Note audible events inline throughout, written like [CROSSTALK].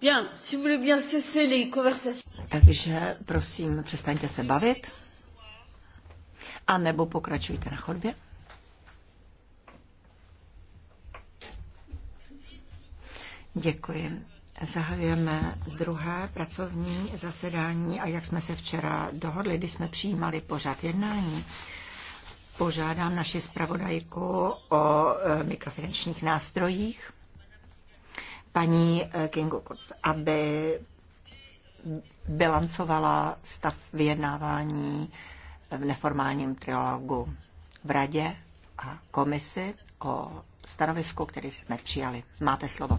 Bien, si vous voulez bien cesser les conversations. Takže prosím, přestaňte se bavit. A nebo pokračujte na chodbě. Děkuji. Zahajujeme druhé pracovní zasedání a jak jsme se včera dohodli, když jsme přijímali pořád jednání, požádám naši zpravodajku o e, mikrofinančních nástrojích paní eh, Kingu Kurz, aby bilancovala stav vyjednávání v neformálním trialogu v radě a komisi o stanovisku, který jsme přijali. Máte slovo.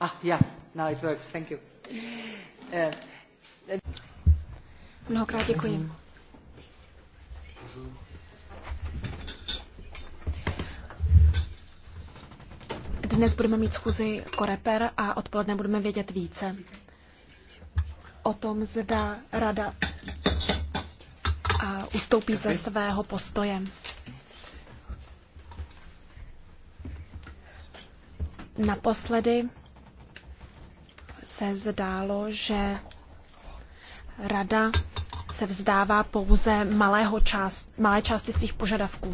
Ah, yeah, now it works. Thank you. Uh, Dnes budeme mít schůzi coreper a odpoledne budeme vědět více o tom, zda rada a ustoupí ze svého postoje. Naposledy se zdálo, že rada se vzdává pouze malého část, malé části svých požadavků.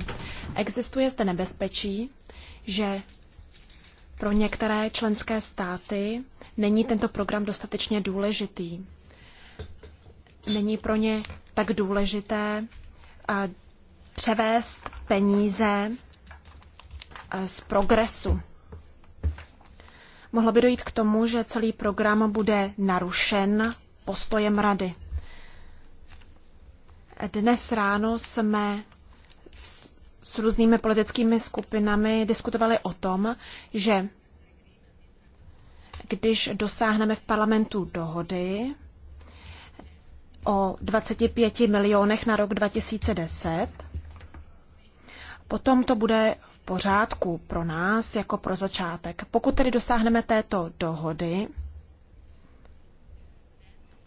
Existuje zde nebezpečí, že pro některé členské státy není tento program dostatečně důležitý. Není pro ně tak důležité převést peníze z progresu Mohlo by dojít k tomu, že celý program bude narušen postojem rady. Dnes ráno jsme s různými politickými skupinami diskutovali o tom, že když dosáhneme v parlamentu dohody o 25 milionech na rok 2010, potom to bude pořádku pro nás jako pro začátek. Pokud tedy dosáhneme této dohody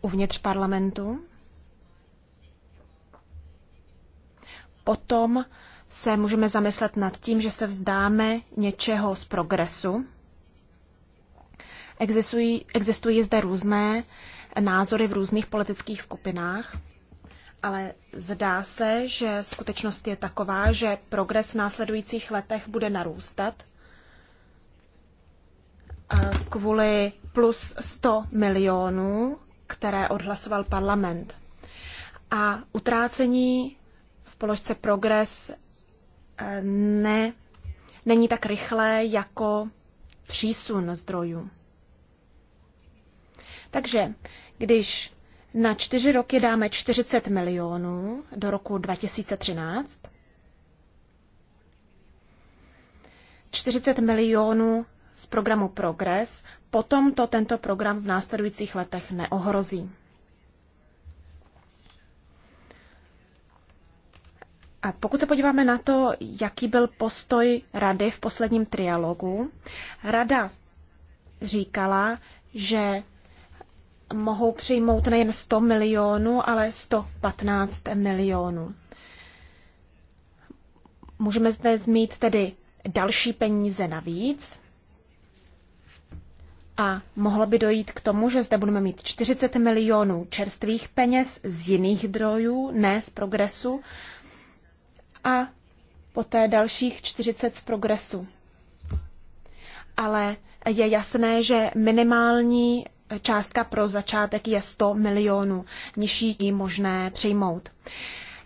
uvnitř parlamentu, potom se můžeme zamyslet nad tím, že se vzdáme něčeho z progresu. Existují, existují zde různé názory v různých politických skupinách ale zdá se, že skutečnost je taková, že progres v následujících letech bude narůstat kvůli plus 100 milionů, které odhlasoval parlament. A utrácení v položce progres eh, ne, není tak rychlé jako přísun zdrojů. Takže když na čtyři roky dáme 40 milionů do roku 2013. 40 milionů z programu Progress, potom to tento program v následujících letech neohrozí. A pokud se podíváme na to, jaký byl postoj rady v posledním trialogu, rada říkala, že mohou přijmout nejen 100 milionů, ale 115 milionů. Můžeme zde zmít tedy další peníze navíc. A mohlo by dojít k tomu, že zde budeme mít 40 milionů čerstvých peněz z jiných zdrojů, ne z progresu, a poté dalších 40 z progresu. Ale je jasné, že minimální částka pro začátek je 100 milionů, nižší je možné přijmout.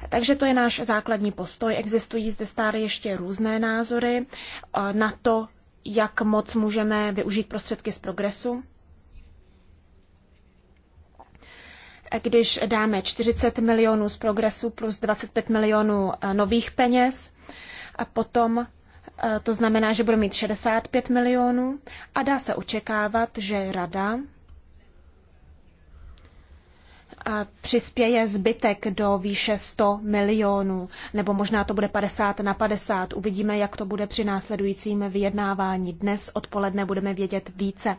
Takže to je náš základní postoj. Existují zde stále ještě různé názory eh, na to, jak moc můžeme využít prostředky z progresu. Když dáme 40 milionů z progresu plus 25 milionů eh, nových peněz, a potom eh, to znamená, že budeme mít 65 milionů a dá se očekávat, že rada přispěje zbytek do výše 100 milionů, nebo možná to bude 50 na 50. Uvidíme, jak to bude při následujícím vyjednávání. Dnes odpoledne budeme vědět více.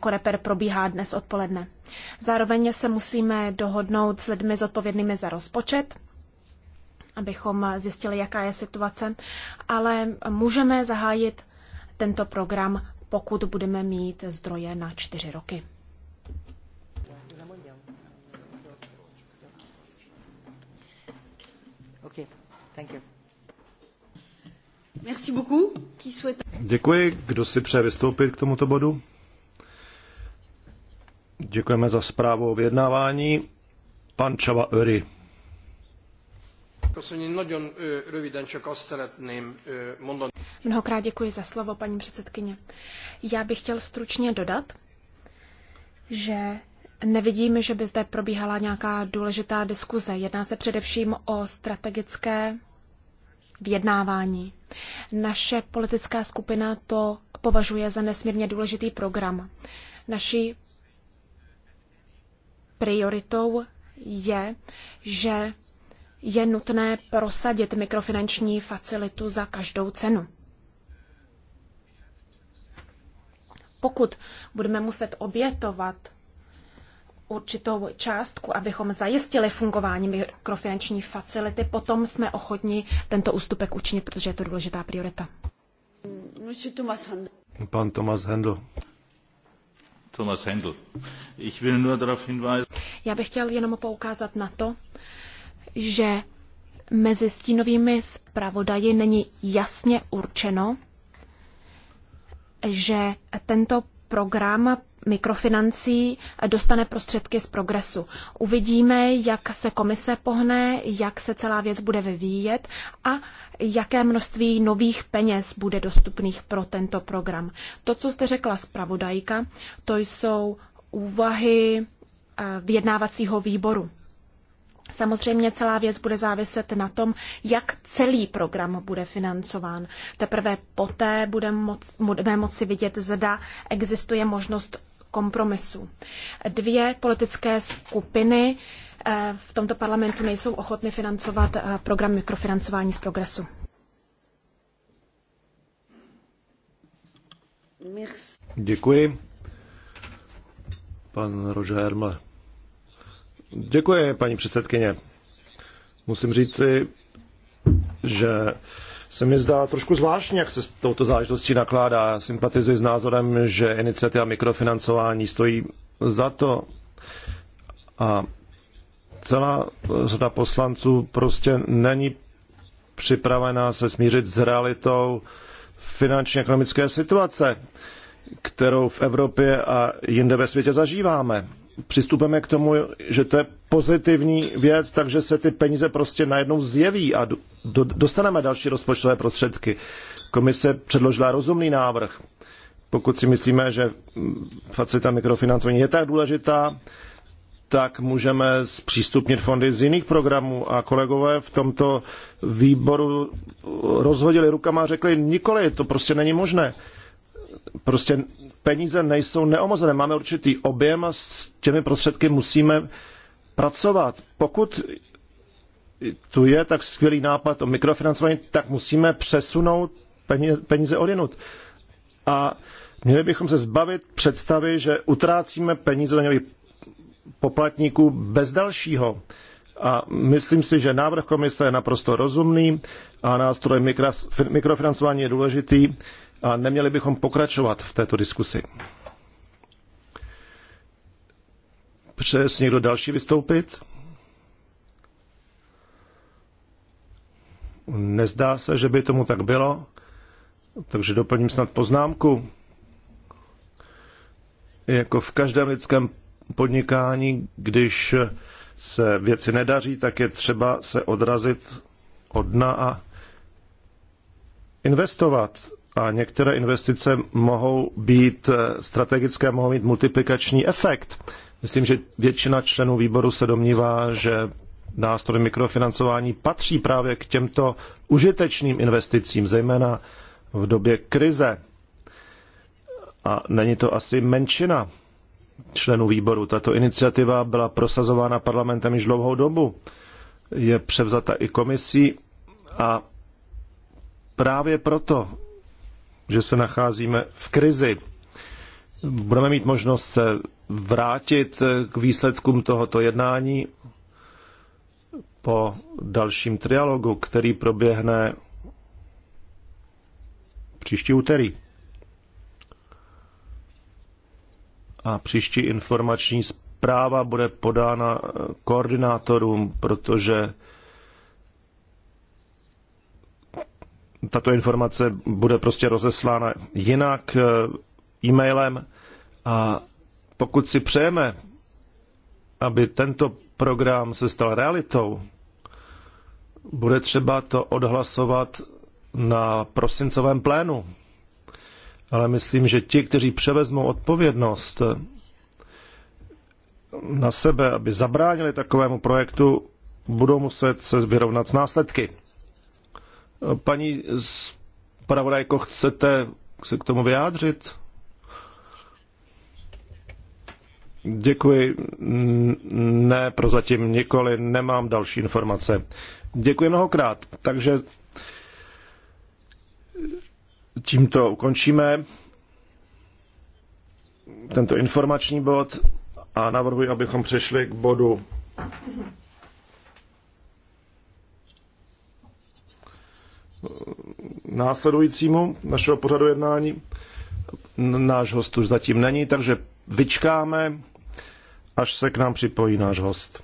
Koreper probíhá dnes odpoledne. Zároveň se musíme dohodnout s lidmi zodpovědnými za rozpočet, abychom zjistili, jaká je situace, ale můžeme zahájit tento program, pokud budeme mít zdroje na čtyři roky. Děkuji. Kdo si přeje vystoupit k tomuto bodu? Děkujeme za zprávu o vyjednávání. Pan Čava Öri. Mnohokrát děkuji za slovo, paní předsedkyně. Já bych chtěl stručně dodat, že Nevidím, že by zde probíhala nějaká důležitá diskuze. Jedná se především o strategické vyjednávání. Naše politická skupina to považuje za nesmírně důležitý program. Naší prioritou je, že je nutné prosadit mikrofinanční facilitu za každou cenu. Pokud budeme muset obětovat určitou částku, abychom zajistili fungování mikrofinanční facility, potom jsme ochotni tento ústupek učinit, protože je to důležitá priorita. Pan Thomas Hendl. Thomas Hendl. Ich will nur darauf hinweisen. Já bych chtěl jenom poukázat na to, že mezi stínovými zpravodaji není jasně určeno, že tento program mikrofinancí dostane prostředky z progresu. Uvidíme, jak se komise pohne, jak se celá věc bude vyvíjet a jaké množství nových peněz bude dostupných pro tento program. To, co jste řekla zpravodajka, to jsou úvahy eh, vyjednávacího výboru. Samozřejmě celá věc bude záviset na tom, jak celý program bude financován. Teprve poté budeme moci, budeme moci vidět, zda existuje možnost kompromisů. Dvě politické skupiny eh, v tomto parlamentu nejsou ochotny financovat eh, program mikrofinancování z progresu. Děkuji. Pan Roger Děkuji, paní předsedkyně. Musím říci, že se mi zdá trošku zvláštní, jak se s touto záležitostí nakládá. Sympatizuji s názorem, že iniciativa mikrofinancování stojí za to a celá řada poslanců prostě není připravená se smířit s realitou finančně ekonomické situace, kterou v Evropě a jinde ve světě zažíváme přistupujeme k tomu, že to je pozitivní věc, takže se ty peníze prostě najednou zjeví a do, dostaneme další rozpočtové prostředky. Komise předložila rozumný návrh. Pokud si myslíme, že facilita mikrofinancování je tak důležitá, tak můžeme zpřístupnit fondy z jiných programů. A kolegové v tomto výboru rozhodili rukama a řekli, nikoli, to prostě není možné. Prostě peníze nejsou neomozené. Máme určitý objem a s těmi prostředky musíme pracovat. Pokud tu je tak skvělý nápad o mikrofinancování, tak musíme přesunout peníze, peníze odinut. A měli bychom se zbavit představy, že utrácíme peníze daňových poplatníků bez dalšího. A myslím si, že návrh komise je naprosto rozumný a nástroj mikrofinancování je důležitý a neměli bychom pokračovat v této diskusi. Přeje si někdo další vystoupit? Nezdá se, že by tomu tak bylo, takže doplním snad poznámku. Jako v každém lidském podnikání, když se věci nedaří, tak je třeba se odrazit od dna a investovat a některé investice mohou být eh, strategické, mohou mít multiplikační efekt. Myslím, že většina členů výboru se domnívá, že nástroj mikrofinancování patří právě k těmto užitečným investicím, zejména v době krize. A není to asi menšina členů výboru. Tato iniciativa byla prosazována parlamentem již dlouhou dobu. Je převzata i komisí a právě proto že se nacházíme v krizi. Budeme mít možnost se vrátit k výsledkům tohoto jednání po dalším trialogu, který proběhne příští úterý. A příští informační zpráva bude podána koordinátorům, protože tato informace bude prostě rozeslána jinak eh, e-mailem a pokud si přejeme, aby tento program se stal realitou, bude třeba to odhlasovat na prosincovém plénu. Ale myslím, že ti, kteří převezmou odpovědnost na sebe, aby zabránili takovému projektu, budou muset se vyrovnat s následky. Paní zpravodajko, chcete se k tomu vyjádřit? Děkuji. Ne, prozatím nikoli, nemám další informace. Děkuji mnohokrát. Takže tímto ukončíme tento informační bod a navrhuji, abychom přešli k bodu následujícímu našeho pořadu jednání. Náš host už zatím není, takže vyčkáme, až se k nám připojí náš host.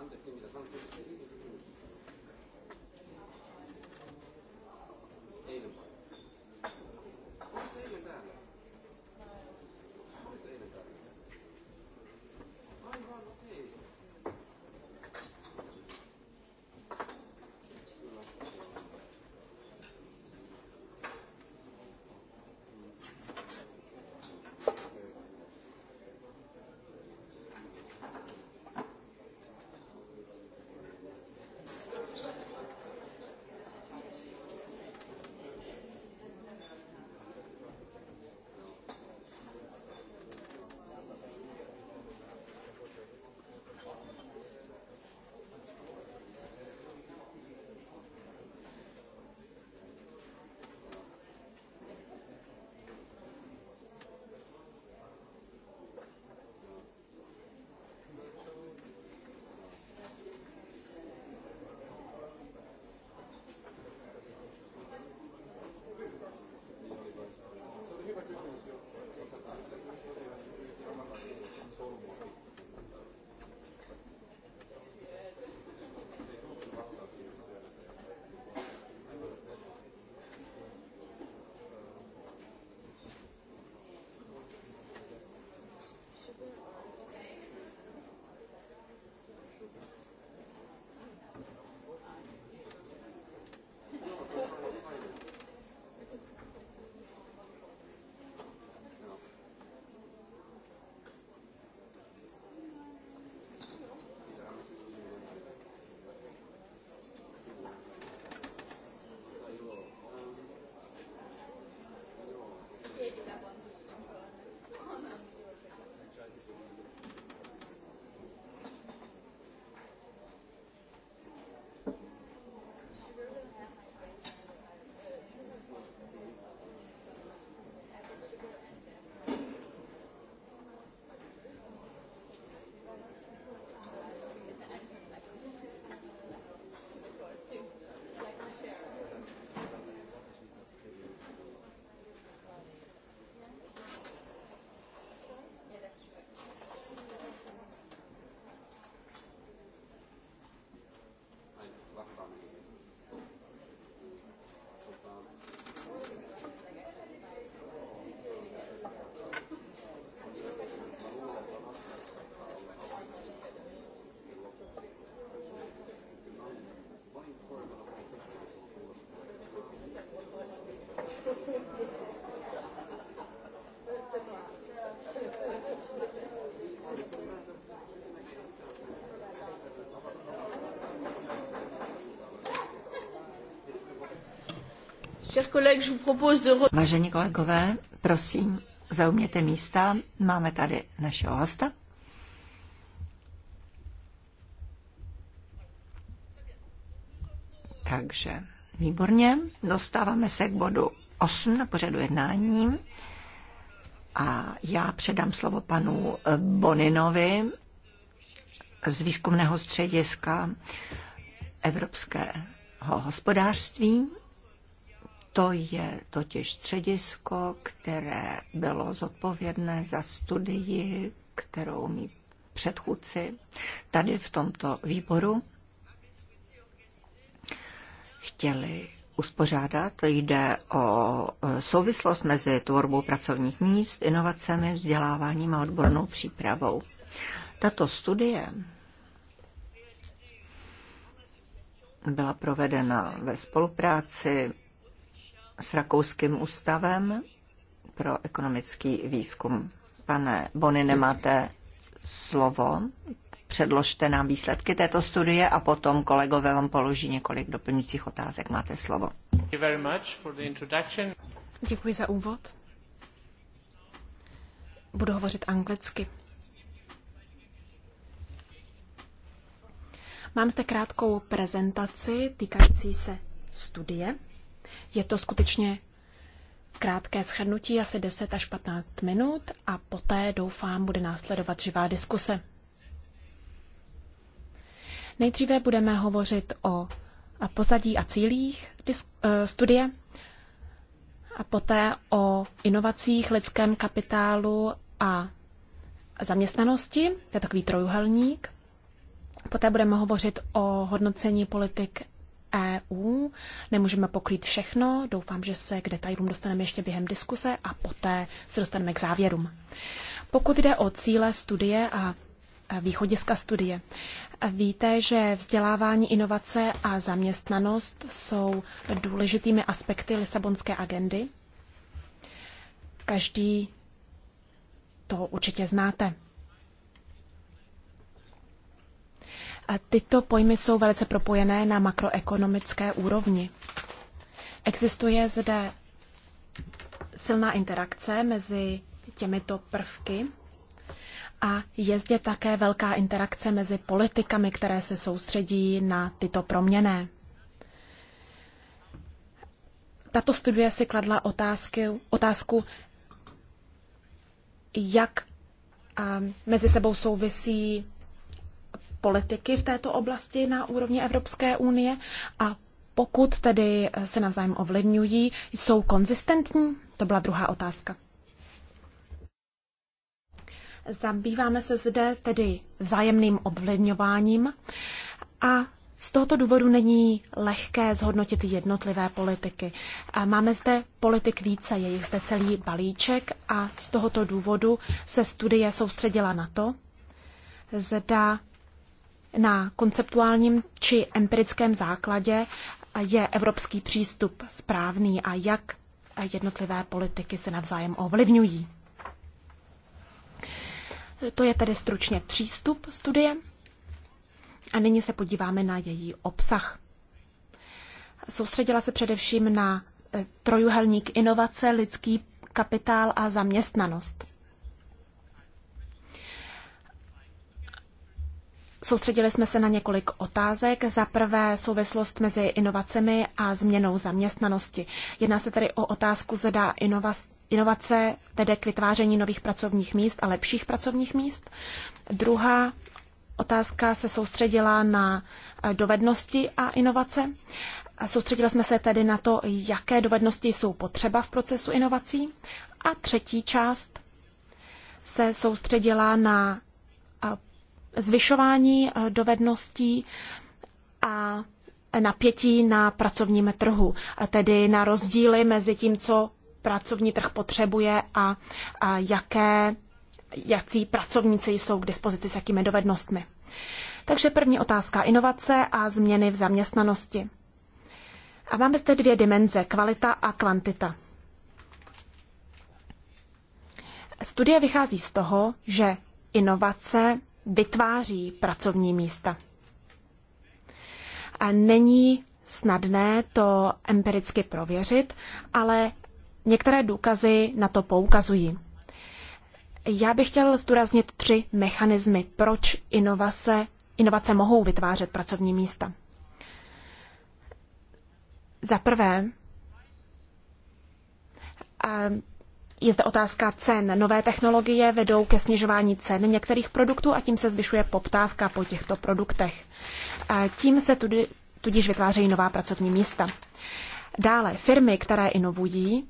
antes de mirar, antes de seguir. autónomo. Vážení kolegové, prosím, zaujměte místa. Máme tady našeho hosta. Takže výborně, dostáváme se k bodu 8 na pořadu jednání a já předám slovo panu Boninovi z výzkumného střediska Evropského hospodářství to je totiž středisko, které bylo zodpovědné za studii, kterou mi předchůdci tady v tomto výboru chtěli uspořádat. Jde o e, souvislost mezi tvorbou pracovních míst, inovacemi, vzděláváním a odbornou přípravou. Tato studie byla provedena ve spolupráci s Rakouským ústavem pro ekonomický výzkum. Pane Bony, nemáte slovo. Předložte nám výsledky této studie a potom kolegové vám položí několik doplňujících otázek. Máte slovo. Děkuji za úvod. Budu hovořit anglicky. Mám zde krátkou prezentaci týkající se studie. Je to skutečně krátké shrnutí, asi 10 až 15 minut a poté, doufám, bude následovat živá diskuse. Nejdříve budeme hovořit o pozadí a cílích eh, studie a poté o inovacích, lidském kapitálu a zaměstnanosti, to je takový trojuhelník. Poté budeme hovořit o hodnocení politik EU. Nemůžeme pokrýt všechno, doufám, že se k detailům dostaneme ještě během diskuse a poté se dostaneme k závěrům. Pokud jde o cíle studie a východiska studie, víte, že vzdělávání, inovace a zaměstnanost jsou důležitými aspekty Lisabonské agendy. Každý to určitě znáte. Tyto pojmy jsou velice propojené na makroekonomické úrovni. Existuje zde silná interakce mezi těmito prvky a je zde také velká interakce mezi politikami, které se soustředí na tyto proměny. Tato studie si kladla otázky, otázku, jak mezi sebou souvisí politiky v této oblasti na úrovni Evropské unie a pokud tedy se navzájem ovlivňují, jsou konzistentní? To byla druhá otázka. Zabýváme se zde tedy vzájemným ovlivňováním a z tohoto důvodu není lehké zhodnotit jednotlivé politiky. Máme zde politik více, je zde celý balíček a z tohoto důvodu se studie soustředila na to, zda na konceptuálním či empirickém základě je evropský přístup správný a jak jednotlivé politiky se navzájem ovlivňují. To je tedy stručně přístup studie. A nyní se podíváme na její obsah. Soustředila se především na e, trojuhelník inovace, lidský kapitál a zaměstnanost. Soustředili jsme se na několik otázek. Za prvé souvislost mezi inovacemi a změnou zaměstnanosti. Jedná se tedy o otázku, zda inovace, inovace vede k vytváření nových pracovních míst a lepších pracovních míst. Druhá otázka se soustředila na eh, dovednosti a inovace. Soustředili jsme se tedy na to, jaké dovednosti jsou potřeba v procesu inovací. A třetí část se soustředila na zvyšování eh, dovedností a napětí na pracovním trhu, tedy na rozdíly mezi tím, co pracovní trh potřebuje a, a jaké, jací pracovníci jsou k dispozici s jakými dovednostmi. Takže první otázka inovace a změny v zaměstnanosti. A máme zde dvě dimenze, kvalita a kvantita. Studie vychází z toho, že inovace vytváří pracovní místa. A není snadné to empiricky prověřit, ale některé důkazy na to poukazují. Já bych chtěl zdůraznit tři mechanismy, proč inovace, inovace mohou vytvářet pracovní místa. Za prvé, je zde otázka cen. Nové technologie vedou ke snižování cen některých produktů a tím se zvyšuje poptávka po těchto produktech. A tím se tudy, tudíž vytvářejí nová pracovní místa. Dále firmy, které inovují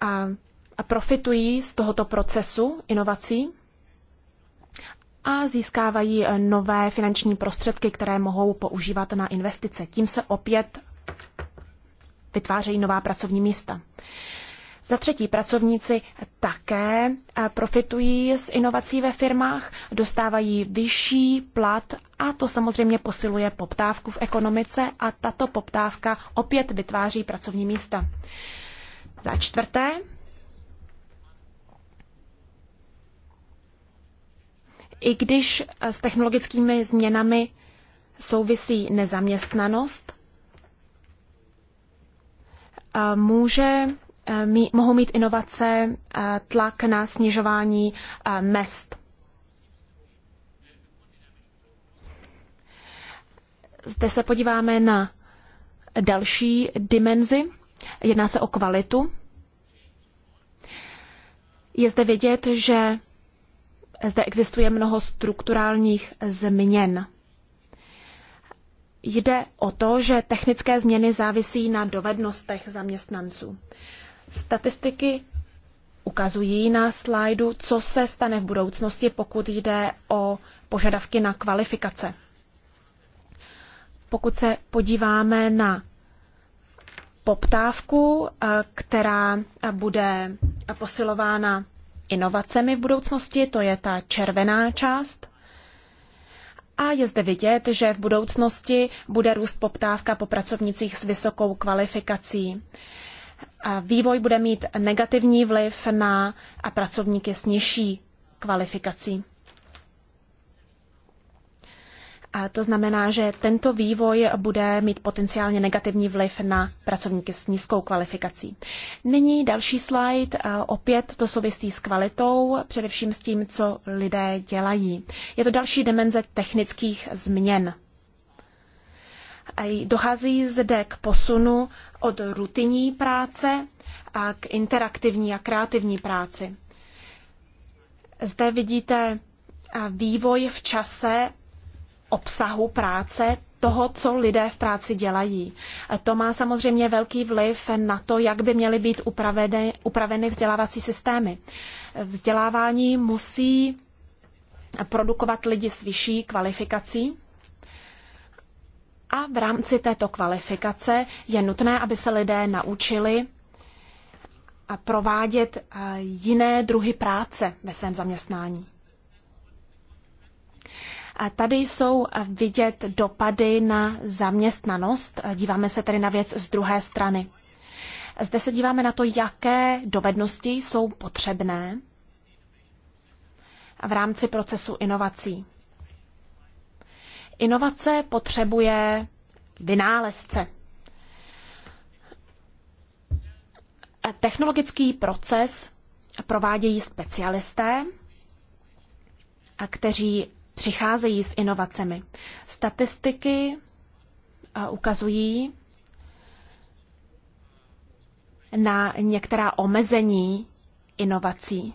a, a profitují z tohoto procesu inovací a získávají e, nové finanční prostředky, které mohou používat na investice. Tím se opět vytvářejí nová pracovní místa. Za třetí, pracovníci také eh, profitují z inovací ve firmách, dostávají vyšší plat a to samozřejmě posiluje poptávku v ekonomice a tato poptávka opět vytváří pracovní místa. Za čtvrté, i když eh, s technologickými změnami souvisí nezaměstnanost, eh, může Eh, mí, mohou mít inovace eh, tlak na snižování eh, mest. Zde se podíváme na další dimenzi. Jedná se o kvalitu. Je zde vidět, že zde existuje mnoho strukturálních změn. Jde o to, že technické změny závisí na dovednostech zaměstnanců. Statistiky ukazují na slajdu, co se stane v budoucnosti, pokud jde o požadavky na kvalifikace. Pokud se podíváme na poptávku, eh, která bude posilována inovacemi v budoucnosti, to je ta červená část. A je zde vidět, že v budoucnosti bude růst poptávka po pracovnicích s vysokou kvalifikací vývoj bude mít negativní vliv na a pracovníky s nižší kvalifikací. A to znamená, že tento vývoj bude mít potenciálně negativní vliv na pracovníky s nízkou kvalifikací. Nyní další slide. Opět to souvisí s kvalitou, především s tím, co lidé dělají. Je to další dimenze technických změn. Dochází zde k posunu od rutinní práce a k interaktivní a kreativní práci. Zde vidíte vývoj v čase obsahu práce, toho, co lidé v práci dělají. To má samozřejmě velký vliv na to, jak by měly být upraveny, upraveny vzdělávací systémy. Vzdělávání musí produkovat lidi s vyšší kvalifikací, a v rámci této kvalifikace je nutné, aby se lidé naučili provádět jiné druhy práce ve svém zaměstnání. A tady jsou vidět dopady na zaměstnanost. Díváme se tedy na věc z druhé strany. Zde se díváme na to, jaké dovednosti jsou potřebné v rámci procesu inovací. Inovace potřebuje vynálezce. Technologický proces provádějí specialisté, kteří přicházejí s inovacemi. Statistiky eh, ukazují na některá omezení inovací.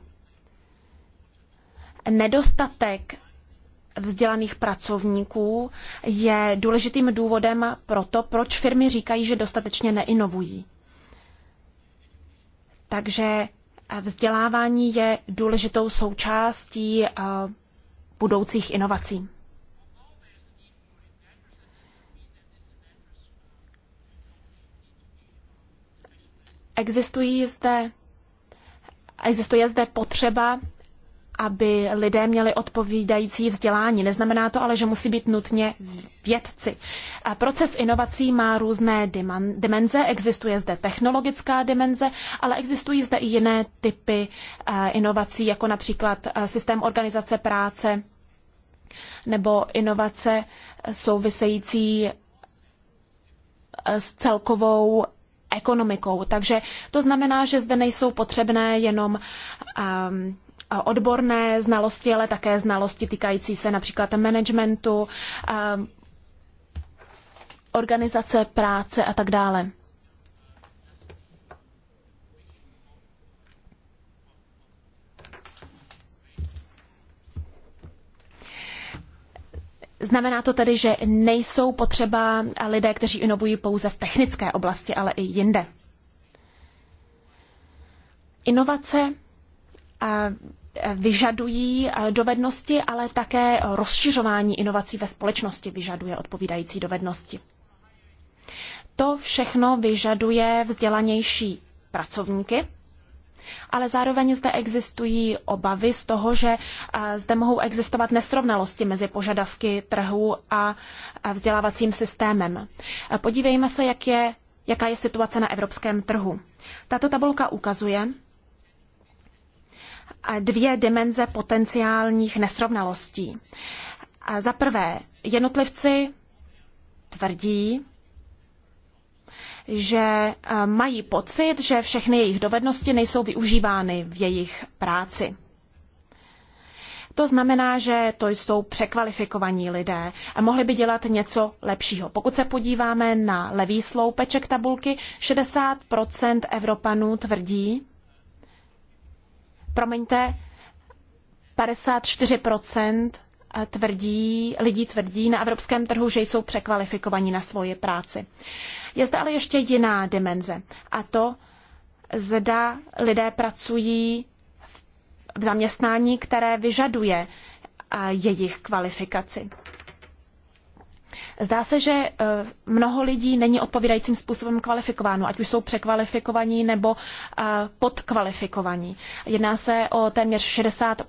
Nedostatek vzdělaných pracovníků je důležitým důvodem pro to, proč firmy říkají, že dostatečně neinovují. Takže vzdělávání je důležitou součástí eh, budoucích inovací. Existují zde, existuje zde potřeba aby lidé měli odpovídající vzdělání. Neznamená to ale, že musí být nutně vědci. Proces inovací má různé dimenze. Existuje zde technologická dimenze, ale existují zde i jiné typy eh, inovací, jako například eh, systém organizace práce nebo inovace eh, související s celkovou ekonomikou. Takže to znamená, že zde nejsou potřebné jenom um, odborné znalosti, ale také znalosti týkající se například managementu, organizace práce a tak dále. Znamená to tedy, že nejsou potřeba lidé, kteří inovují pouze v technické oblasti, ale i jinde. Inovace E, vyžadují e, dovednosti, ale také rozšiřování inovací ve společnosti vyžaduje odpovídající dovednosti. To všechno vyžaduje vzdělanější pracovníky, ale zároveň zde existují obavy z toho, že e, zde mohou existovat nesrovnalosti mezi požadavky trhu a vzdělávacím systémem. Podívejme se, jak je, jaká je situace na evropském trhu. Tato tabulka ukazuje, dvě dimenze potenciálních nesrovnalostí. Za prvé, jednotlivci tvrdí, že eh, mají pocit, že všechny jejich dovednosti nejsou využívány v jejich práci. To znamená, že to jsou překvalifikovaní lidé a mohli by dělat něco lepšího. Pokud se podíváme na levý sloupeček tabulky, 60 Evropanů tvrdí, promiňte, 54% eh, tvrdí, lidí tvrdí na evropském trhu, že jsou překvalifikovaní na svoji práci. Je zde ale ještě jiná dimenze a to, zda lidé pracují v zaměstnání, které vyžaduje eh, jejich kvalifikaci. Zdá se, že eh, mnoho lidí není odpovídajícím způsobem kvalifikováno, ať už jsou překvalifikovaní nebo eh, podkvalifikovaní. Jedná se o téměř 60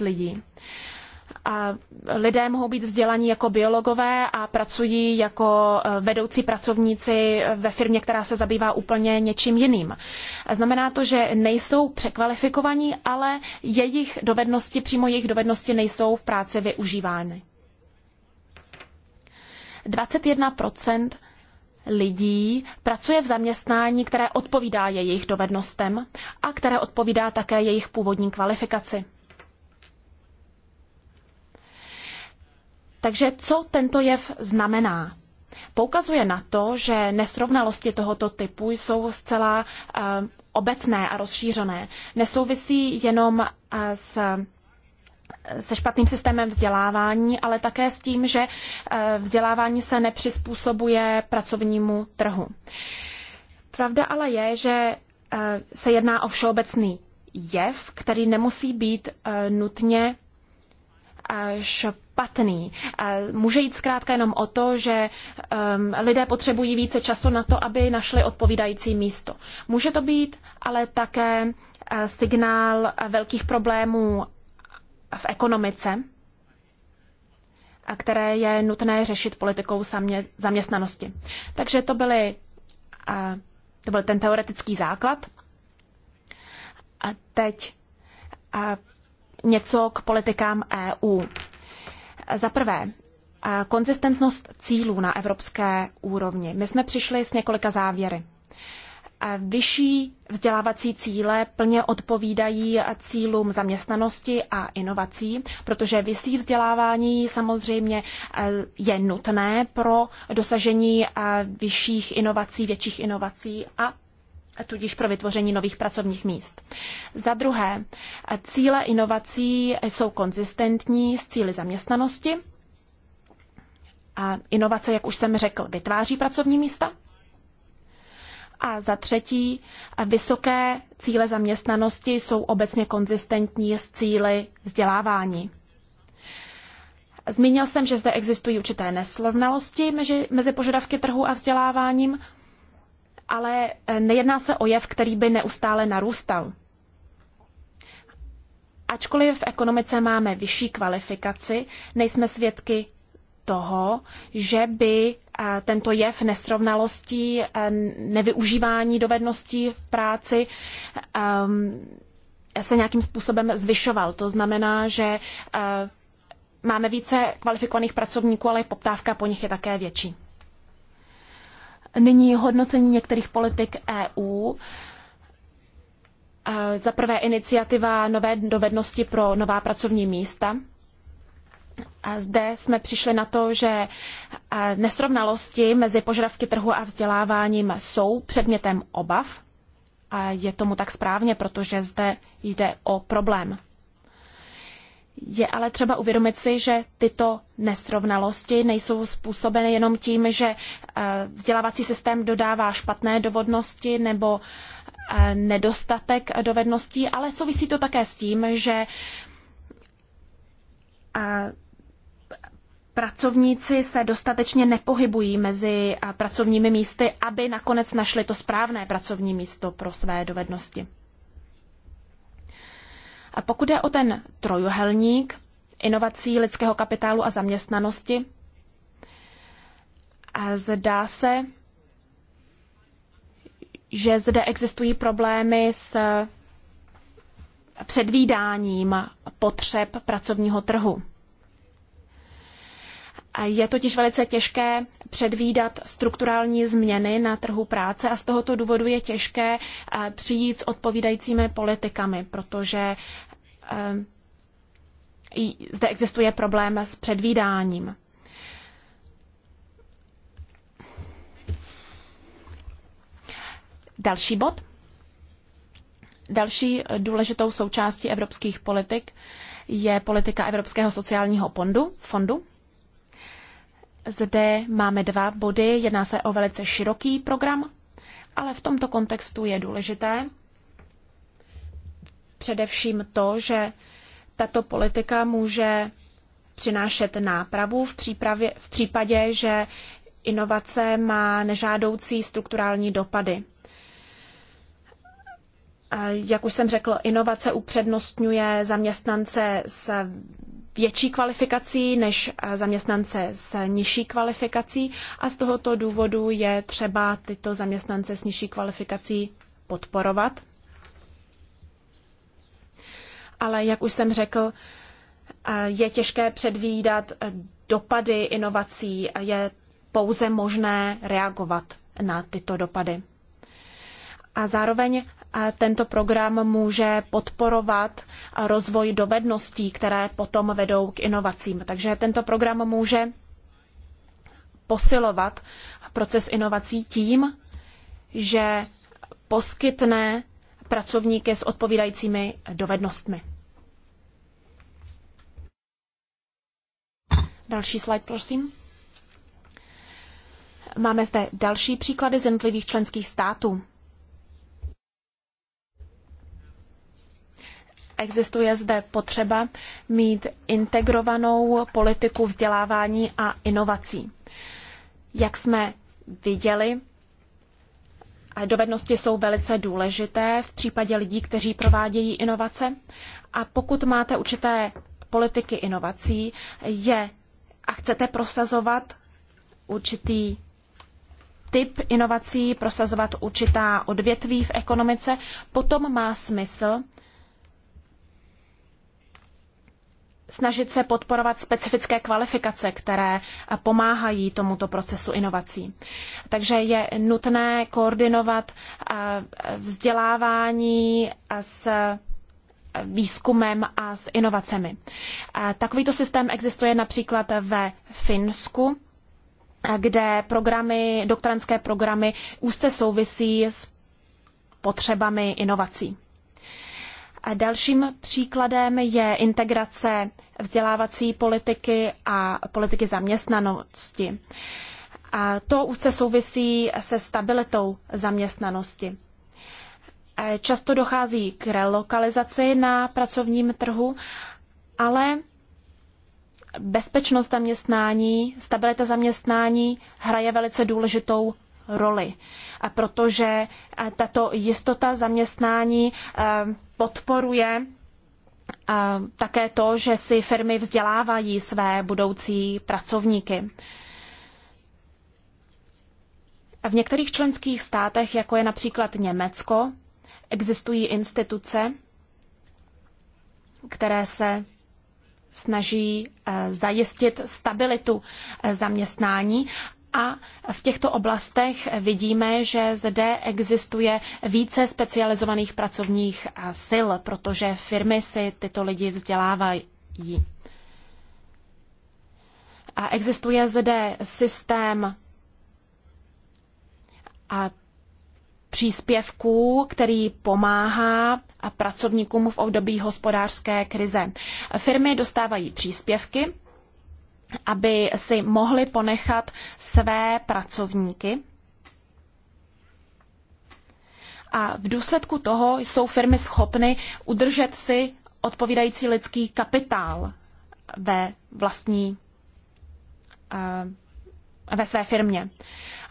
lidí. A lidé mohou být vzdělaní jako biologové a pracují jako eh, vedoucí pracovníci ve firmě, která se zabývá úplně něčím jiným. Znamená to, že nejsou překvalifikovaní, ale jejich dovednosti, přímo jejich dovednosti nejsou v práci využívány. 21 lidí pracuje v zaměstnání, které odpovídá jejich dovednostem a které odpovídá také jejich původní kvalifikaci. Takže co tento jev znamená? Poukazuje na to, že nesrovnalosti tohoto typu jsou zcela eh, obecné a rozšířené. Nesouvisí jenom eh, s se špatným systémem vzdělávání, ale také s tím, že eh, vzdělávání se nepřizpůsobuje pracovnímu trhu. Pravda ale je, že eh, se jedná o všeobecný jev, který nemusí být eh, nutně špatný. Může jít zkrátka jenom o to, že lidé potřebují více času na to, aby našli odpovídající místo. Může to být ale také signál velkých problémů v ekonomice, a které je nutné řešit politikou samě, zaměstnanosti. Takže to, byly, a, to byl ten teoretický základ. A teď a, něco k politikám EU. Za prvé, konzistentnost cílů na evropské úrovni. My jsme přišli s několika závěry vyšší vzdělávací cíle plně odpovídají cílům zaměstnanosti a inovací, protože vyšší vzdělávání samozřejmě eh, je nutné pro dosažení eh, vyšších inovací, větších inovací a tudíž pro vytvoření nových pracovních míst. Za druhé, eh, cíle inovací jsou konzistentní s cíly zaměstnanosti. A inovace, jak už jsem řekl, vytváří pracovní místa. A za třetí, vysoké cíle zaměstnanosti jsou obecně konzistentní s cíly vzdělávání. Zmínil jsem, že zde existují určité neslovnalosti mezi, mezi požadavky trhu a vzděláváním, ale eh, nejedná se o jev, který by neustále narůstal. Ačkoliv v ekonomice máme vyšší kvalifikaci, nejsme svědky toho, že by tento jev nesrovnalostí, nevyužívání dovedností v práci um, se nějakým způsobem zvyšoval. To znamená, že uh, máme více kvalifikovaných pracovníků, ale poptávka po nich je také větší. Nyní hodnocení některých politik EU. Uh, za prvé iniciativa nové dovednosti pro nová pracovní místa. Zde jsme přišli na to, že eh, nesrovnalosti mezi požadavky trhu a vzděláváním jsou předmětem obav. A je tomu tak správně, protože zde jde o problém. Je ale třeba uvědomit si, že tyto nesrovnalosti nejsou způsobeny jenom tím, že eh, vzdělávací systém dodává špatné dovednosti nebo eh, nedostatek dovedností, ale souvisí to také s tím, že pracovníci se dostatečně nepohybují mezi eh, pracovními místy, aby nakonec našli to správné pracovní místo pro své dovednosti. A pokud je o ten trojuhelník inovací lidského kapitálu a zaměstnanosti, a zdá se, že zde existují problémy s předvídáním potřeb pracovního trhu. Je totiž velice těžké předvídat strukturální změny na trhu práce a z tohoto důvodu je těžké eh, přijít s odpovídajícími politikami, protože eh, zde existuje problém s předvídáním. Další bod. Další důležitou součástí evropských politik je politika Evropského sociálního fondu. fondu. Zde máme dva body, jedná se o velice široký program, ale v tomto kontextu je důležité především to, že tato politika může přinášet nápravu v, přípravě, v případě, že inovace má nežádoucí strukturální dopady. Jak už jsem řekl, inovace upřednostňuje zaměstnance s větší kvalifikací než eh, zaměstnance s nižší kvalifikací a z tohoto důvodu je třeba tyto zaměstnance s nižší kvalifikací podporovat. Ale jak už jsem řekl, eh, je těžké předvídat eh, dopady inovací, je pouze možné reagovat na tyto dopady. A zároveň tento program může podporovat rozvoj dovedností, které potom vedou k inovacím. Takže tento program může posilovat proces inovací tím, že poskytne pracovníky s odpovídajícími dovednostmi. Další slide, prosím. Máme zde další příklady z jednotlivých členských států. Existuje zde potřeba mít integrovanou politiku vzdělávání a inovací. Jak jsme viděli, a dovednosti jsou velice důležité v případě lidí, kteří provádějí inovace. A pokud máte určité politiky inovací, je a chcete prosazovat určitý typ inovací, prosazovat určitá odvětví v ekonomice, potom má smysl snažit se podporovat specifické kvalifikace, které pomáhají tomuto procesu inovací. Takže je nutné koordinovat eh, vzdělávání s výzkumem a s inovacemi. Eh, takovýto systém existuje například ve Finsku, eh, kde programy, doktorantské programy úzce souvisí s potřebami inovací. A dalším příkladem je integrace vzdělávací politiky a politiky zaměstnanosti. A to úzce souvisí se stabilitou zaměstnanosti. E, často dochází k relokalizaci na pracovním trhu, ale bezpečnost zaměstnání, stabilita zaměstnání hraje velice důležitou roli, a protože e, tato jistota zaměstnání e, podporuje a také to, že si firmy vzdělávají své budoucí pracovníky. V některých členských státech, jako je například Německo, existují instituce, které se snaží eh, zajistit stabilitu eh, zaměstnání a v těchto oblastech vidíme, že zde existuje více specializovaných pracovních eh, sil, protože firmy si tyto lidi vzdělávají. A existuje zde systém a eh, příspěvků, který pomáhá eh, pracovníkům v období hospodářské krize. Firmy dostávají příspěvky aby si mohli ponechat své pracovníky. A v důsledku toho jsou firmy schopny udržet si odpovídající lidský kapitál ve vlastní eh, ve své firmě.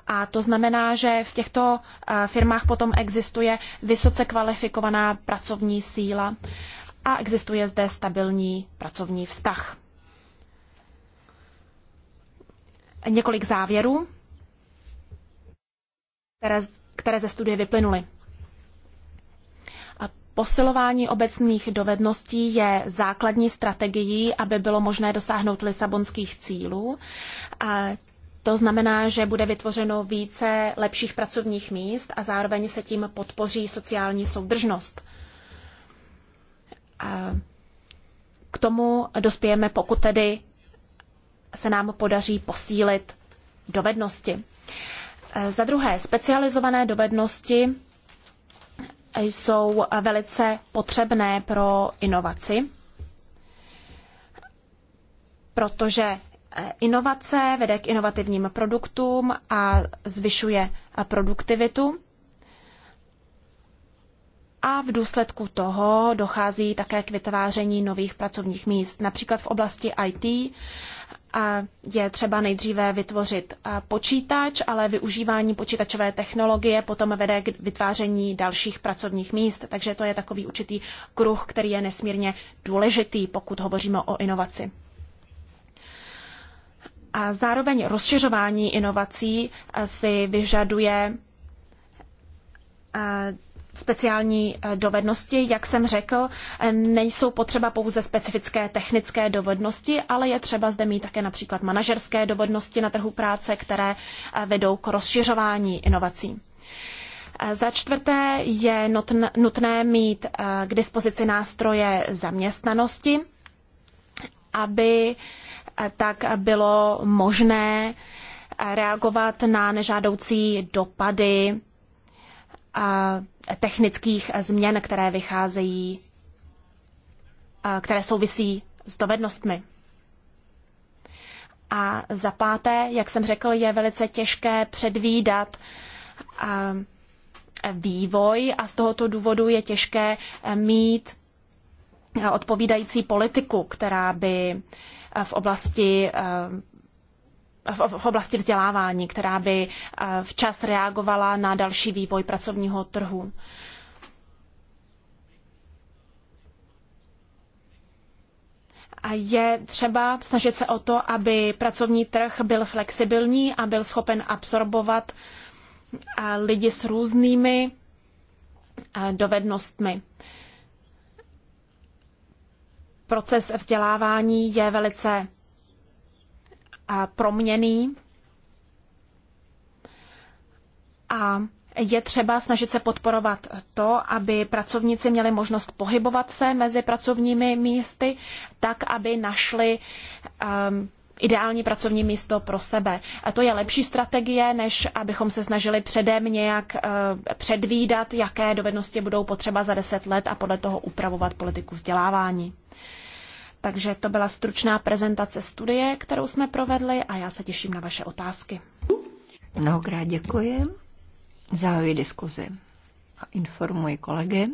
A to znamená, že v těchto eh, firmách potom existuje vysoce kvalifikovaná pracovní síla a existuje zde stabilní pracovní vztah. několik závěrů, které, které ze studie vyplynuly. Posilování obecných dovedností je základní strategií, aby bylo možné dosáhnout lisabonských cílů. A to znamená, že bude vytvořeno více lepších pracovních míst a zároveň se tím podpoří sociální soudržnost. A k tomu dospějeme, pokud tedy se nám podaří posílit dovednosti. E, za druhé, specializované dovednosti jsou velice potřebné pro inovaci, protože e, inovace vede k inovativním produktům a zvyšuje produktivitu. A v důsledku toho dochází také k vytváření nových pracovních míst. Například v oblasti IT je třeba nejdříve vytvořit počítač, ale využívání počítačové technologie potom vede k vytváření dalších pracovních míst. Takže to je takový určitý kruh, který je nesmírně důležitý, pokud hovoříme o inovaci. A zároveň rozšiřování inovací si vyžaduje speciální eh, dovednosti, jak jsem řekl, eh, nejsou potřeba pouze specifické technické dovednosti, ale je třeba zde mít také například manažerské dovednosti na trhu práce, které eh, vedou k rozšiřování inovací. Za čtvrté je nutné mít k dispozici nástroje zaměstnanosti, aby tak bylo možné reagovat na nežádoucí dopady a technických změn, které vycházejí, které souvisí s dovednostmi. A za páté, jak jsem řekl, je velice těžké předvídat vývoj a z tohoto důvodu je těžké e, mít e, odpovídající politiku, která by e, v oblasti v oblasti vzdělávání, která by eh, včas reagovala na další vývoj pracovního trhu. A je třeba snažit se o to, aby pracovní trh byl flexibilní a byl schopen absorbovat eh, lidi s různými eh, dovednostmi. Proces vzdělávání je velice proměný a je třeba snažit se podporovat to, aby pracovníci měli možnost pohybovat se mezi pracovními místy, tak aby našli um, ideální pracovní místo pro sebe. A to je lepší strategie, než abychom se snažili předem nějak uh, předvídat, jaké dovednosti budou potřeba za deset let a podle toho upravovat politiku vzdělávání. Uh, takže to byla stručná prezentace studie, kterou jsme provedli a já se těším na vaše otázky. Mnohokrát děkuji. Za diskuzi a informuji kolegy,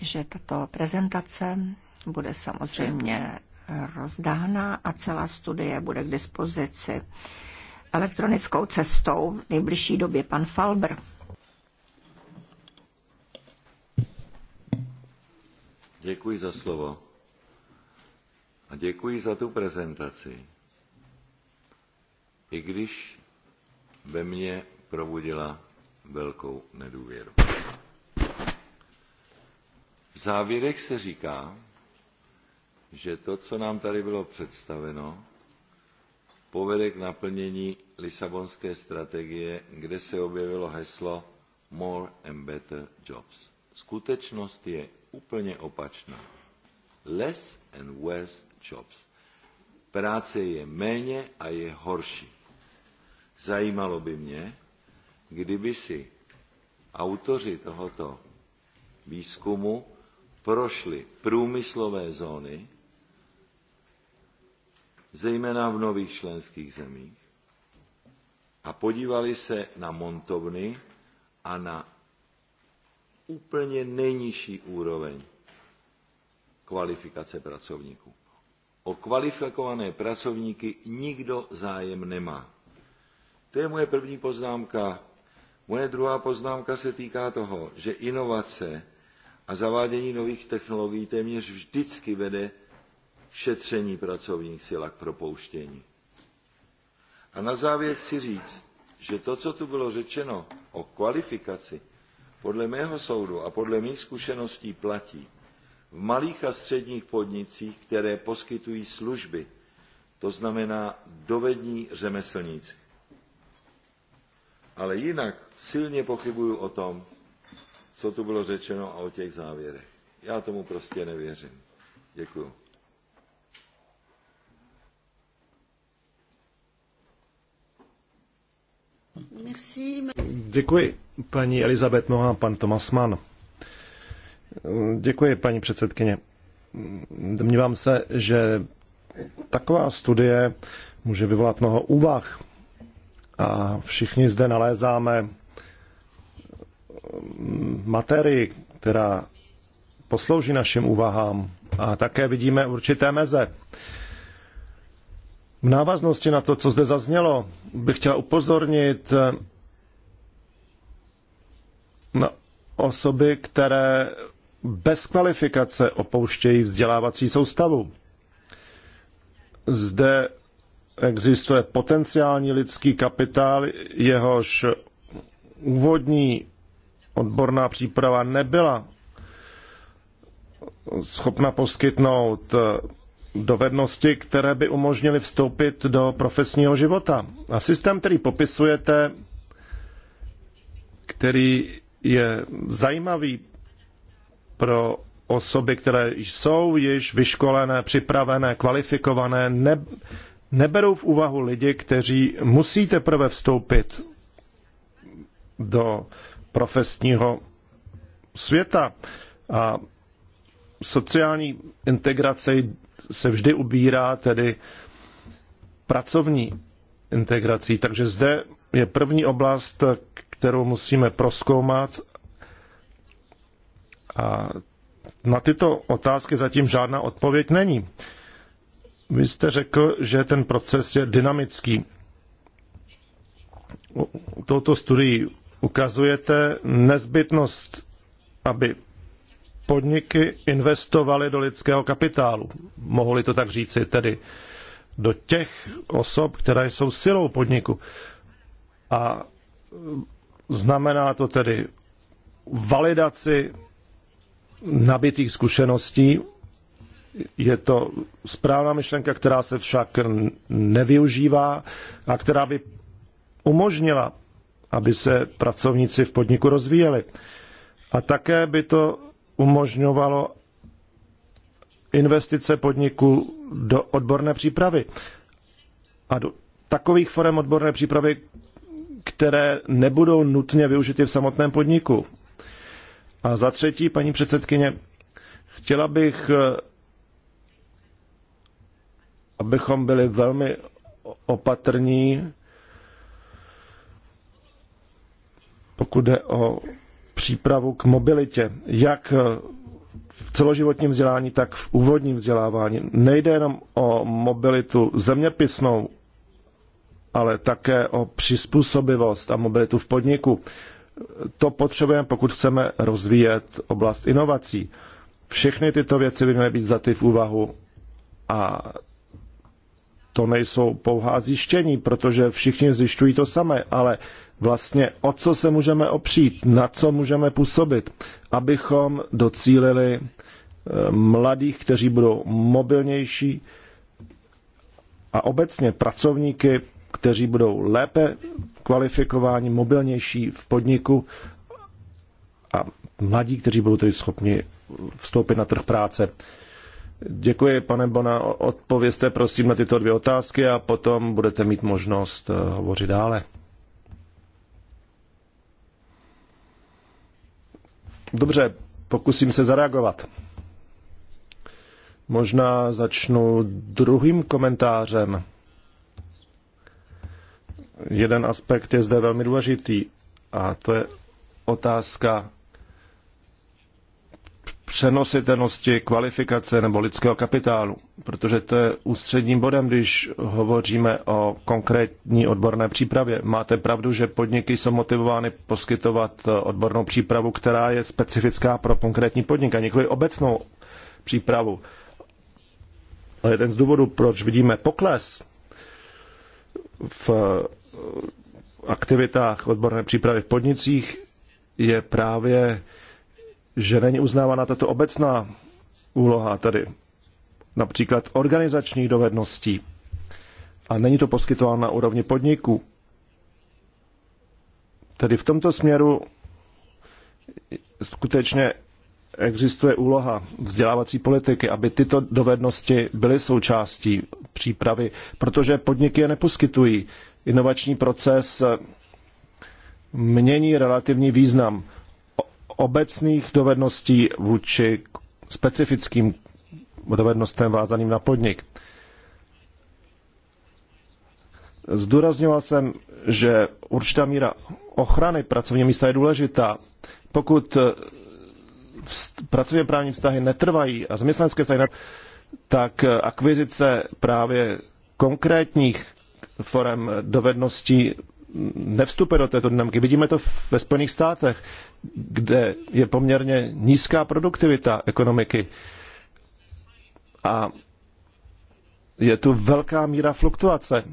že tato prezentace bude samozřejmě rozdána a celá studie bude k dispozici elektronickou cestou v nejbližší době pan Falber. Děkuji za slovo. A děkuji za tu prezentaci. I když ve mně probudila velkou nedůvěru. V závěrech se říká, že to, co nám tady bylo představeno, povede k naplnění Lisabonské strategie, kde se objevilo heslo More and Better Jobs. Skutečnost je úplně opačná. Less and worse jobs. Práce je méně a je horší. Zajímalo by mě, kdyby si autoři tohoto výzkumu prošli průmyslové zóny, zejména v nových členských zemích, a podívali se na montovny a na úplně nejnižší úroveň kvalifikace pracovníků. O kvalifikované pracovníky nikdo zájem nemá. To je moje první poznámka. Moje druhá poznámka se týká toho, že inovace a zavádění nových technologií téměř vždycky vede k šetření pracovních sil a k propouštění. A na závěr chci říct, že to, co tu bylo řečeno o kvalifikaci, podle mého soudu a podle mých zkušeností platí v malých a středních podnicích, které poskytují služby, to znamená dovední řemeslníci. Ale jinak silně pochybuju o tom, co tu bylo řečeno a o těch závěrech. Já tomu prostě nevěřím. Děkuju. Děkuji, paní Elizabeth Noha, pan Tomas Mann. Děkuji, paní předsedkyně. Domnívám se, že taková studie může vyvolat mnoho úvah a všichni zde nalézáme materii, která poslouží našim úvahám a také vidíme určité meze. V návaznosti na to, co zde zaznělo, bych chtěla upozornit na osoby, které bez kvalifikace opouštějí vzdělávací soustavu. Zde existuje potenciální lidský kapitál, jehož úvodní odborná příprava nebyla schopna poskytnout dovednosti, které by umožnily vstoupit do profesního života. A systém, který popisujete, který je zajímavý pro osoby, které jsou již vyškolené, připravené, kvalifikované, ne, neberou v úvahu lidi, kteří musí teprve vstoupit do profesního světa. A sociální integrace se vždy ubírá tedy pracovní integrací. Takže zde je první oblast, kterou musíme proskoumat a na tyto otázky zatím žádná odpověď není. Vy jste řekl, že ten proces je dynamický. Touto studii ukazujete nezbytnost, aby podniky investovaly do lidského kapitálu. Mohli to tak říci, tedy do těch osob, které jsou silou podniku. A znamená to tedy validaci nabitých zkušeností. Je to správná myšlenka, která se však nevyužívá a která by umožnila, aby se pracovníci v podniku rozvíjeli. A také by to umožňovalo investice podniku do odborné přípravy. A do takových forem odborné přípravy, které nebudou nutně využity v samotném podniku. A za třetí, paní předsedkyně, chtěla bych, eh, abychom byli velmi opatrní, pokud jde o přípravu k mobilitě, jak v celoživotním vzdělání, tak v úvodním vzdělávání. Nejde jenom o mobilitu zeměpisnou, ale také o přizpůsobivost a mobilitu v podniku to potřebujeme, pokud chceme rozvíjet oblast inovací. Všechny tyto věci by měly být vzaty v úvahu a to nejsou pouhá zjištění, protože všichni zjišťují to samé, ale vlastně o co se můžeme opřít, na co můžeme působit, abychom docílili eh, mladých, kteří budou mobilnější a obecně pracovníky, kteří budou lépe Kvalifikování mobilnější v podniku a mladí, kteří budou tedy schopni vstoupit na trh práce. Děkuji, pane Bona. Odpovězte prosím na tyto dvě otázky a potom budete mít možnost eh, hovořit dále. Dobře, pokusím se zareagovat. Možná začnu druhým komentářem jeden aspekt je zde velmi důležitý a to je otázka přenositelnosti kvalifikace nebo lidského kapitálu, protože to je ústředním bodem, když hovoříme o konkrétní odborné přípravě. Máte pravdu, že podniky jsou motivovány poskytovat odbornou přípravu, která je specifická pro konkrétní podnik a nikoli obecnou přípravu. A jeden z důvodů, proč vidíme pokles v Eh, aktivitách odborné přípravy v podnicích je právě, že není uznávána tato obecná úloha, tady, například organizačních dovedností. A není to poskytováno na úrovni podniků. Tedy v tomto směru skutečně existuje úloha vzdělávací politiky, aby tyto dovednosti byly součástí přípravy, protože podniky je neposkytují inovační proces eh, mění relativní význam obecných dovedností vůči specifickým dovednostem vázaným na podnik. Zdůrazňoval jsem, že určitá míra ochrany pracovního místa je důležitá. Pokud eh, pracovně právní vztahy netrvají a zaměstnanecké vztahy netrvají, tak eh, akvizice právě konkrétních forem dovedností nevstupuje do této dynamiky. Vidíme to ve Spojených státech, kde je poměrně nízká produktivita ekonomiky a je tu velká míra fluktuace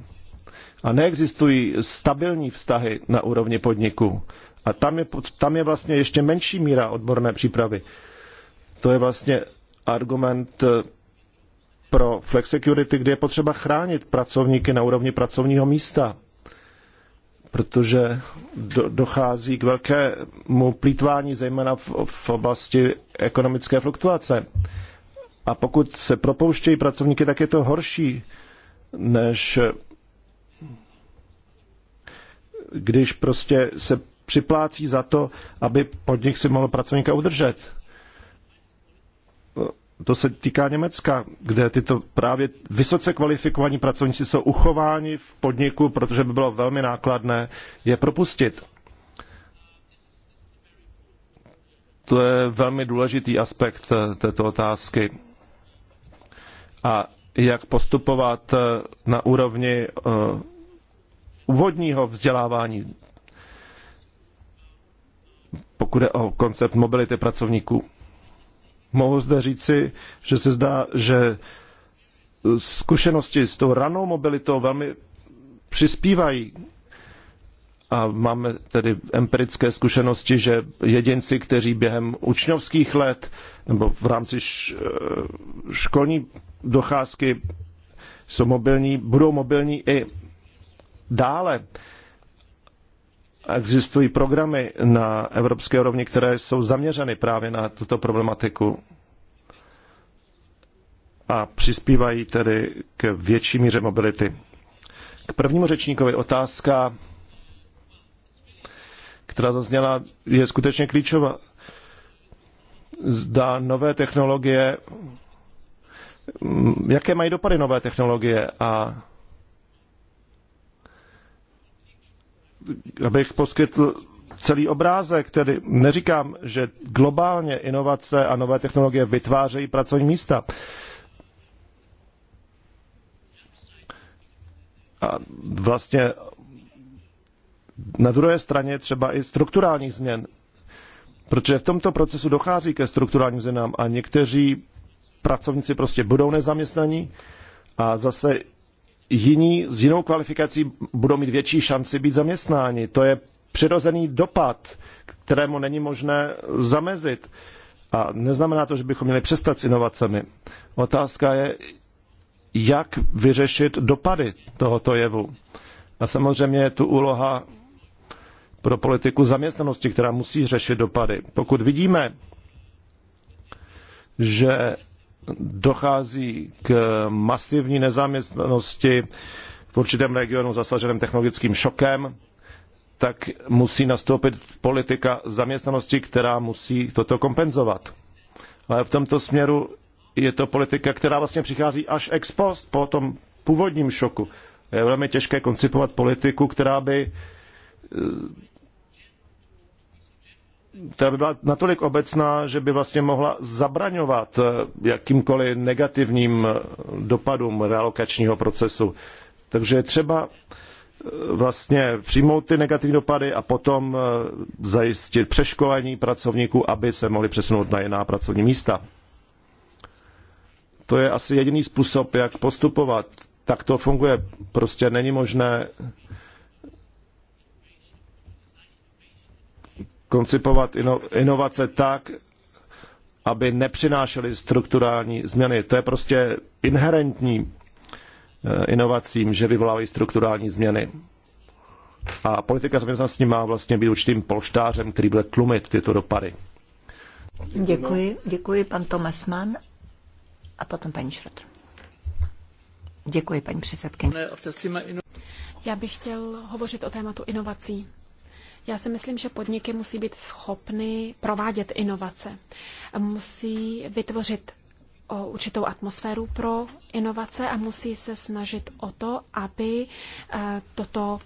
a neexistují stabilní vztahy na úrovni podniku. A tam je, tam je vlastně ještě menší míra odborné přípravy. To je vlastně argument eh, pro flexicurity, kdy je potřeba chránit pracovníky na úrovni pracovního místa, protože do, dochází k velkému plítvání, zejména v, v oblasti ekonomické fluktuace. A pokud se propouštějí pracovníky, tak je to horší, než když prostě se připlácí za to, aby podnik si mohl pracovníka udržet to se týká Německa, kde tyto právě vysoce kvalifikovaní pracovníci jsou uchováni v podniku, protože by bylo velmi nákladné je propustit. To je velmi důležitý aspekt eh, této otázky. A jak postupovat eh, na úrovni eh, úvodního vzdělávání, pokud je o koncept mobility pracovníků mohu zde říci, že se zdá, že zkušenosti s tou ranou mobilitou velmi přispívají a máme tedy empirické zkušenosti, že jedinci, kteří během učňovských let nebo v rámci eh, školní docházky jsou mobilní, budou mobilní i dále existují programy na evropské úrovni, které jsou zaměřeny právě na tuto problematiku a přispívají tedy k větší míře mobility. K prvnímu řečníkovi otázka, která zazněla, je skutečně klíčová. Zda nové technologie, jaké mají dopady nové technologie a abych poskytl celý obrázek, tedy neříkám, že globálně inovace a nové technologie vytvářejí pracovní místa. A vlastně na druhé straně třeba i strukturálních změn. Protože v tomto procesu dochází ke strukturálním změnám a někteří pracovníci prostě budou nezaměstnaní a zase jiní s jinou kvalifikací budou mít větší šanci být zaměstnáni. To je přirozený dopad, kterému není možné zamezit. A neznamená to, že bychom měli přestat s inovacemi. Otázka je, jak vyřešit dopady tohoto jevu. A samozřejmě je tu úloha pro politiku zaměstnanosti, která musí řešit dopady. Pokud vidíme, že dochází k masivní nezaměstnanosti v určitém regionu zasaženém technologickým šokem, tak musí nastoupit politika zaměstnanosti, která musí toto kompenzovat. Ale v tomto směru je to politika, která vlastně přichází až ex post po tom původním šoku. Je velmi těžké koncipovat politiku, která by která by byla natolik obecná, že by vlastně mohla zabraňovat eh, jakýmkoliv negativním eh, dopadům realokačního procesu. Takže je třeba eh, vlastně přijmout ty negativní dopady a potom zajistit přeškolení pracovníků, aby se mohli přesunout na jiná pracovní místa. To je asi jediný způsob, jak postupovat. Tak to funguje. Prostě není možné koncipovat inovace tak, aby nepřinášely strukturální změny. To je prostě inherentní eh, inovacím, že vyvolávají strukturální změny. A politika zaměstnanosti má vlastně být určitým polštářem, který bude tlumit tyto dopady. Děkuji, děkuji pan Tomas a potom paní Šrotr. Děkuji, paní předsedkyně. Já bych chtěl hovořit o tématu inovací. Já si myslím, že podniky musí být schopny provádět inovace. Musí vytvořit o určitou atmosféru pro inovace a musí se snažit o to, aby e, toto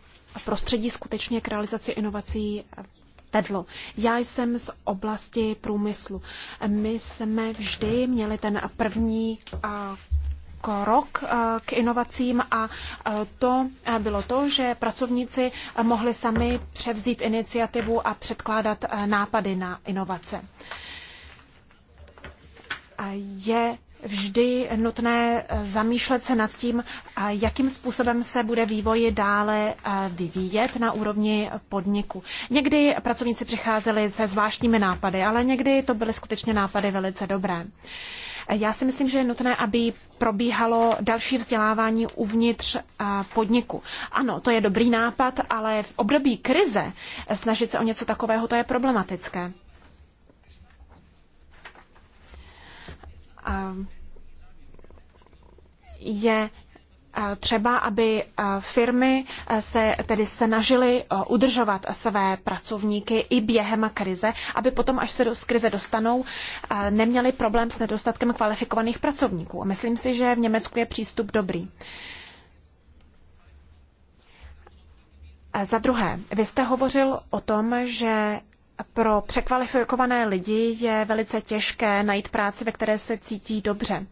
prostředí skutečně k realizaci inovací vedlo. Já jsem z oblasti průmyslu. My jsme vždy měli ten první krok eh, k inovacím a eh, to eh, bylo to, že pracovníci mohli sami převzít iniciativu a předkládat nápady na inovace. Je vždy nutné zamýšlet se nad tím, jakým způsobem se bude vývoj dále vyvíjet na úrovni podniku. Někdy pracovníci přicházeli se zvláštními nápady, ale někdy to byly skutečně nápady velice dobré. Já si myslím, že je nutné, aby probíhalo další vzdělávání uvnitř podniku. Ano, to je dobrý nápad, ale v období krize snažit se o něco takového, to je problematické. Je třeba, aby e, firmy e, se tedy snažily e, udržovat své pracovníky i během krize, aby potom, až se z krize dostanou, neměli problém s nedostatkem kvalifikovaných pracovníků. A Myslím si, že v Německu je přístup dobrý. Za druhé, vy jste hovořil o tom, že pro překvalifikované lidi je velice těžké najít práci, ve které se cítí dobře. Uh,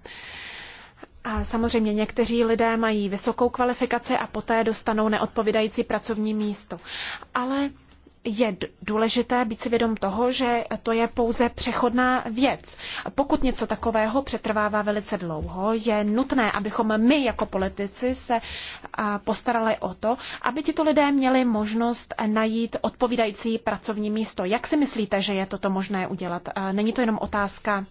a samozřejmě někteří lidé mají vysokou kvalifikaci a poté dostanou neodpovídající pracovní místo. Ale je důležité být si vědom toho, že to je pouze přechodná věc. Pokud něco takového přetrvává velice dlouho, je nutné, abychom my jako politici se postarali o to, aby tito lidé měli možnost najít odpovídající pracovní místo. Jak si myslíte, že je toto možné udělat? Není to jenom otázka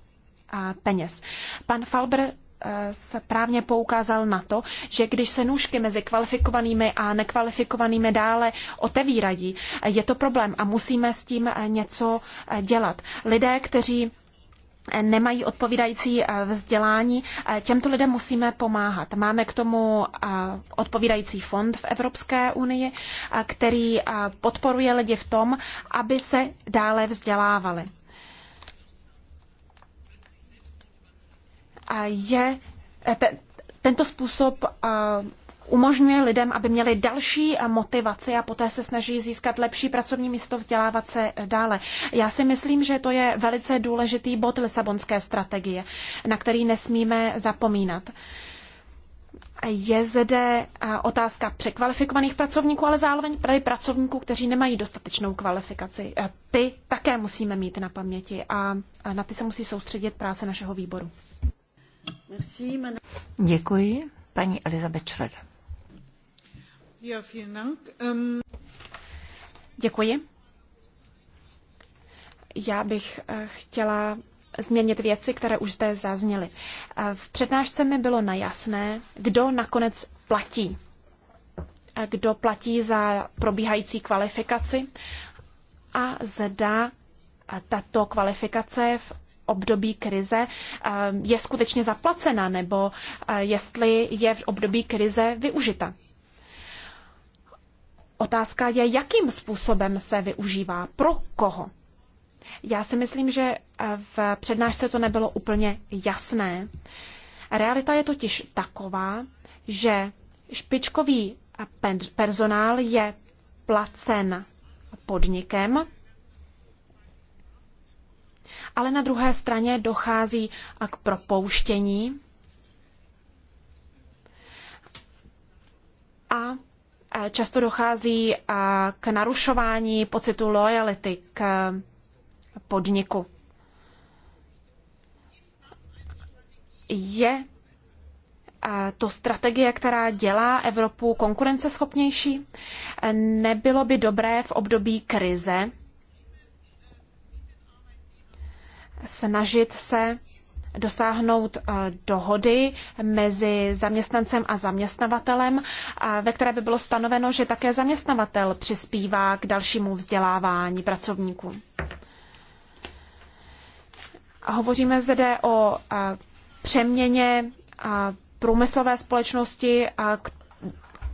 peněz. Pan Falber Eh, správně poukázal na to, že když se nůžky mezi kvalifikovanými a nekvalifikovanými dále otevírají, eh, je to problém a musíme s tím eh, něco dělat. Lidé, kteří nemají odpovídající vzdělání, těmto lidem musíme pomáhat. Máme k tomu odpovídající fond v Evropské unii, který podporuje lidi v tom, aby se dále vzdělávali. je eh, te, tento způsob eh, umožňuje lidem, aby měli další eh, motivaci a poté se snaží získat lepší pracovní místo, vzdělávat se dále. Já si myslím, že to je velice důležitý bod Lisabonské strategie, na který nesmíme zapomínat. Je zde otázka překvalifikovaných pracovníků, ale zároveň právě pracovníků, kteří nemají dostatečnou kvalifikaci. Ty také musíme mít na paměti a na ty se musí soustředit práce našeho výboru. Děkuji. Paní Elizabeth Schroeder. Ähm, Děkuji. Já bych eh, chtěla změnit věci, které už zde zazněly. Eh, v přednášce mi bylo najasné, kdo nakonec platí. Eh, kdo platí za probíhající kvalifikaci a zda tato kvalifikace v období krize eh, je skutečně zaplacena nebo eh, jestli je v období krize využita. Otázka je, jakým způsobem se využívá, pro koho. Já si myslím, že eh, v přednášce to nebylo úplně jasné. Realita je totiž taková, že špičkový personál je placen podnikem, ale na druhé straně dochází k propouštění a e, často dochází e, k narušování pocitu lojality k e, podniku. Je to strategie, která dělá Evropu konkurenceschopnější? Nebylo by dobré v období krize snažit se dosáhnout eh, dohody mezi zaměstnancem a zaměstnavatelem, ve které by bylo stanoveno, že také zaměstnavatel přispívá k dalšímu vzdělávání pracovníků. Hovoříme zde o eh, přeměně eh, průmyslové společnosti, k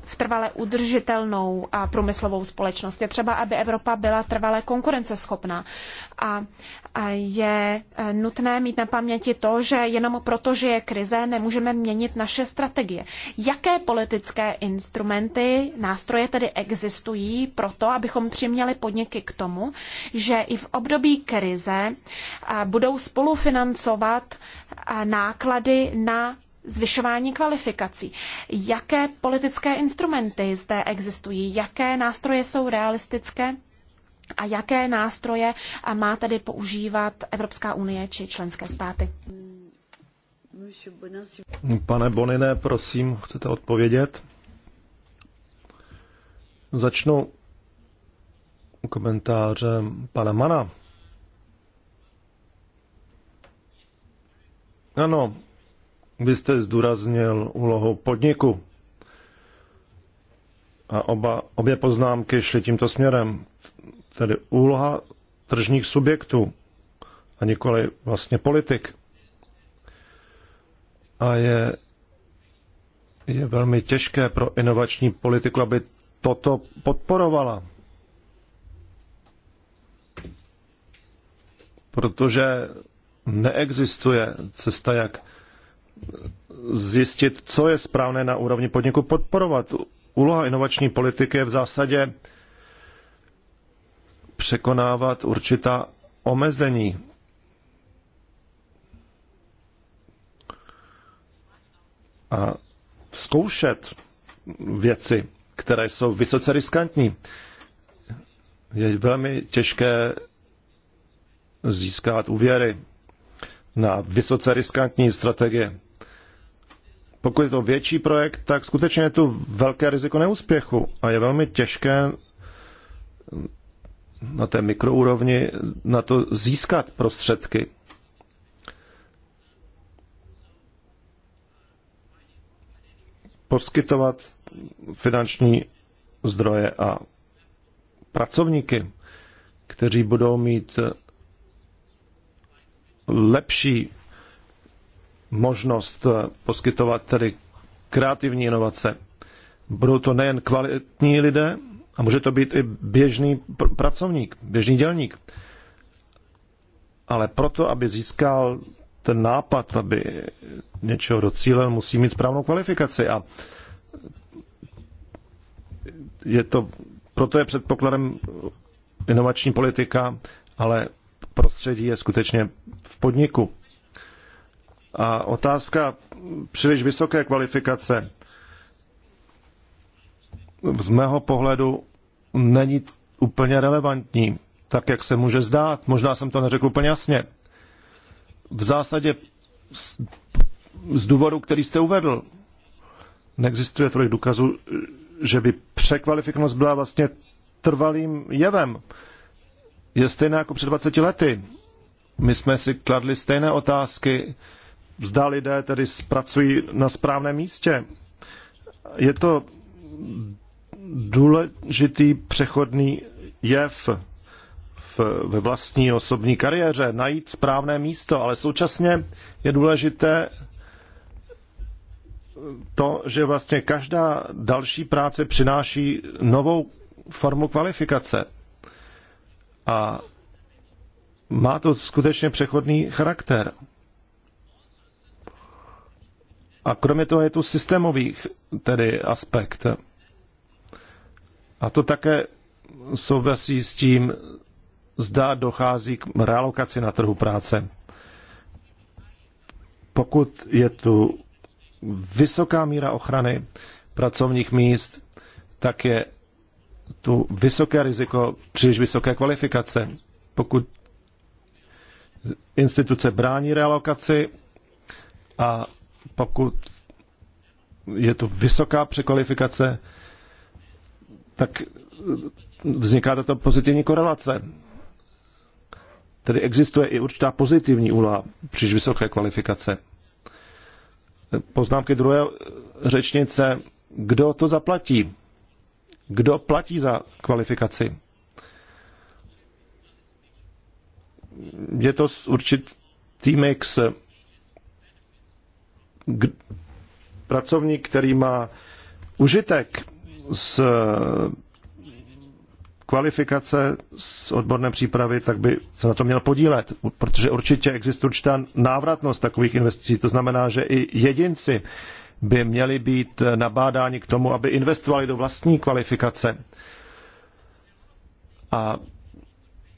v trvale udržitelnou a průmyslovou společnost. Je třeba, aby Evropa byla trvale konkurenceschopná. A, a je e, nutné mít na paměti to, že jenom proto, že je krize, nemůžeme měnit naše strategie. Jaké politické instrumenty, nástroje tedy existují pro to, abychom přiměli podniky k tomu, že i v období krize budou spolufinancovat náklady na zvyšování kvalifikací. Jaké politické instrumenty zde existují? Jaké nástroje jsou realistické? A jaké nástroje má tedy používat Evropská unie či členské státy? Pane Boniné, prosím, chcete odpovědět? Začnu komentářem pana Mana. Ano, vy jste zdůraznil úlohu podniku. A oba, obě poznámky šly tímto směrem. Tedy úloha tržních subjektů a nikoli vlastně politik. A je, je velmi těžké pro inovační politiku, aby toto podporovala. Protože neexistuje cesta, jak zjistit, co je správné na úrovni podniku podporovat. Úloha inovační politiky je v zásadě překonávat určitá omezení. A zkoušet věci, které jsou vysoce riskantní. Je velmi těžké získat úvěry na vysoce riskantní strategie pokud je to větší projekt, tak skutečně je tu velké riziko neúspěchu a je velmi těžké na té mikroúrovni na to získat prostředky. Poskytovat finanční zdroje a pracovníky, kteří budou mít lepší možnost eh, poskytovat tedy kreativní inovace. Budou to nejen kvalitní lidé, a může to být i běžný pr- pracovník, běžný dělník. Ale proto, aby získal ten nápad, aby něčeho docílil, musí mít správnou kvalifikaci. A je to, proto je předpokladem inovační politika, ale prostředí je skutečně v podniku. A otázka příliš vysoké kvalifikace z mého pohledu není úplně relevantní, tak jak se může zdát. Možná jsem to neřekl úplně jasně. V zásadě z, z důvodu, který jste uvedl, neexistuje tolik důkazů, že by překvalifikovanost byla vlastně trvalým jevem. Je stejná jako před 20 lety. My jsme si kladli stejné otázky, zda lidé tedy pracují na správném místě. Je to důležitý přechodný jev v, ve vlastní osobní kariéře, najít správné místo, ale současně je důležité to, že vlastně každá další práce přináší novou formu kvalifikace. A má to skutečně přechodný charakter. A kromě toho je tu systémový tedy aspekt. A to také souvisí s tím, zda dochází k realokaci na trhu práce. Pokud je tu vysoká míra ochrany pracovních míst, tak je tu vysoké riziko příliš vysoké kvalifikace. Pokud instituce brání realokaci a pokud je to vysoká překvalifikace, tak vzniká tato pozitivní korelace. Tedy existuje i určitá pozitivní úloha příliš vysoké kvalifikace. Poznámky druhé řečnice, kdo to zaplatí? Kdo platí za kvalifikaci? Je to určitý mix pracovník, který má užitek z kvalifikace z odborné přípravy, tak by se na to měl podílet, protože určitě existuje určitá návratnost takových investicí. To znamená, že i jedinci by měli být nabádáni k tomu, aby investovali do vlastní kvalifikace. A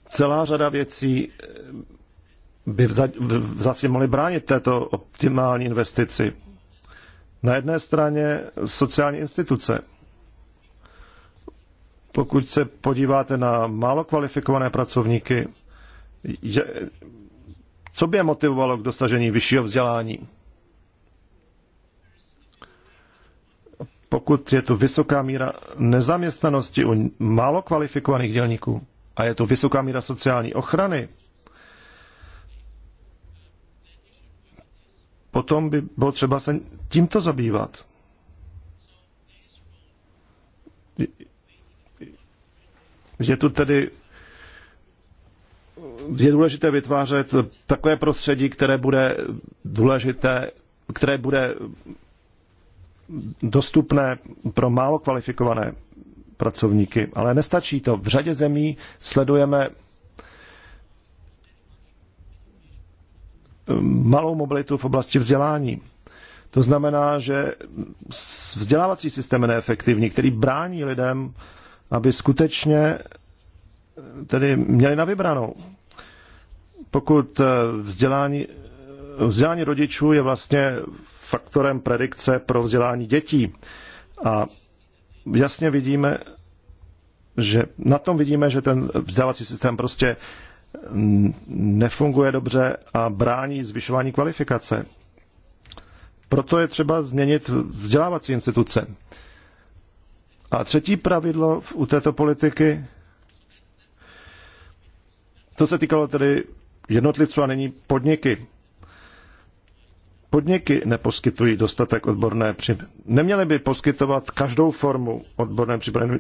celá řada věcí by vzácně mohly bránit této optimální investici. Na jedné straně sociální instituce. Pokud se podíváte na málo kvalifikované pracovníky, je, co by je motivovalo k dosažení vyššího vzdělání? Pokud je tu vysoká míra nezaměstnanosti u málo kvalifikovaných dělníků a je tu vysoká míra sociální ochrany, potom by bylo třeba se tímto zabývat. Je tu tedy je důležité vytvářet takové prostředí, které bude důležité, které bude dostupné pro málo kvalifikované pracovníky. Ale nestačí to. V řadě zemí sledujeme malou mobilitu v oblasti vzdělání. To znamená, že vzdělávací systém je neefektivní, který brání lidem, aby skutečně tedy měli na vybranou. Pokud eh, vzdělání, vzdělání rodičů je vlastně faktorem predikce pro vzdělání dětí. A jasně vidíme, že na tom vidíme, že ten vzdělávací systém prostě nefunguje dobře a brání zvyšování kvalifikace. Proto je třeba změnit vzdělávací instituce. A třetí pravidlo u této politiky, to se týkalo tedy jednotlivců a není podniky. Podniky neposkytují dostatek odborné přípravy. Neměly by poskytovat každou formu odborné přípravy.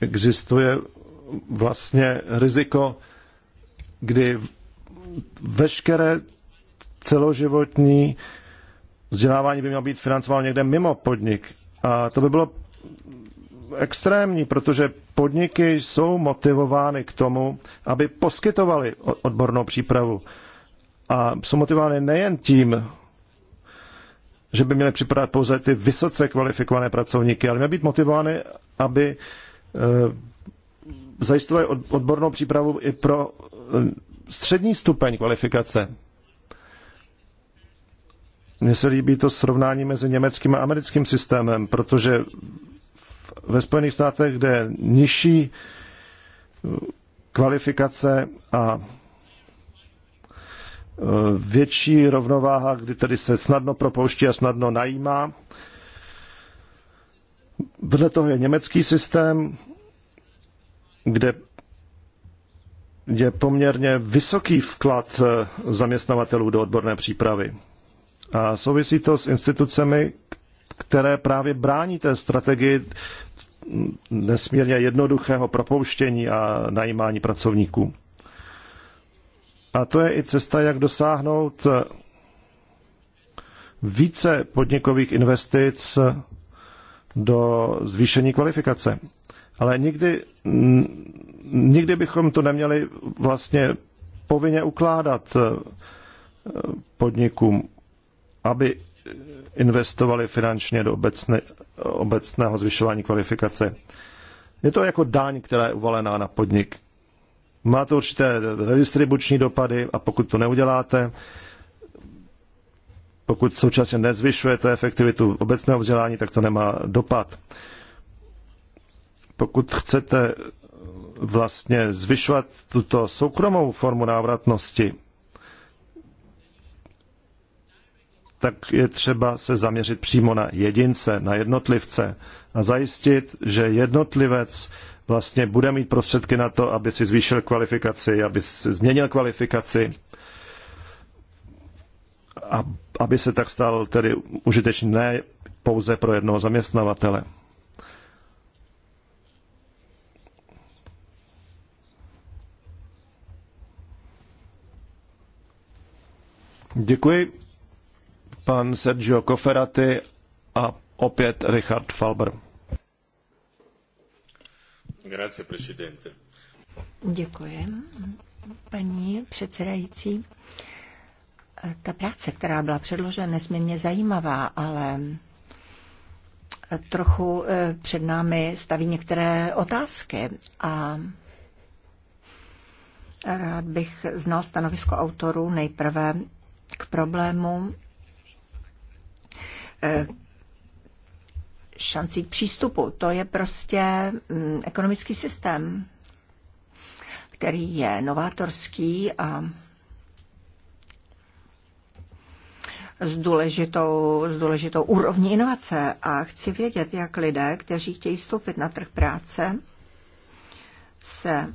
Existuje vlastně riziko, kdy veškeré celoživotní vzdělávání by mělo být financováno někde mimo podnik. A to by bylo extrémní, protože podniky jsou motivovány k tomu, aby poskytovali odbornou přípravu. A jsou motivovány nejen tím, že by měly připadat pouze ty vysoce kvalifikované pracovníky, ale měly být motivovány, aby eh, zajistili odbornou přípravu i pro e, střední stupeň kvalifikace. Mně se líbí to srovnání mezi německým a americkým systémem, protože ve Spojených státech, kde je nižší e, kvalifikace a e, větší rovnováha, kdy tedy se snadno propouští a snadno najímá. Vedle toho je německý systém, kde je poměrně vysoký vklad eh, zaměstnavatelů do odborné přípravy. A souvisí to s institucemi, které právě brání té strategii nesmírně jednoduchého propouštění a najímání pracovníků. A to je i cesta, jak dosáhnout eh, více podnikových investic do zvýšení kvalifikace ale nikdy, nikdy bychom to neměli vlastně povinně ukládat eh, podnikům, aby investovali finančně do obecne, obecného zvyšování kvalifikace. Je to jako daň, která je uvalená na podnik. Má to určité redistribuční dopady a pokud to neuděláte, pokud současně nezvyšujete efektivitu obecného vzdělání, tak to nemá dopad pokud chcete vlastně zvyšovat tuto soukromou formu návratnosti, tak je třeba se zaměřit přímo na jedince, na jednotlivce a zajistit, že jednotlivec vlastně bude mít prostředky na to, aby si zvýšil kvalifikaci, aby si změnil kvalifikaci a aby se tak stal tedy užitečný ne pouze pro jednoho zaměstnavatele. Děkuji. Pan Sergio Koferaty a opět Richard Falber. Grazie, presidente. Děkuji, paní předsedající. Ta práce, která byla předložena, nesmírně zajímavá, ale trochu eh, před námi staví některé otázky a rád bych znal stanovisko autorů nejprve k problému eh, šancí k přístupu. To je prostě mm, ekonomický systém, který je novátorský a s důležitou, s důležitou úrovní inovace. A chci vědět, jak lidé, kteří chtějí vstoupit na trh práce, se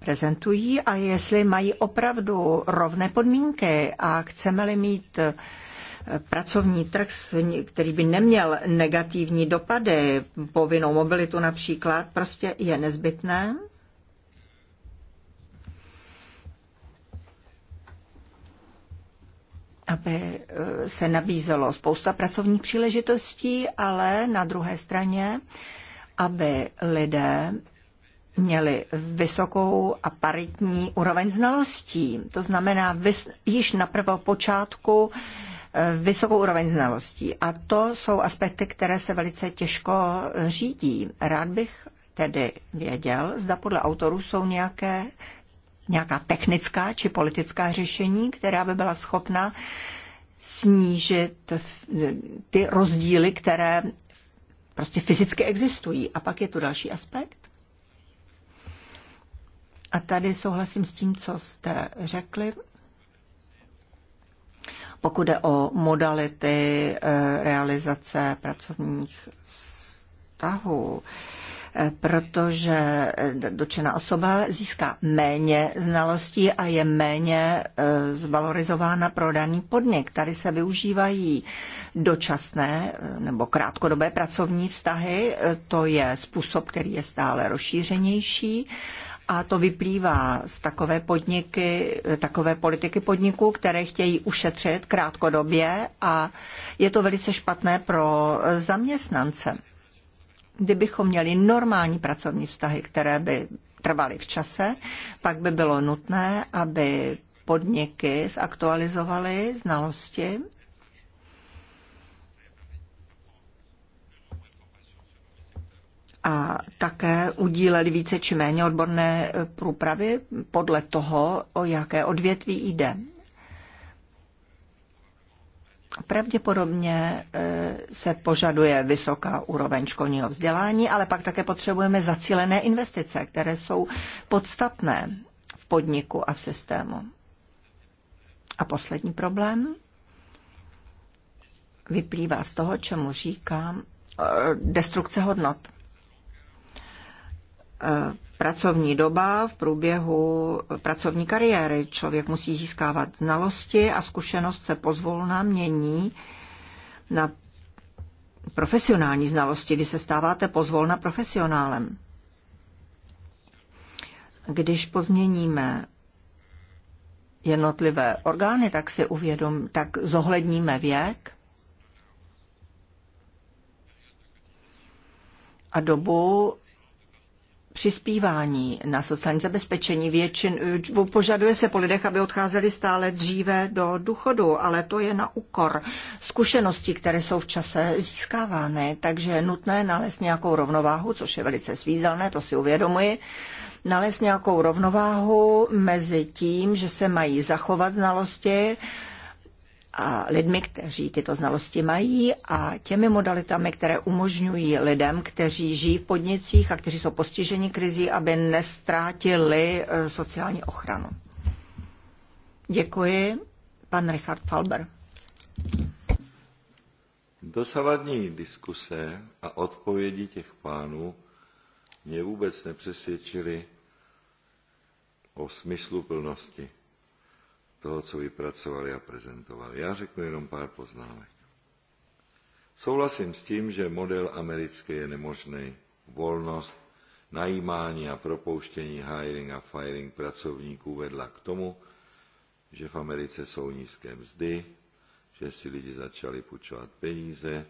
prezentují a jestli mají opravdu rovné podmínky a chceme-li mít eh, pracovní trh, který by neměl negativní dopady, povinnou mobilitu například, prostě je nezbytné. aby eh, se nabízelo spousta pracovních příležitostí, ale na druhé straně, aby lidé měli vysokou a paritní úroveň znalostí. To znamená vys- již na počátku eh, vysokou úroveň znalostí. A to jsou aspekty, které se velice těžko řídí. Rád bych tedy věděl, zda podle autorů jsou nějaké, nějaká technická či politická řešení, která by byla schopna snížit ty rozdíly, které prostě fyzicky existují. A pak je tu další aspekt, a tady souhlasím s tím, co jste řekli. Pokud jde o modality eh, realizace pracovních vztahů, eh, protože eh, dočená osoba získá méně znalostí a je méně zvalorizována pro daný podnik. Tady se využívají dočasné nebo krátkodobé pracovní vztahy, to je způsob, který je stále rozšířenější a to vyplývá z takové, podniky, takové politiky podniků, které chtějí ušetřit krátkodobě a je to velice špatné pro zaměstnance. Kdybychom měli normální pracovní vztahy, které by trvaly v čase, pak by bylo nutné, aby podniky zaktualizovaly znalosti a také udíleli více či méně odborné eh, průpravy podle toho, o jaké odvětví jde. Pravděpodobně eh, se požaduje vysoká úroveň školního vzdělání, ale pak také potřebujeme zacílené investice, které jsou podstatné v podniku a v systému. A poslední problém vyplývá z toho, čemu říkám eh, destrukce hodnot E, pracovní doba v průběhu pracovní kariéry. Člověk musí získávat znalosti a zkušenost se pozvolna mění na profesionální znalosti. Vy se stáváte pozvolna profesionálem. Když pozměníme jednotlivé orgány, tak si uvědom, tak zohledníme věk a dobu přispívání na sociální zabezpečení. Většin, eh, požaduje se po lidech, aby odcházeli stále dříve do důchodu, ale to je na úkor zkušeností, které jsou v čase získávány. Takže je nutné nalézt nějakou rovnováhu, což je velice svízelné, to si uvědomuji nalézt nějakou rovnováhu mezi tím, že se mají zachovat znalosti, a lidmi, kteří tyto znalosti mají a těmi modalitami, které umožňují lidem, kteří žijí v podnicích a kteří jsou postiženi krizí, aby nestrátili eh, sociální ochranu. Děkuji. Pan Richard Falber. Dosavadní diskuse a odpovědi těch pánů mě vůbec nepřesvědčili o smyslu plnosti toho, co vypracovali a prezentovali. Já řeknu jenom pár poznámek. Souhlasím s tím, že model americký je nemožný. Volnost, najímání a propouštění hiring a firing pracovníků vedla k tomu, že v Americe jsou nízké mzdy, že si lidi začali půjčovat peníze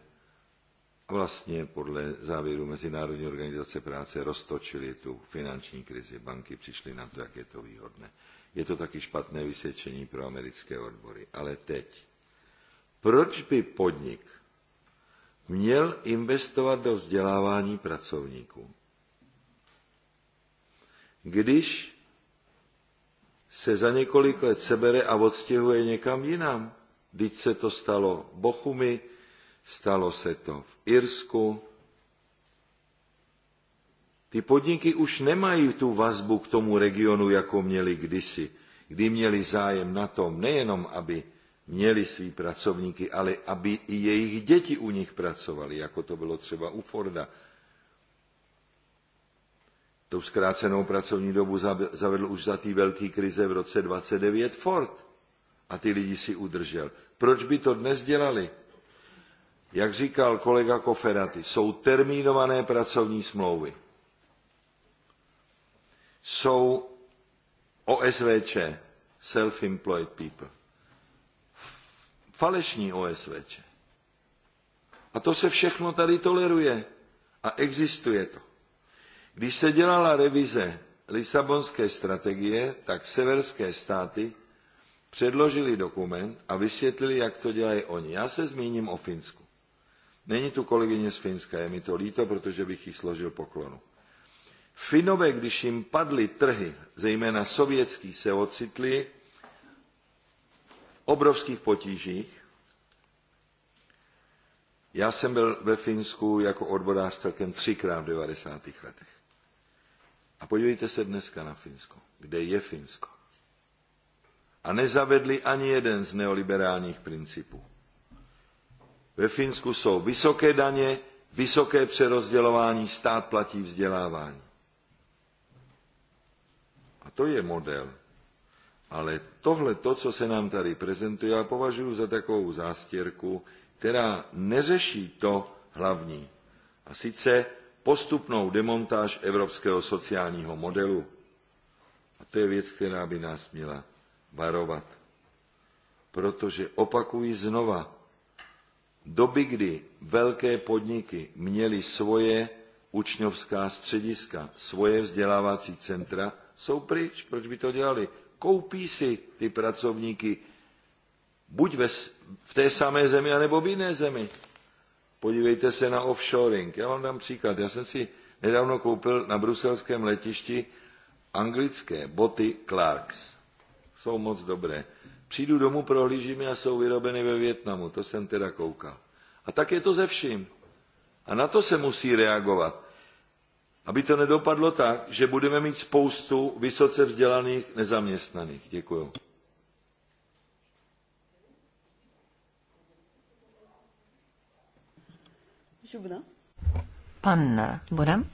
a vlastně podle závěru Mezinárodní organizace práce roztočili tu finanční krizi. Banky přišly na to, jak je to výhodné. Je to taky špatné vysvědčení pro americké odbory. Ale teď. Proč by podnik měl investovat do vzdělávání pracovníků? Když se za několik let sebere a odstěhuje někam jinam. Teď se to stalo Bochumy, stalo se to v Irsku, ty podniky už nemají tu vazbu k tomu regionu, jako měli kdysi, kdy měli zájem na tom nejenom, aby měli svý pracovníky, ale aby i jejich děti u nich pracovali, jako to bylo třeba u Forda. Tou zkrácenou pracovní dobu zavedl už za té velké krize v roce 29 Ford a ty lidi si udržel. Proč by to dnes dělali? Jak říkal kolega Koferaty, jsou termínované pracovní smlouvy jsou OSVČ, self-employed people. Falešní OSVČ. A to se všechno tady toleruje a existuje to. Když se dělala revize Lisabonské strategie, tak severské státy předložili dokument a vysvětlili, jak to dělají oni. Já se zmíním o Finsku. Není tu kolegyně z Finska, je mi to líto, protože bych jí složil poklonu. Finové, když jim padly trhy, zejména sovětský, se ocitli v obrovských potížích. Já jsem byl ve Finsku jako odborář celkem třikrát v 90. letech. A podívejte se dneska na Finsko. Kde je Finsko? A nezavedli ani jeden z neoliberálních principů. Ve Finsku jsou vysoké daně, vysoké přerozdělování, stát platí vzdělávání to je model. Ale tohle, to, co se nám tady prezentuje, já považuji za takovou zástěrku, která neřeší to hlavní. A sice postupnou demontáž evropského sociálního modelu. A to je věc, která by nás měla varovat. Protože opakuji znova, doby, kdy velké podniky měly svoje učňovská střediska, svoje vzdělávací centra, jsou pryč, proč by to dělali? Koupí si ty pracovníky buď ve, v té samé zemi, anebo v jiné zemi. Podívejte se na offshoring. Já vám dám příklad. Já jsem si nedávno koupil na bruselském letišti anglické boty Clarks. Jsou moc dobré. Přijdu domů, prohlížím a jsou vyrobeny ve Větnamu. To jsem teda koukal. A tak je to ze vším. A na to se musí reagovat aby to nedopadlo tak, že budeme mít spoustu vysoce vzdělaných nezaměstnaných. Děkuju. Pan Budan.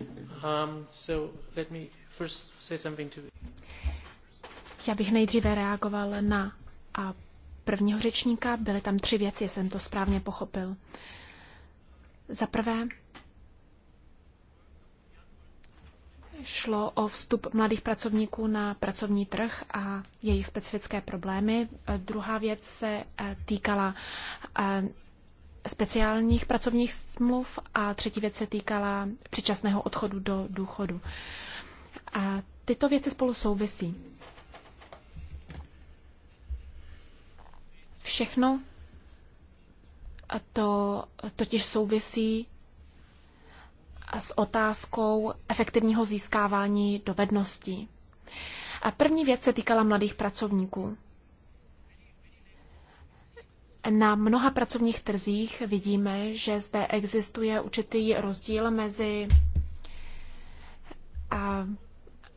Um, so let me first say something to... Já bych nejdříve reagoval na a prvního řečníka. Byly tam tři věci, jsem to správně pochopil. Za prvé, Šlo o vstup mladých pracovníků na pracovní trh a jejich specifické problémy. E, druhá věc se e, týkala e, speciálních pracovních smluv a třetí věc se týkala předčasného odchodu do důchodu. A tyto věci spolu souvisí. Všechno to totiž souvisí s otázkou efektivního získávání dovedností. A první věc se týkala mladých pracovníků. Na mnoha pracovních trzích vidíme, že zde existuje určitý rozdíl mezi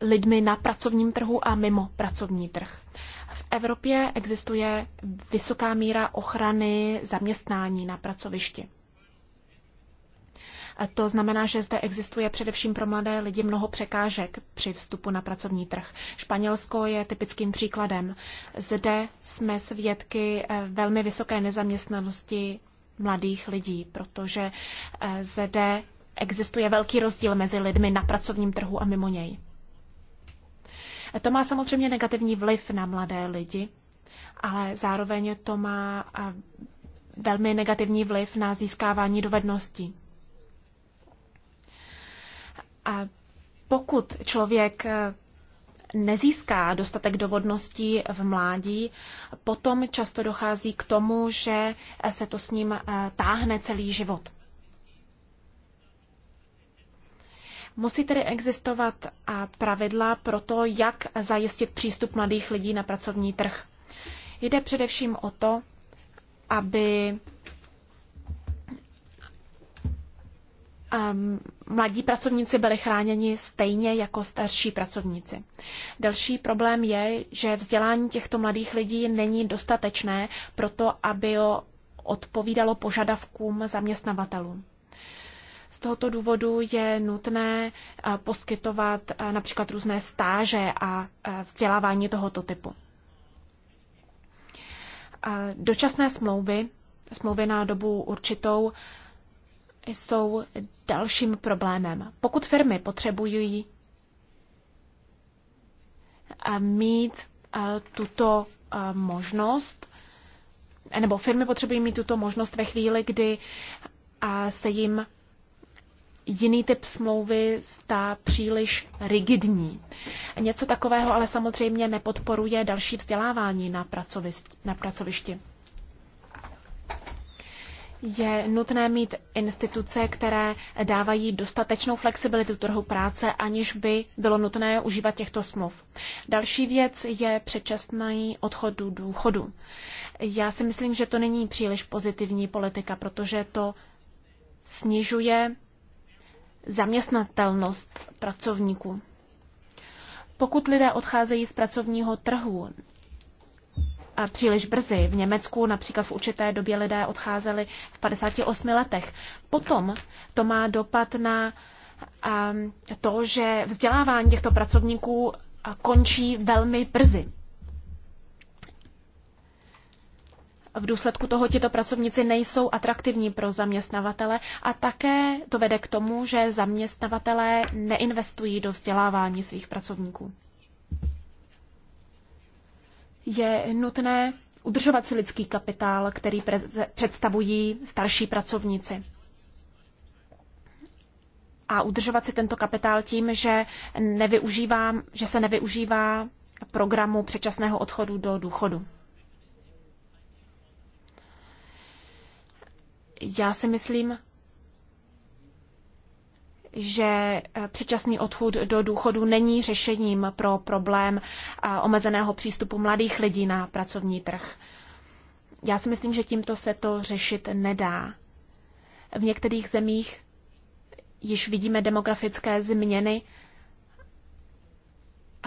lidmi na pracovním trhu a mimo pracovní trh. V Evropě existuje vysoká míra ochrany zaměstnání na pracovišti. To znamená, že zde existuje především pro mladé lidi mnoho překážek při vstupu na pracovní trh. Španělsko je typickým příkladem. Zde jsme svědky eh, velmi vysoké nezaměstnanosti mladých lidí, protože eh, zde existuje velký rozdíl mezi lidmi na pracovním trhu a mimo něj. To má samozřejmě negativní vliv na mladé lidi, ale zároveň to má eh, velmi negativní vliv na získávání dovedností pokud člověk eh, nezíská dostatek dovodností v mládí, potom často dochází k tomu, že eh, se to s ním eh, táhne celý život. Musí tedy existovat pravidla pro to, jak zajistit přístup mladých lidí na pracovní trh. Jde především o to, aby Ehm, mladí pracovníci byli chráněni stejně jako starší pracovníci. Další problém je, že vzdělání těchto mladých lidí není dostatečné pro to, aby odpovídalo požadavkům zaměstnavatelů. Z tohoto důvodu je nutné eh, poskytovat eh, například různé stáže a eh, vzdělávání tohoto typu. Dočasné smlouvy, smlouvy na dobu určitou, jsou dalším problémem. Pokud firmy potřebují eh, mít eh, tuto eh, možnost, nebo firmy potřebují mít tuto možnost ve chvíli, kdy se jim jiný typ smlouvy stá příliš rigidní. Něco takového ale samozřejmě nepodporuje další vzdělávání na, pracovišti je nutné mít instituce, které dávají dostatečnou flexibilitu trhu práce, aniž by bylo nutné užívat těchto smluv. Další věc je předčasný odchod do důchodu. Já si myslím, že to není příliš pozitivní politika, protože to snižuje zaměstnatelnost pracovníků. Pokud lidé odcházejí z pracovního trhu příliš brzy. V Německu například v určité době lidé odcházeli v 58 letech. Potom to má dopad na to, že vzdělávání těchto pracovníků končí velmi brzy. V důsledku toho tito pracovníci nejsou atraktivní pro zaměstnavatele a také to vede k tomu, že zaměstnavatelé neinvestují do vzdělávání svých pracovníků. Je nutné udržovat si lidský kapitál, který představují starší pracovníci. A udržovat si tento kapitál tím, že, nevyužívá, že se nevyužívá programu předčasného odchodu do důchodu. Já si myslím, že eh, předčasný odchod do důchodu není řešením pro problém eh, omezeného přístupu mladých lidí na pracovní trh. Já si myslím, že tímto se to řešit nedá. V některých zemích již vidíme demografické změny,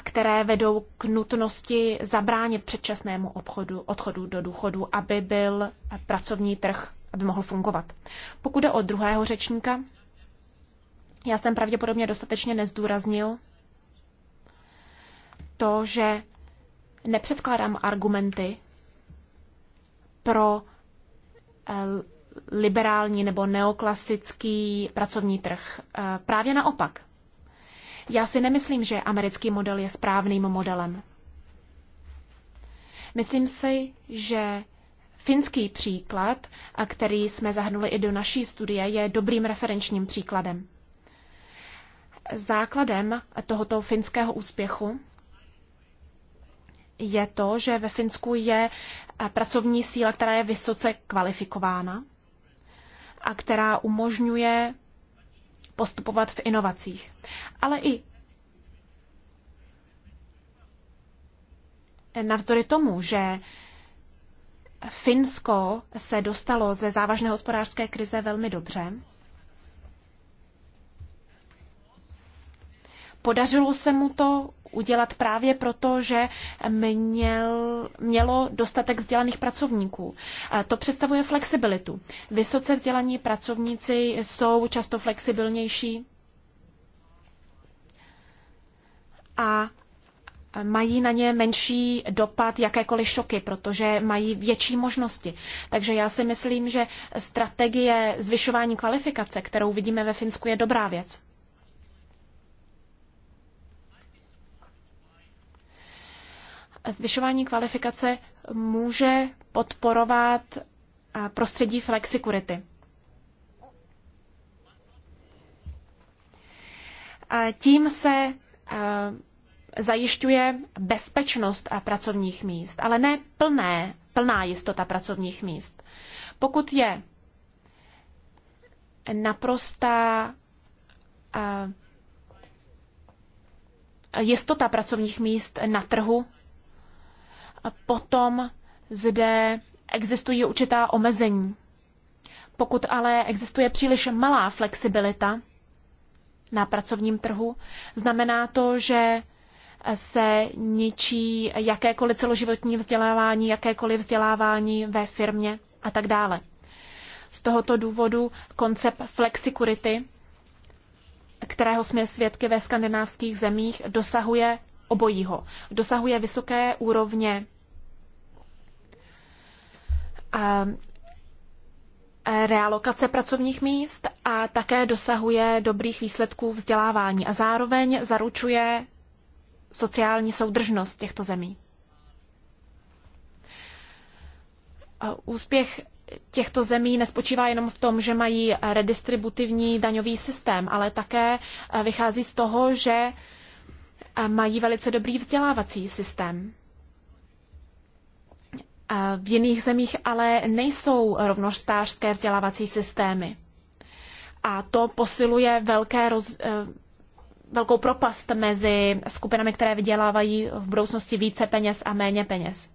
které vedou k nutnosti zabránit předčasnému obchodu, odchodu do důchodu, aby byl pracovní trh, aby mohl fungovat. Pokud jde o druhého řečníka, já jsem pravděpodobně dostatečně nezdůraznil to, že nepředkládám argumenty pro eh, liberální nebo neoklasický pracovní trh. Eh, právě naopak. Já si nemyslím, že americký model je správným modelem. Myslím si, že finský příklad, a eh, který jsme zahrnuli i do naší studie, je dobrým referenčním příkladem. Základem tohoto finského úspěchu je to, že ve Finsku je pracovní síla, která je vysoce kvalifikována a která umožňuje postupovat v inovacích. Ale i navzdory tomu, že Finsko se dostalo ze závažné hospodářské krize velmi dobře, Podařilo se mu to udělat právě proto, že měl, mělo dostatek vzdělaných pracovníků. A to představuje flexibilitu. Vysoce vzdělaní pracovníci jsou často flexibilnější a mají na ně menší dopad jakékoliv šoky, protože mají větší možnosti. Takže já si myslím, že strategie zvyšování kvalifikace, kterou vidíme ve Finsku, je dobrá věc. zvyšování kvalifikace může podporovat eh, prostředí flexikurity. Tím se eh, zajišťuje bezpečnost a pracovních míst, ale ne plné, plná jistota pracovních míst. Pokud je naprostá eh, jistota pracovních míst na trhu potom zde existují určitá omezení. Pokud ale existuje příliš malá flexibilita na pracovním trhu, znamená to, že se ničí jakékoliv celoživotní vzdělávání, jakékoliv vzdělávání ve firmě a tak dále. Z tohoto důvodu koncept flexikurity, kterého jsme svědky ve skandinávských zemích, dosahuje obojího. Dosahuje vysoké úrovně Eh, eh, realokace pracovních míst a také dosahuje dobrých výsledků vzdělávání a zároveň zaručuje sociální soudržnost těchto zemí. Eh, úspěch těchto zemí nespočívá jenom v tom, že mají redistributivní daňový systém, ale také vychází z toho, že mají velice dobrý vzdělávací systém. V jiných zemích ale nejsou rovnostářské vzdělávací systémy. A to posiluje velké roz, eh, velkou propast mezi skupinami, které vydělávají v budoucnosti více peněz a méně peněz.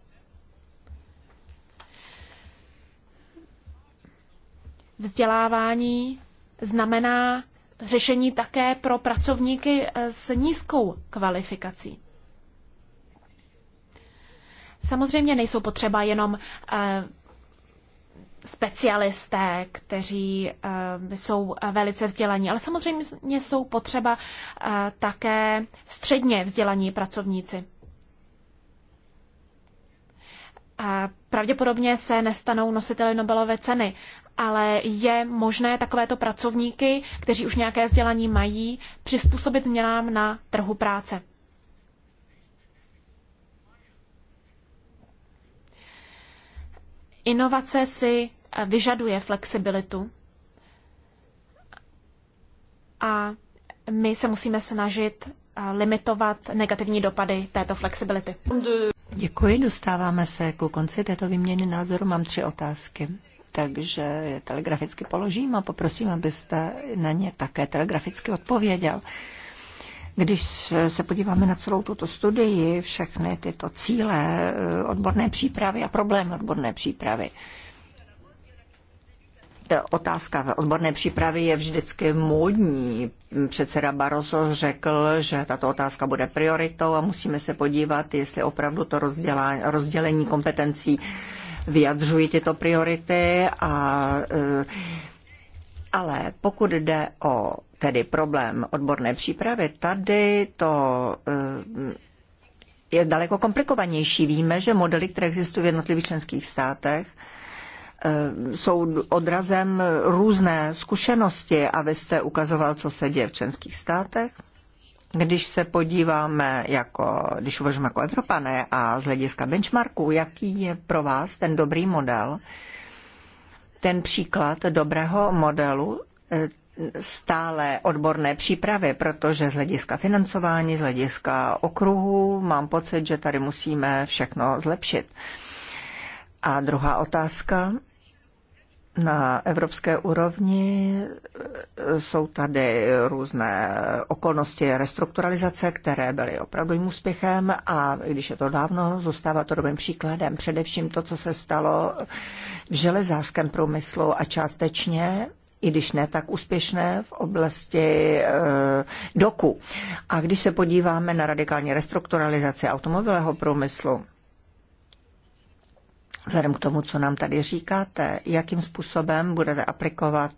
Vzdělávání znamená řešení také pro pracovníky eh, s nízkou kvalifikací. Samozřejmě nejsou potřeba jenom eh, specialisté, kteří eh, jsou velice vzdělaní, ale samozřejmě jsou potřeba eh, také středně vzdělaní pracovníci. Pravděpodobně se nestanou nositeli Nobelové ceny, ale je možné takovéto pracovníky, kteří už nějaké vzdělaní mají, přizpůsobit změnám na trhu práce. Inovace si eh, vyžaduje flexibilitu a my se musíme snažit eh, limitovat negativní dopady této flexibility. Děkuji, dostáváme se ku konci této výměny názoru. Mám tři otázky, takže je telegraficky položím a poprosím, abyste na ně také telegraficky odpověděl. Když se podíváme na celou tuto studii, všechny tyto cíle eh, odborné přípravy a problémy odborné přípravy, otázka odborné přípravy je vždycky módní. Předseda Barroso řekl, že tato otázka bude prioritou a musíme se podívat, jestli opravdu to rozdělení kompetencí vyjadřují tyto priority a eh, ale pokud jde o tedy problém odborné přípravy, tady to eh, je daleko komplikovanější. Víme, že modely, které existují v jednotlivých členských státech, eh, jsou odrazem různé zkušenosti a vy jste ukazoval, co se děje v členských státech. Když se podíváme, jako, když uvažujeme jako Evropané a z hlediska benchmarku, jaký je pro vás ten dobrý model, ten příklad dobrého modelu e, stále odborné přípravy, protože z hlediska financování, z hlediska okruhu mám pocit, že tady musíme všechno zlepšit. A druhá otázka na evropské úrovni e, jsou tady různé okolnosti restrukturalizace, které byly opravdovým úspěchem a když je to dávno, zůstává to dobrým příkladem. Především to, co se stalo v železářském průmyslu a částečně i když ne tak úspěšné v oblasti e, doku. A když se podíváme na radikální restrukturalizaci automobilového průmyslu, vzhledem k tomu, co nám tady říkáte, jakým způsobem budete aplikovat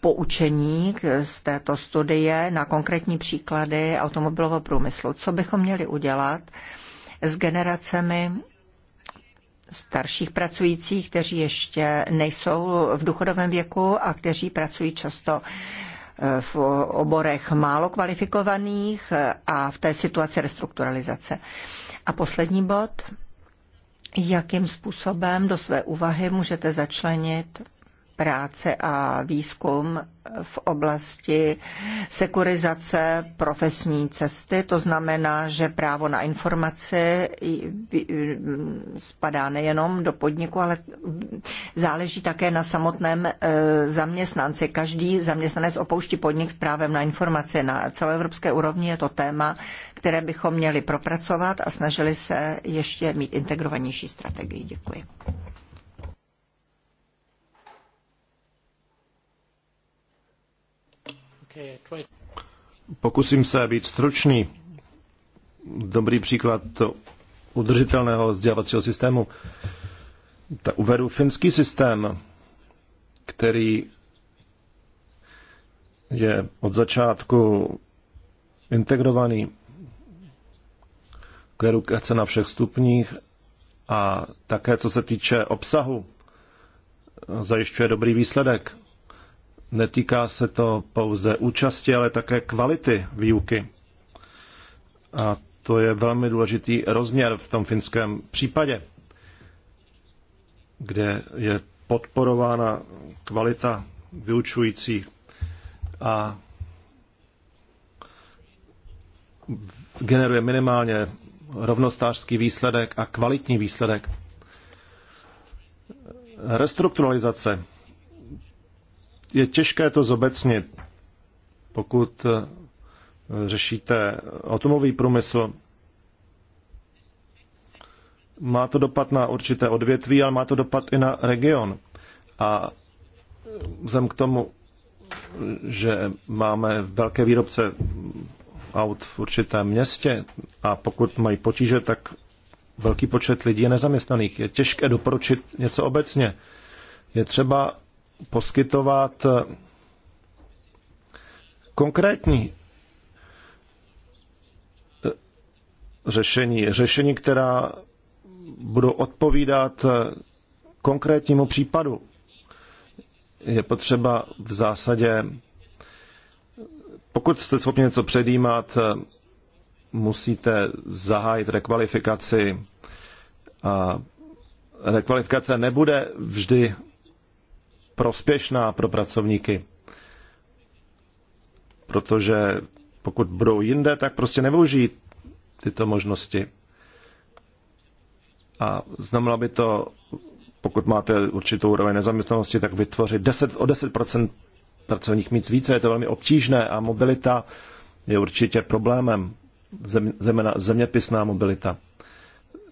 poučení z této studie na konkrétní příklady automobilového průmyslu. Co bychom měli udělat s generacemi starších pracujících, kteří ještě nejsou v důchodovém věku a kteří pracují často eh, v oborech málo kvalifikovaných eh, a v té situaci restrukturalizace. A poslední bod, jakým způsobem do své úvahy můžete začlenit práce a výzkum v oblasti sekurizace profesní cesty. To znamená, že právo na informace spadá nejenom do podniku, ale záleží také na samotném e, zaměstnanci. Každý zaměstnanec opouští podnik s právem na informace. Na celoevropské úrovni je to téma, které bychom měli propracovat a snažili se ještě mít integrovanější strategii. Děkuji. Pokusím se být stručný. Dobrý příklad udržitelného vzdělávacího systému. Ta uvedu finský systém, který je od začátku integrovaný k edukace na všech stupních a také co se týče obsahu, zajišťuje dobrý výsledek. Netýká se to pouze účasti, ale také kvality výuky. A to je velmi důležitý rozměr v tom finském případě, kde je podporována kvalita vyučujících a generuje minimálně rovnostářský výsledek a kvalitní výsledek. Restrukturalizace je těžké to zobecnit. Pokud eh, řešíte automový průmysl, má to dopad na určité odvětví, ale má to dopad i na region. A eh, vzhledem k tomu, že máme velké výrobce aut v určitém městě a pokud mají potíže, tak velký počet lidí je nezaměstnaných. Je těžké doporučit něco obecně. Je třeba poskytovat eh, konkrétní eh, řešení. Řešení, která budou odpovídat eh, konkrétnímu případu. Je potřeba v zásadě, pokud jste schopni něco předjímat, musíte zahájit rekvalifikaci. A rekvalifikace nebude vždy prospěšná pro pracovníky. Protože pokud budou jinde, tak prostě nevyužijí tyto možnosti. A znamenalo by to, pokud máte určitou úroveň nezaměstnanosti, tak vytvořit 10, o 10% pracovních míst více. Je to velmi obtížné a mobilita je určitě problémem. Zem, zemena, zeměpisná mobilita.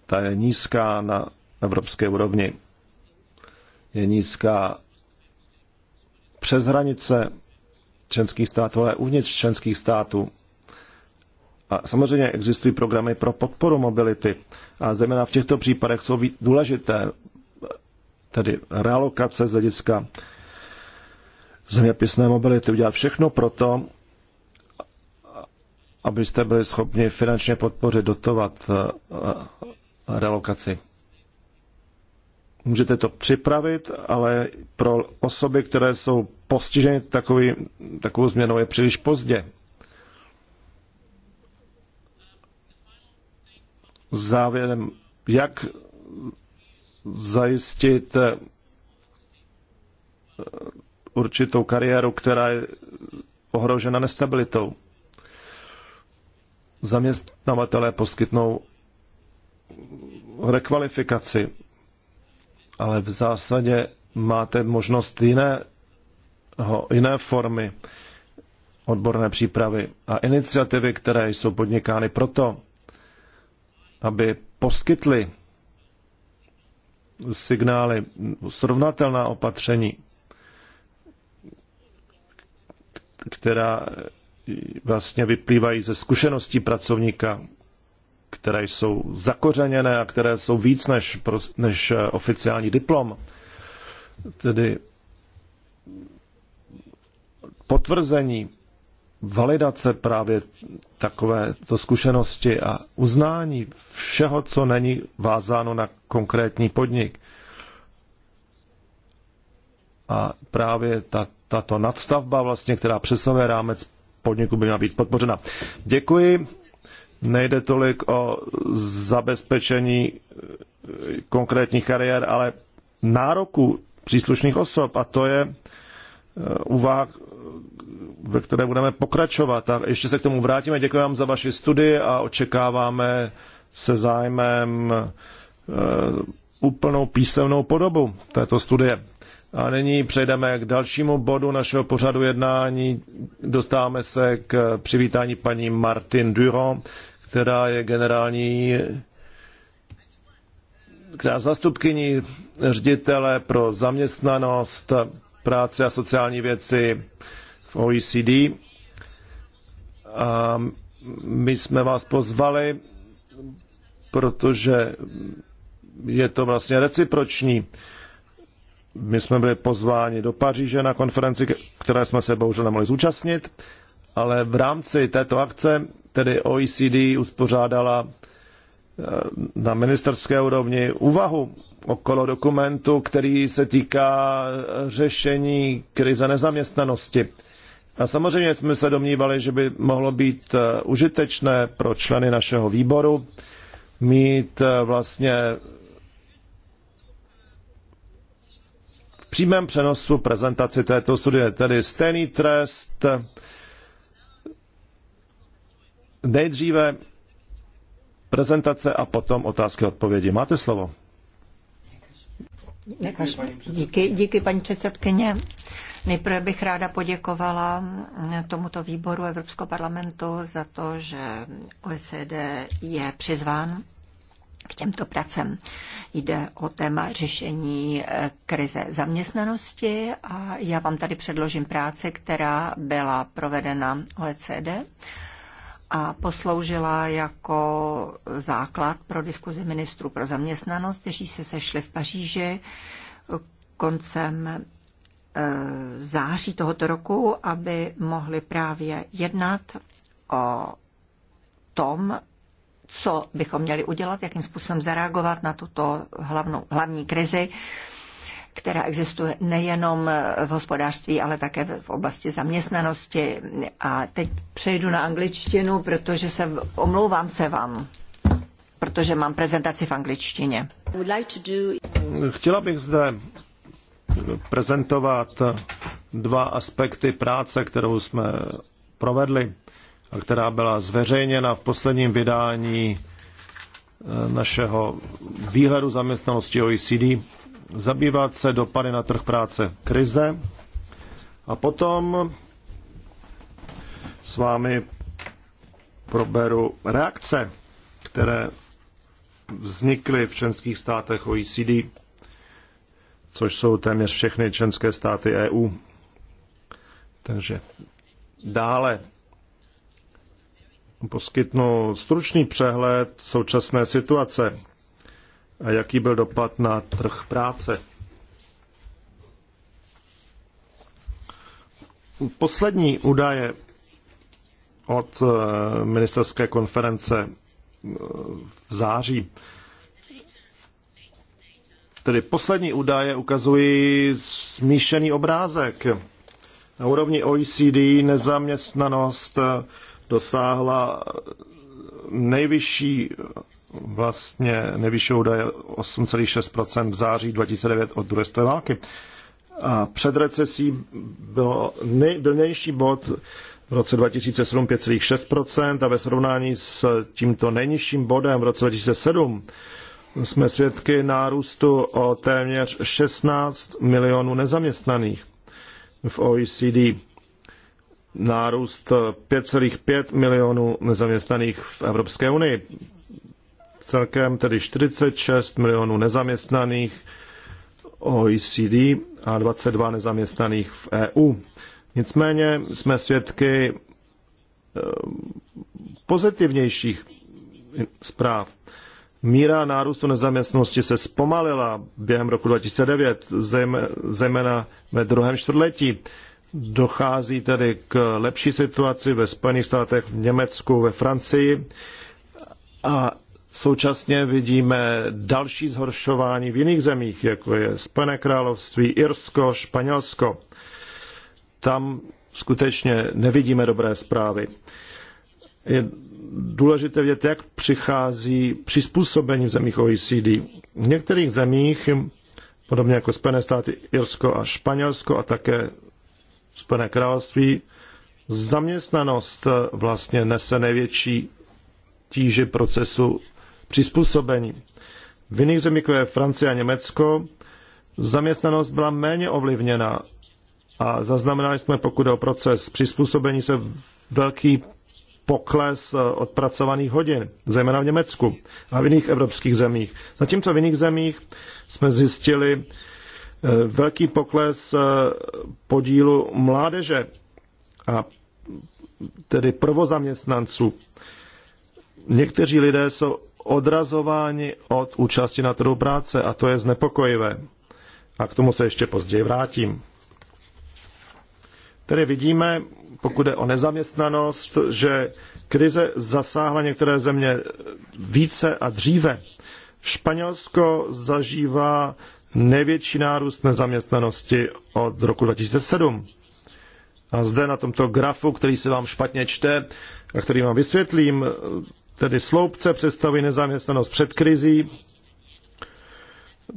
Ta je nízká na evropské úrovni. Je nízká přes hranice členských států, ale uvnitř členských států. A samozřejmě existují programy pro podporu mobility a zejména v těchto případech jsou důležité tedy realokace z hlediska zeměpisné mobility, udělat všechno pro to, abyste byli schopni finančně podpořit, dotovat eh, relokaci můžete to připravit, ale pro osoby, které jsou postiženy takový, takovou změnou, je příliš pozdě. Závěrem, jak zajistit eh, určitou kariéru, která je ohrožena nestabilitou. Zaměstnavatelé poskytnou rekvalifikaci ale v zásadě máte možnost jiné, jiné formy odborné přípravy a iniciativy, které jsou podnikány proto, aby poskytly signály, srovnatelná opatření, která vlastně vyplývají ze zkušeností pracovníka které jsou zakořeněné a které jsou víc než, než eh, oficiální diplom. Tedy potvrzení, validace právě takovéto zkušenosti a uznání všeho, co není vázáno na konkrétní podnik. A právě ta, tato nadstavba, vlastně, která přesahuje rámec podniku, by měla být podpořena. Děkuji. Nejde tolik o zabezpečení eh, konkrétních kariér, ale nároku příslušných osob a to je eh, úvah, ve které budeme pokračovat. A ještě se k tomu vrátíme. Děkuji vám za vaši studii a očekáváme se zájmem eh, úplnou písemnou podobu této studie. A nyní přejdeme k dalšímu bodu našeho pořadu jednání. Dostáváme se k přivítání paní Martin Durand, která je generální která zastupkyní ředitele pro zaměstnanost, práce a sociální věci v OECD. A my jsme vás pozvali, protože je to vlastně reciproční. My jsme byli pozváni do Paříže na konferenci, které jsme se bohužel nemohli zúčastnit ale v rámci této akce tedy OECD uspořádala eh, na ministerské úrovni úvahu okolo dokumentu, který se týká eh, řešení krize nezaměstnanosti. A samozřejmě jsme se domnívali, že by mohlo být eh, užitečné pro členy našeho výboru mít vlastně v přímém přenosu prezentaci této studie, tedy stejný trest, Nejdříve prezentace a potom otázky a odpovědi. Máte slovo. díky, díky, paní předsedkyně. Nejprve bych ráda poděkovala tomuto výboru Evropského parlamentu za to, že OECD je přizván k těmto pracem. Jde o téma řešení eh, krize zaměstnanosti a já vám tady předložím práci, která byla provedena OECD a posloužila jako základ pro diskuzi ministrů pro zaměstnanost, kteří se sešli v Paříži koncem eh, září tohoto roku, aby mohli právě jednat o tom, co bychom měli udělat, jakým způsobem zareagovat na tuto hlavnou, hlavní krizi která existuje nejenom v hospodářství, ale také v oblasti zaměstnanosti. A teď přejdu na angličtinu, protože se omlouvám se vám protože mám prezentaci v angličtině. Chtěla bych zde prezentovat dva aspekty práce, kterou jsme provedli a která byla zveřejněna v posledním vydání eh, našeho výhledu zaměstnanosti OECD zabývat se dopady na trh práce krize a potom s vámi proberu reakce, které vznikly v členských státech OECD, což jsou téměř všechny členské státy EU. Takže dále poskytnu stručný přehled současné situace a jaký byl dopad na trh práce. Poslední údaje od eh, ministerské konference eh, v září. Tedy poslední údaje ukazují smíšený obrázek. Na úrovni OECD nezaměstnanost eh, dosáhla nejvyšší vlastně nejvyšší údaje 8,6% v září 2009 od druhé světové války. A před recesí byl nejdelnější bod v roce 2007 5,6% a ve srovnání s tímto nejnižším bodem v roce 2007 jsme svědky nárůstu o téměř 16 milionů nezaměstnaných v OECD. Nárůst 5,5 milionů nezaměstnaných v Evropské unii celkem tedy 46 milionů nezaměstnaných OECD a 22 nezaměstnaných v EU. Nicméně jsme svědky eh, pozitivnějších zpráv. Míra nárůstu nezaměstnosti se zpomalila během roku 2009, zejména ve druhém čtvrtletí. Dochází tedy k lepší situaci ve Spojených státech, v Německu, ve Francii a Současně vidíme další zhoršování v jiných zemích, jako je Spojené království, Irsko, Španělsko. Tam skutečně nevidíme dobré zprávy. Je důležité vědět, jak přichází přizpůsobení v zemích OECD. V některých zemích, podobně jako Spojené státy, Irsko a Španělsko a také Spojené království, zaměstnanost vlastně nese největší tíži procesu přizpůsobení. V jiných zemích, jako je Francie a Německo, zaměstnanost byla méně ovlivněna a zaznamenali jsme, pokud o proces přizpůsobení se velký pokles eh, odpracovaných hodin, zejména v Německu a v jiných evropských zemích. Zatímco v jiných zemích jsme zjistili eh, velký pokles eh, podílu mládeže a tedy prvozaměstnanců. Někteří lidé jsou odrazováni od účasti na trhu práce a to je znepokojivé. A k tomu se ještě později vrátím. Tedy vidíme, pokud je o nezaměstnanost, že krize zasáhla některé země více a dříve. Španělsko zažívá největší nárůst nezaměstnanosti od roku 2007. A zde na tomto grafu, který se vám špatně čte a který vám vysvětlím, tedy sloupce představují nezaměstnanost před krizí,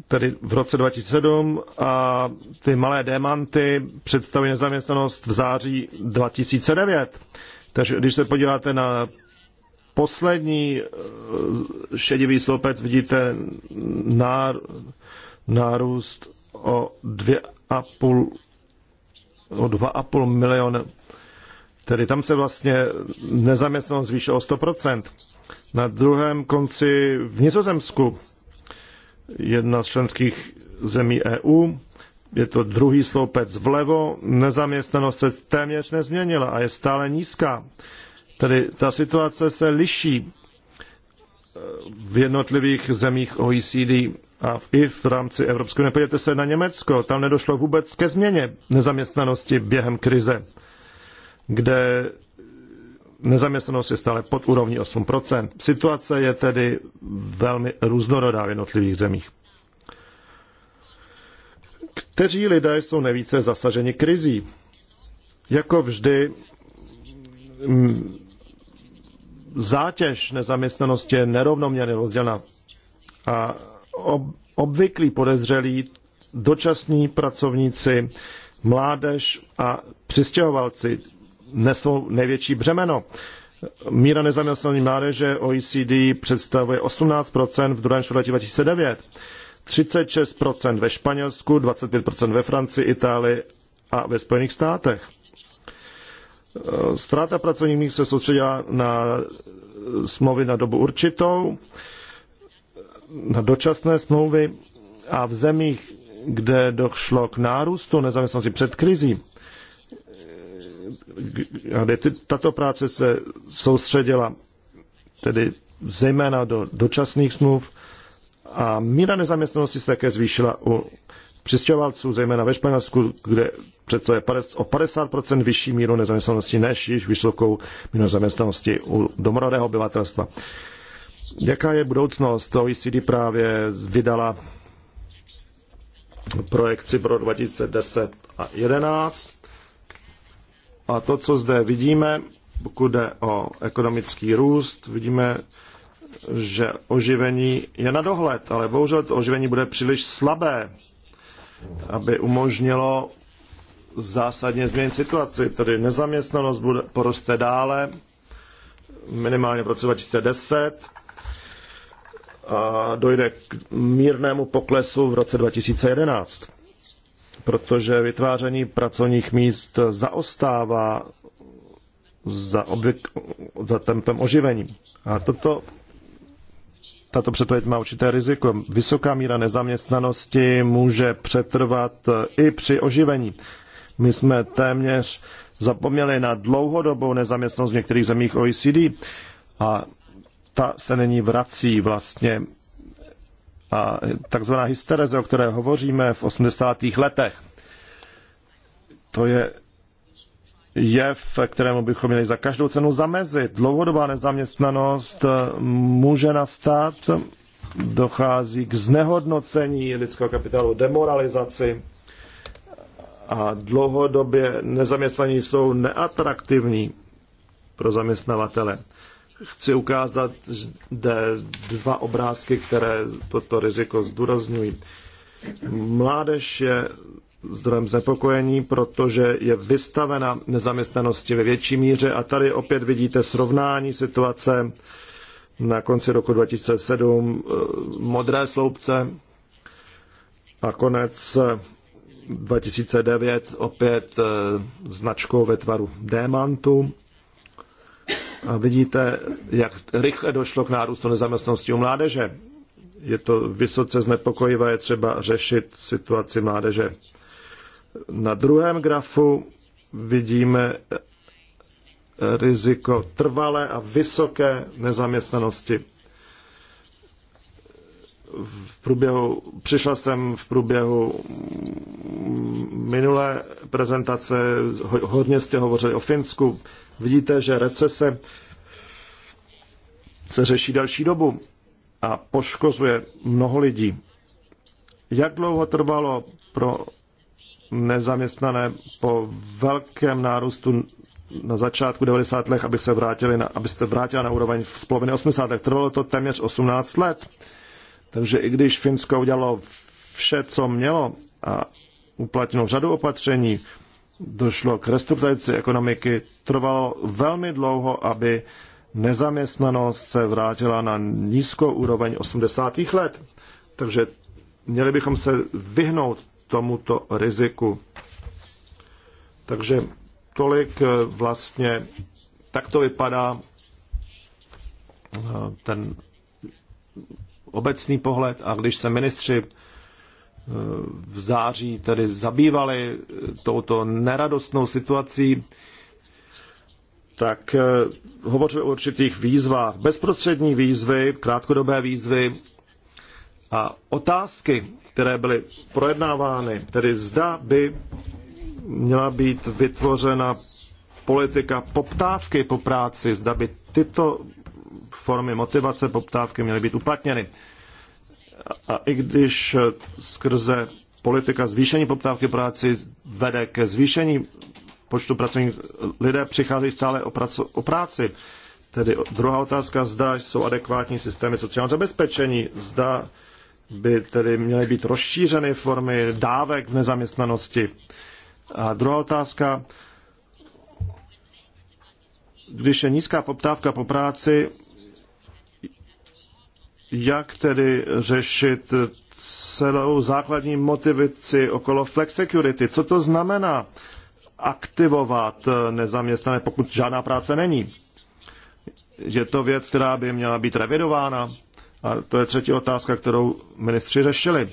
tedy v roce 2007 a ty malé démanty představují nezaměstnanost v září 2009. Takže když se podíváte na poslední eh, šedivý sloupec, vidíte nárůst o 2,5 o 2,5 milionu Tedy tam se vlastně nezaměstnanost zvýšila o 100%. Na druhém konci v Nizozemsku, jedna z členských zemí EU, je to druhý sloupec vlevo, nezaměstnanost se téměř nezměnila a je stále nízká. Tedy ta situace se liší eh, v jednotlivých zemích OECD a i v rámci Evropské unie. Podívejte se na Německo, tam nedošlo vůbec ke změně nezaměstnanosti během krize kde nezaměstnanost je stále pod úrovní 8%. Situace je tedy velmi různorodá v jednotlivých zemích. Kteří lidé jsou nejvíce zasaženi krizí? Jako vždy mm, zátěž nezaměstnanosti je nerovnoměrně rozdělena a obvyklí podezřelí dočasní pracovníci, mládež a přistěhovalci nesou největší břemeno. Míra nezaměstnaní mládeže OECD představuje 18 v druhém čtvrtletí 2009, 36 ve Španělsku, 25 ve Francii, Itálii a ve Spojených státech. Ztráta pracovních míst se soustředila na smlouvy na dobu určitou, na dočasné smlouvy a v zemích, kde došlo k nárůstu nezaměstnanosti před krizí, kde tato práce se soustředila tedy zejména do dočasných smluv a míra nezaměstnanosti se také zvýšila u přistěhovalců, zejména ve Španělsku, kde představuje o 50% vyšší míru nezaměstnanosti než již vysokou míru nezaměstnanosti u domorodého obyvatelstva. Jaká je budoucnost? OECD právě vydala projekci pro 2010 a 2011 a to, co zde vidíme, pokud jde o ekonomický růst, vidíme, že oživení je na dohled, ale bohužel to oživení bude příliš slabé, aby umožnilo zásadně změnit situaci. Tedy nezaměstnanost bude, poroste dále, minimálně v roce 2010, a dojde k mírnému poklesu v roce 2011 protože vytváření pracovních míst zaostává za, obvyk, za tempem oživení. A toto, tato předpověď má určité riziko. Vysoká míra nezaměstnanosti může přetrvat i při oživení. My jsme téměř zapomněli na dlouhodobou nezaměstnanost v některých zemích OECD a ta se není vrací vlastně a takzvaná hystereze, o které hovoříme v 80. letech. To je jev, kterému bychom měli za každou cenu zamezit. Dlouhodobá nezaměstnanost může nastat, dochází k znehodnocení lidského kapitálu, demoralizaci a dlouhodobě nezaměstnaní jsou neatraktivní pro zaměstnavatele chci ukázat zde dva obrázky, které toto riziko zdůrazňují. Mládež je zdrojem znepokojení, protože je vystavena nezaměstnanosti ve větší míře a tady opět vidíte srovnání situace na konci roku 2007, eh, modré sloupce a konec 2009 eh, opět eh, značkou ve tvaru démantu a vidíte, jak rychle došlo k nárůstu nezaměstnanosti u mládeže. Je to vysoce znepokojivé, je třeba řešit situaci mládeže. Na druhém grafu vidíme riziko trvalé a vysoké nezaměstnanosti. V průběhu, přišel jsem v průběhu minulé prezentace, hodně jste hovořili o Finsku, Vidíte, že recese se řeší další dobu a poškozuje mnoho lidí. Jak dlouho trvalo pro nezaměstnané po velkém nárůstu na začátku 90. let, aby se vrátili na, abyste vrátili na úroveň z poloviny 80. let. Trvalo to téměř 18 let. Takže i když Finsko udělalo vše, co mělo a uplatnilo řadu opatření, došlo k restrukturalizaci ekonomiky. Trvalo velmi dlouho, aby nezaměstnanost se vrátila na nízkou úroveň 80. let. Takže měli bychom se vyhnout tomuto riziku. Takže tolik eh, vlastně, tak to vypadá eh, ten obecný pohled a když se ministři v září tedy zabývali touto neradostnou situací, tak eh, hovořil o určitých výzvách. Bezprostřední výzvy, krátkodobé výzvy a otázky, které byly projednávány, tedy zda by měla být vytvořena politika poptávky po práci, zda by tyto formy motivace poptávky měly být uplatněny. A i když skrze politika zvýšení poptávky práci vede ke zvýšení počtu pracovních, lidé přicházejí stále o, praco, o práci. Tedy druhá otázka, zda jsou adekvátní systémy sociálního zabezpečení, zda by tedy měly být rozšířeny formy dávek v nezaměstnanosti. A druhá otázka, když je nízká poptávka po práci, jak tedy řešit celou základní motivici okolo flexicurity. Co to znamená aktivovat nezaměstnané, pokud žádná práce není? Je to věc, která by měla být revidována? A to je třetí otázka, kterou ministři řešili.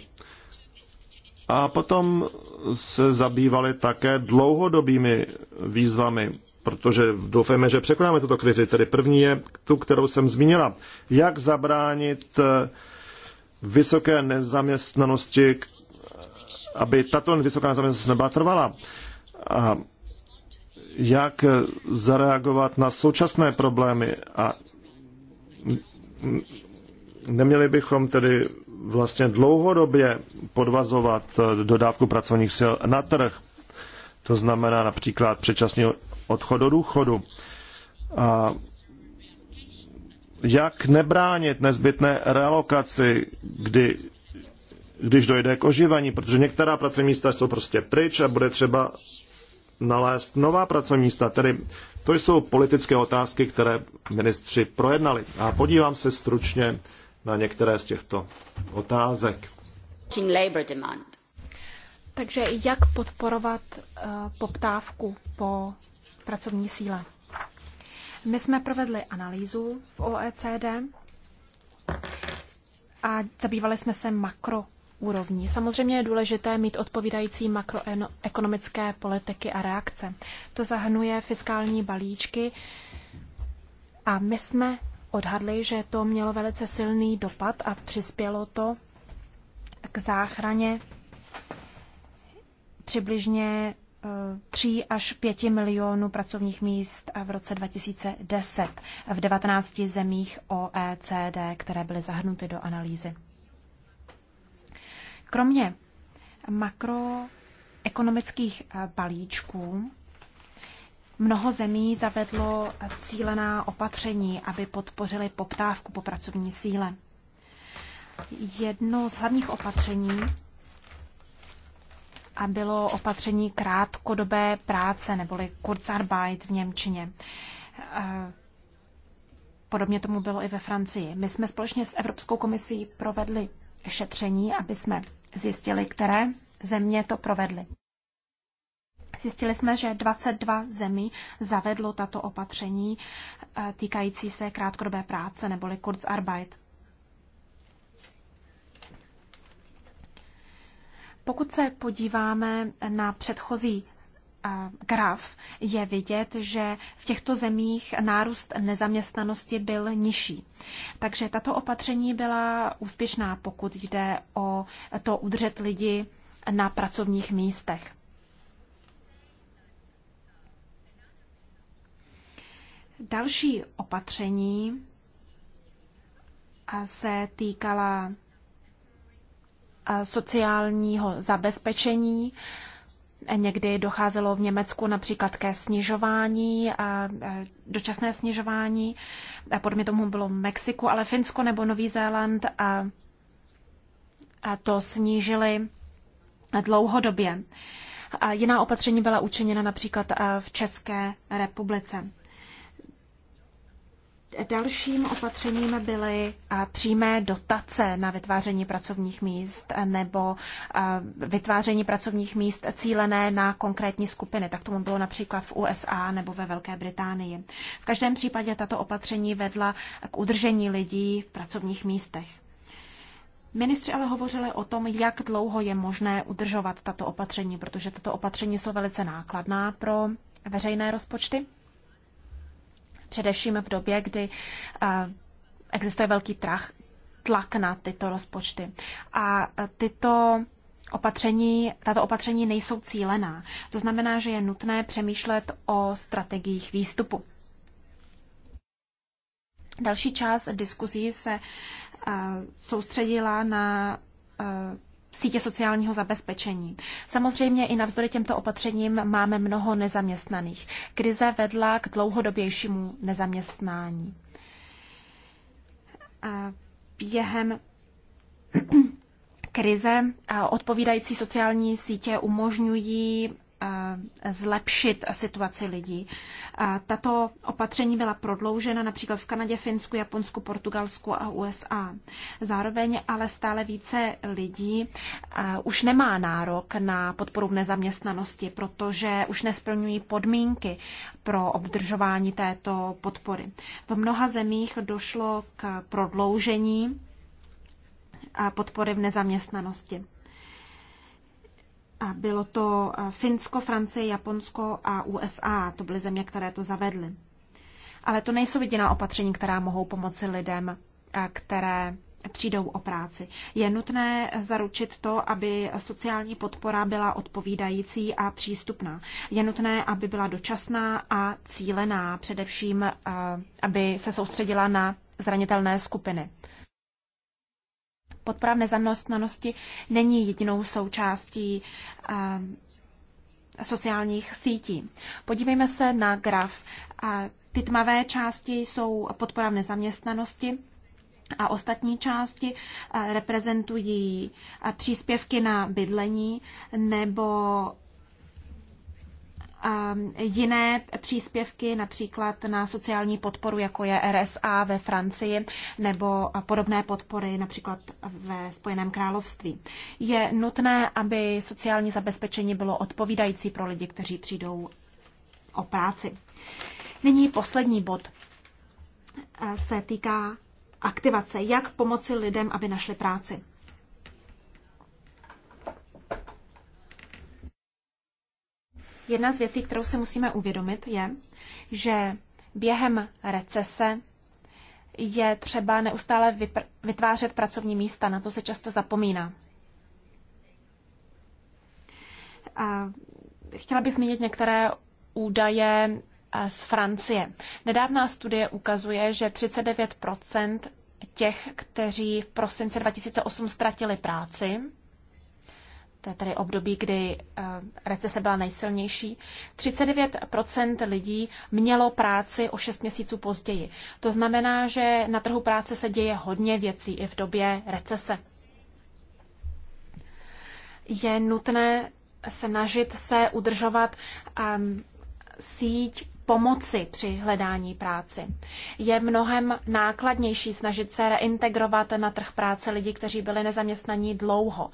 A potom se zabývali také dlouhodobými výzvami protože doufáme, že překonáme tuto krizi. Tedy první je tu, kterou jsem zmínila. Jak zabránit eh, vysoké nezaměstnanosti, aby tato vysoká nezaměstnanost nebyla trvala? A jak eh, zareagovat na současné problémy a neměli bychom tedy vlastně dlouhodobě podvazovat eh, dodávku pracovních sil na trh. To znamená například předčasný odchod do důchodu. A jak nebránit nezbytné relokaci, kdy, když dojde k oživení, protože některá pracovní místa jsou prostě pryč a bude třeba nalézt nová pracovní místa. Tedy to jsou politické otázky, které ministři projednali. A podívám se stručně na některé z těchto otázek. Takže jak podporovat eh, poptávku po pracovní síle. My jsme provedli analýzu v OECD a zabývali jsme se makro úrovní. Samozřejmě je důležité mít odpovídající makroekonomické politiky a reakce. To zahrnuje fiskální balíčky a my jsme odhadli, že to mělo velice silný dopad a přispělo to k záchraně přibližně 3 až 5 milionů pracovních míst v roce 2010 v 19 zemích OECD, které byly zahrnuty do analýzy. Kromě makroekonomických eh, balíčků mnoho zemí zavedlo cílená opatření, aby podpořili poptávku po pracovní síle. Jedno z hlavních opatření a bylo opatření krátkodobé práce neboli Kurzarbeit v Němčině. Eh, podobně tomu bylo i ve Francii. My jsme společně s Evropskou komisí provedli šetření, aby jsme zjistili, které země to provedly. Zjistili jsme, že 22 zemí zavedlo tato opatření eh, týkající se krátkodobé práce neboli Kurzarbeit. Pokud se podíváme na předchozí eh, graf, je vidět, že v těchto zemích nárůst nezaměstnanosti byl nižší. Takže tato opatření byla úspěšná, pokud jde o to udržet lidi na pracovních místech. Další opatření eh, se týkala sociálního zabezpečení. Někdy docházelo v Německu například ke snižování, dočasné snižování, podobně tomu bylo Mexiku, ale Finsko nebo Nový Zéland a, to snížili dlouhodobě. jiná opatření byla učiněna například v České republice. Dalším opatřením byly eh, přímé dotace na vytváření pracovních míst nebo eh, vytváření pracovních míst cílené na konkrétní skupiny. Tak tomu bylo například v USA nebo ve Velké Británii. V každém případě tato opatření vedla k udržení lidí v pracovních místech. Ministři ale hovořili o tom, jak dlouho je možné udržovat tato opatření, protože tato opatření jsou velice nákladná pro veřejné rozpočty především v době, kdy eh, existuje velký trach, tlak na tyto rozpočty. A eh, tyto opatření, tato opatření nejsou cílená. To znamená, že je nutné přemýšlet o strategiích výstupu. Další část diskuzí se eh, soustředila na sítě sociálního zabezpečení. Samozřejmě i navzdory těmto opatřením máme mnoho nezaměstnaných. Krize vedla k dlouhodobějšímu nezaměstnání. Během [CLEARS THROAT] krize odpovídající sociální sítě umožňují Eh, zlepšit situaci lidí. Tato opatření byla prodloužena například v Kanadě, Finsku, Japonsku, Portugalsku a USA. Zároveň ale stále více lidí eh, už nemá nárok na podporu v nezaměstnanosti, protože už nesplňují podmínky pro obdržování této podpory. V mnoha zemích došlo k prodloužení eh, podpory v nezaměstnanosti. A bylo to eh, Finsko, Francie, Japonsko a USA. To byly země, které to zavedly. Ale to nejsou jediná opatření, která mohou pomoci lidem, eh, které přijdou o práci. Je nutné zaručit to, aby sociální podpora byla odpovídající a přístupná. Je nutné, aby byla dočasná a cílená, především, eh, aby se soustředila na zranitelné skupiny podpora v nezaměstnanosti není jedinou součástí sociálních sítí. Podívejme se na graf. Ty tmavé části jsou podpora v nezaměstnanosti a ostatní části reprezentují příspěvky na bydlení nebo Ehm, jiné příspěvky, například na sociální podporu, jako je RSA ve Francii, nebo podobné podpory například ve Spojeném království. Je nutné, aby sociální zabezpečení bylo odpovídající pro lidi, kteří přijdou o práci. Nyní poslední bod eh, se týká aktivace. Jak pomoci lidem, aby našli práci? Jedna z věcí, kterou si musíme uvědomit, je, že během recese je třeba neustále vytvářet pracovní místa. Na to se často zapomíná. A chtěla bych zmínit některé údaje z Francie. Nedávná studie ukazuje, že 39 těch, kteří v prosinci 2008 ztratili práci, tedy období, kdy eh, recese byla nejsilnější, 39 lidí mělo práci o 6 měsíců později. To znamená, že na trhu práce se děje hodně věcí i v době recese. Je nutné snažit se udržovat um, síť pomoci při hledání práci. Je mnohem nákladnější snažit se reintegrovat na trh práce lidi, kteří byli nezaměstnaní dlouho. Uh,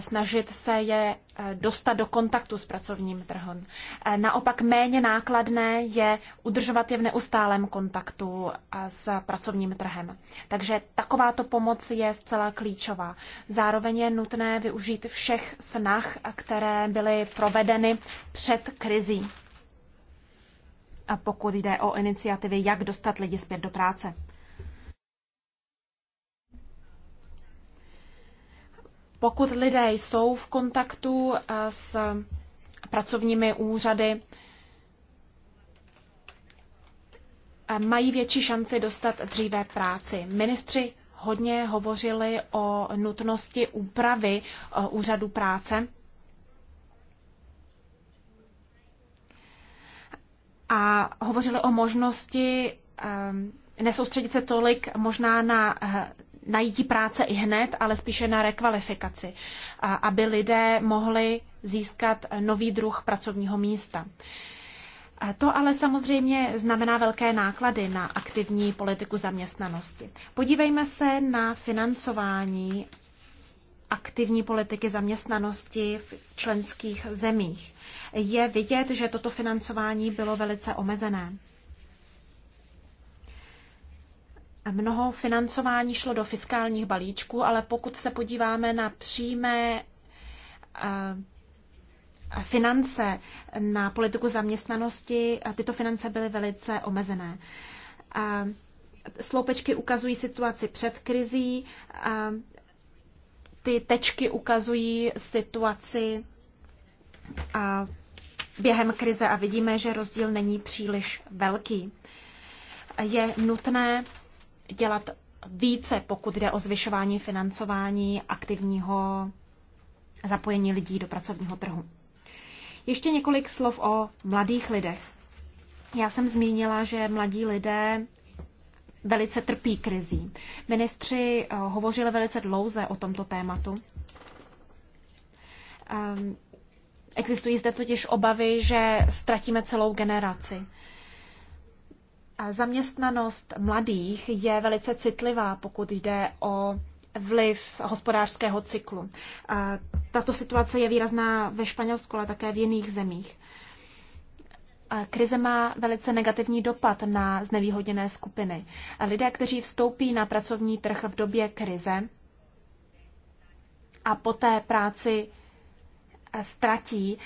snažit se je e, dostat do kontaktu s pracovním trhem. E, naopak méně nákladné je udržovat je v neustálém kontaktu s pracovním trhem. Takže takováto pomoc je zcela klíčová. Zároveň je nutné využít všech snah, které byly provedeny před krizí. A pokud jde o iniciativy, jak dostat lidi zpět do práce. Pokud lidé jsou v kontaktu eh, s pracovními úřady, eh, mají větší šanci dostat dříve práci. Ministři hodně hovořili o nutnosti úpravy eh, úřadu práce. A hovořili o možnosti nesoustředit se tolik možná na najítí práce i hned, ale spíše na rekvalifikaci, aby lidé mohli získat nový druh pracovního místa. To ale samozřejmě znamená velké náklady na aktivní politiku zaměstnanosti. Podívejme se na financování aktivní politiky zaměstnanosti v členských zemích. Je vidět, že toto financování bylo velice omezené. Mnoho financování šlo do fiskálních balíčků, ale pokud se podíváme na přímé eh, finance na politiku zaměstnanosti, eh, tyto finance byly velice omezené. Eh, sloupečky ukazují situaci před krizí, ty tečky ukazují situaci během krize a vidíme, že rozdíl není příliš velký. Je nutné dělat více, pokud jde o zvyšování financování aktivního zapojení lidí do pracovního trhu. Ještě několik slov o mladých lidech. Já jsem zmínila, že mladí lidé velice trpí krizí. Ministři eh, hovořili velice dlouze o tomto tématu. Ehm, existují zde totiž obavy, že ztratíme celou generaci. Zaměstnanost mladých je velice citlivá, pokud jde o vliv hospodářského cyklu. Tato situace je výrazná ve Španělsku, ale také v jiných zemích. Krize má velice negativní dopad na znevýhodněné skupiny. Lidé, kteří vstoupí na pracovní trh v době krize a poté práci ztratí,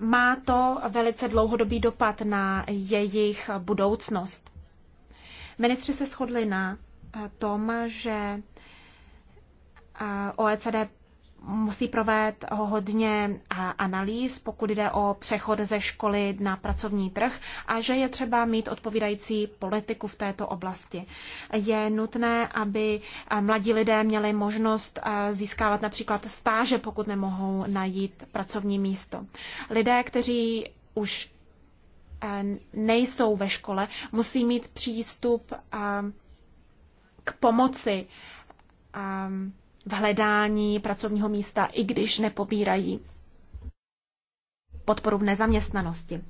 má to velice dlouhodobý dopad na jejich budoucnost. Ministři se shodli na tom, že OECD musí provést hodně analýz, pokud jde o přechod ze školy na pracovní trh a že je třeba mít odpovídající politiku v této oblasti. Je nutné, aby mladí lidé měli možnost eh, získávat například stáže, pokud nemohou najít pracovní místo. Lidé, kteří už eh, nejsou ve škole, musí mít přístup eh, k pomoci v hledání pracovního místa, i když nepobírají podporu v nezaměstnanosti.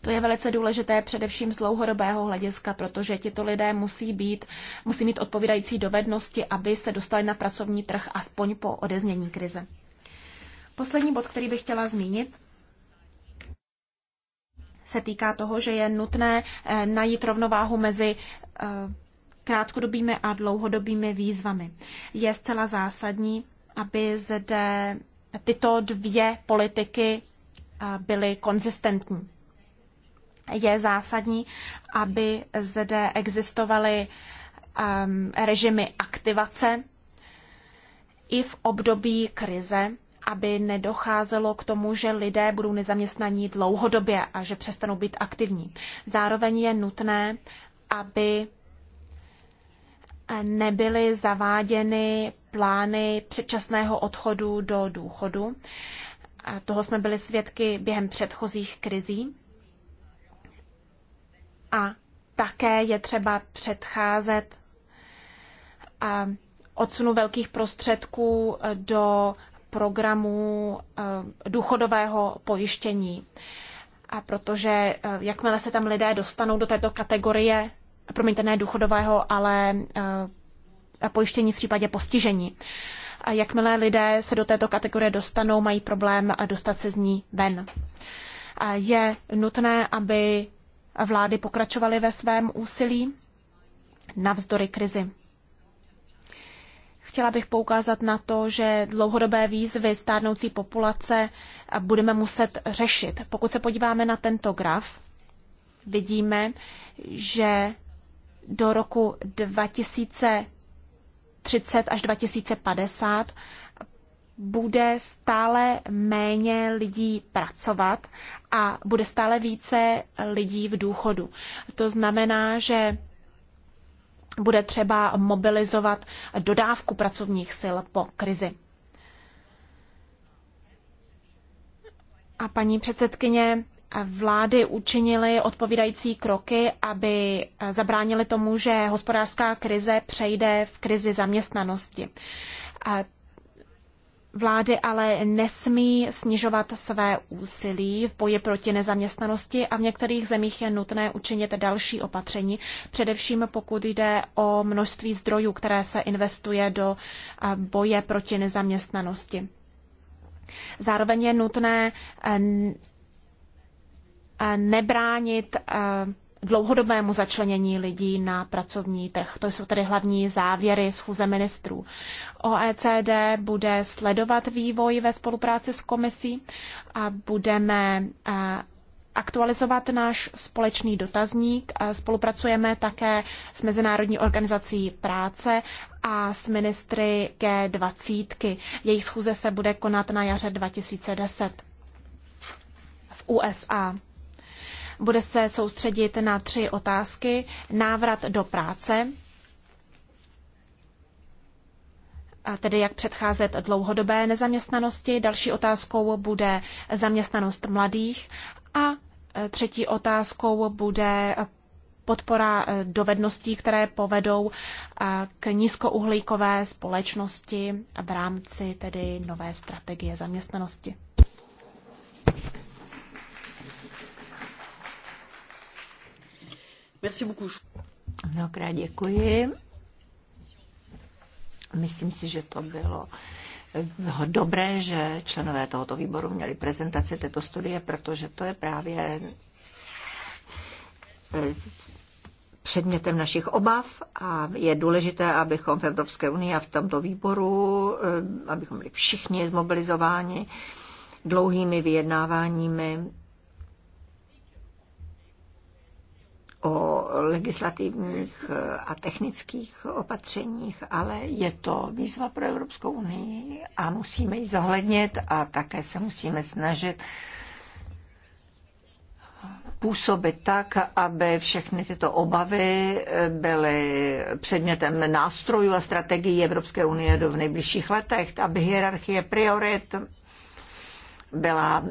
To je velice důležité především z dlouhodobého hlediska, protože tito lidé musí, být, musí mít odpovídající dovednosti, aby se dostali na pracovní trh aspoň po odeznění krize. Poslední bod, který bych chtěla zmínit, se týká toho, že je nutné eh, najít rovnováhu mezi eh, krátkodobými a dlouhodobými výzvami. Je zcela zásadní, aby zde tyto dvě politiky eh, byly konzistentní. Je zásadní, aby zde existovaly ehm, režimy aktivace i v období krize, aby nedocházelo k tomu, že lidé budou nezaměstnaní dlouhodobě a že přestanou být aktivní. Zároveň je nutné, aby nebyly zaváděny plány předčasného odchodu do důchodu. A toho jsme byli svědky během předchozích krizí. A také je třeba předcházet a odsunu velkých prostředků do programů důchodového pojištění. A protože jakmile se tam lidé dostanou do této kategorie promiňte, ne důchodového, ale eh, pojištění v případě postižení. A jakmile lidé se do této kategorie dostanou, mají problém eh, dostat se z ní ven. A je nutné, aby vlády pokračovaly ve svém úsilí navzdory krizi. Chtěla bych poukázat na to, že dlouhodobé výzvy stárnoucí populace eh, budeme muset řešit. Pokud se podíváme na tento graf, vidíme, že do roku 2030 až 2050 bude stále méně lidí pracovat a bude stále více lidí v důchodu. To znamená, že bude třeba mobilizovat dodávku pracovních sil po krizi. A paní předsedkyně, vlády učinily odpovídající kroky, aby eh, zabránili tomu, že hospodářská krize přejde v krizi zaměstnanosti. Vlády ale nesmí snižovat své úsilí v boji proti nezaměstnanosti a v některých zemích je nutné učinit další opatření, především pokud jde o množství zdrojů, které se investuje do eh, boje proti nezaměstnanosti. Zároveň je nutné eh, nebránit eh, dlouhodobému začlenění lidí na pracovní trh. To jsou tedy hlavní závěry schůze ministrů. OECD bude sledovat vývoj ve spolupráci s komisí a budeme eh, aktualizovat náš společný dotazník. Eh, spolupracujeme také s Mezinárodní organizací práce a s ministry G20. Jejich schůze se bude konat na jaře 2010 v USA. Bude se soustředit na tři otázky. Návrat do práce, a tedy jak předcházet dlouhodobé nezaměstnanosti. Další otázkou bude zaměstnanost mladých a e, třetí otázkou bude podpora e, dovedností, které povedou e, k nízkouhlíkové společnosti v rámci tedy nové strategie zaměstnanosti. Merci beaucoup. Mnohokrát děkuji. Myslím si, že to bylo dobré, že členové tohoto výboru měli prezentaci této studie, protože to je právě eh, předmětem našich obav a je důležité, abychom v Evropské unii a v tomto výboru, eh, abychom byli všichni zmobilizováni dlouhými vyjednáváními o legislativních eh, a technických opatřeních, ale je to výzva pro Evropskou unii a musíme ji zohlednit a také se musíme snažit působit tak, aby všechny tyto obavy eh, byly předmětem nástrojů a strategií Evropské unie do v nejbližších letech, aby hierarchie priorit byla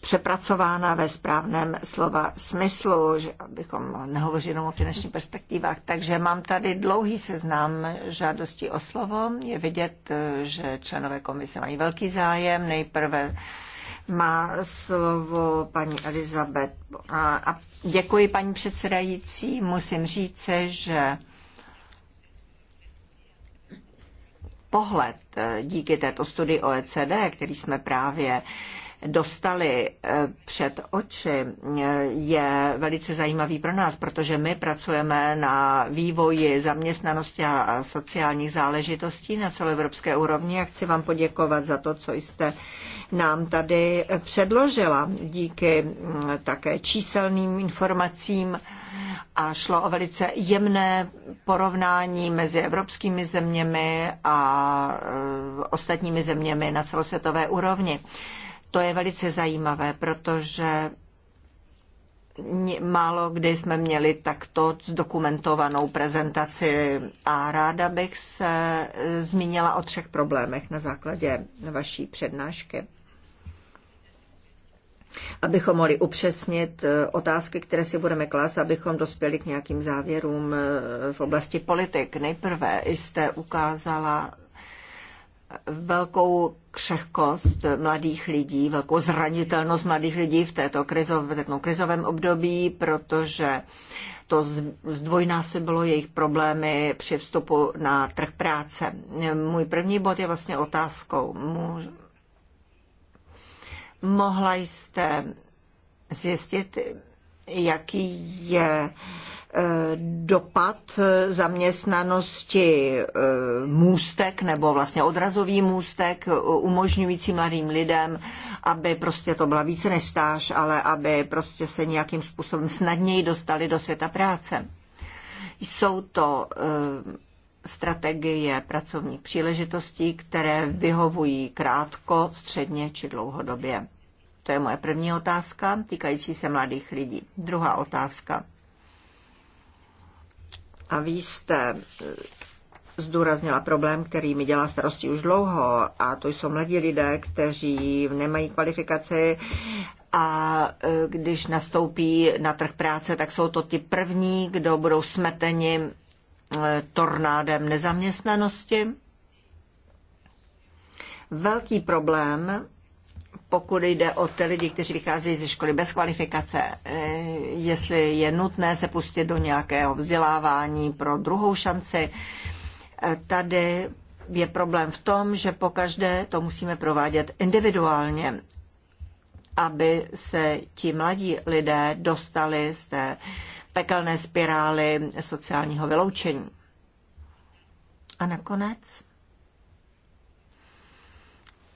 přepracována ve správném slova smyslu, že abychom nehovořili jenom o finančních perspektivách. Takže mám tady dlouhý seznam žádostí o slovo. Je vidět, že členové komise mají velký zájem. Nejprve má slovo paní Elizabeth. A děkuji, paní předsedající. Musím říct, že pohled díky této studii OECD, který jsme právě dostali eh, před oči, eh, je velice zajímavý pro nás, protože my pracujeme na vývoji zaměstnanosti a sociálních záležitostí na celoevropské úrovni a chci vám poděkovat za to, co jste nám tady předložila díky mm, také číselným informacím a šlo o velice jemné porovnání mezi evropskými zeměmi a eh, ostatními zeměmi na celosvětové úrovni. To je velice zajímavé, protože málo kdy jsme měli takto zdokumentovanou prezentaci a ráda bych se e, zmínila o třech problémech na základě vaší přednášky. Abychom mohli upřesnit e, otázky, které si budeme klást, abychom dospěli k nějakým závěrům e, v oblasti politik. Nejprve jste ukázala velkou křehkost mladých lidí, velkou zranitelnost mladých lidí v této krizo, v krizovém období, protože to zdvojnásobilo jejich problémy při vstupu na trh práce. Můj první bod je vlastně otázkou. Mohla jste zjistit, jaký je dopad zaměstnanosti eh, můstek nebo vlastně odrazový můstek umožňující mladým lidem, aby prostě to byla více než stáž, ale aby prostě se nějakým způsobem snadněji dostali do světa práce. Jsou to eh, strategie pracovních příležitostí, které vyhovují krátko, středně či dlouhodobě. To je moje první otázka, týkající se mladých lidí. Druhá otázka a vy jste eh, zdůraznila problém, který mi dělá starosti už dlouho, a to jsou mladí lidé, kteří nemají kvalifikaci a eh, když nastoupí na trh práce, tak jsou to ti první, kdo budou smeteni eh, tornádem nezaměstnanosti. Velký problém pokud jde o ty lidi, kteří vycházejí ze školy bez kvalifikace, eh, jestli je nutné se pustit do nějakého vzdělávání pro druhou šanci, eh, tady je problém v tom, že pokaždé to musíme provádět individuálně, aby se ti mladí lidé dostali z té pekelné spirály sociálního vyloučení. A nakonec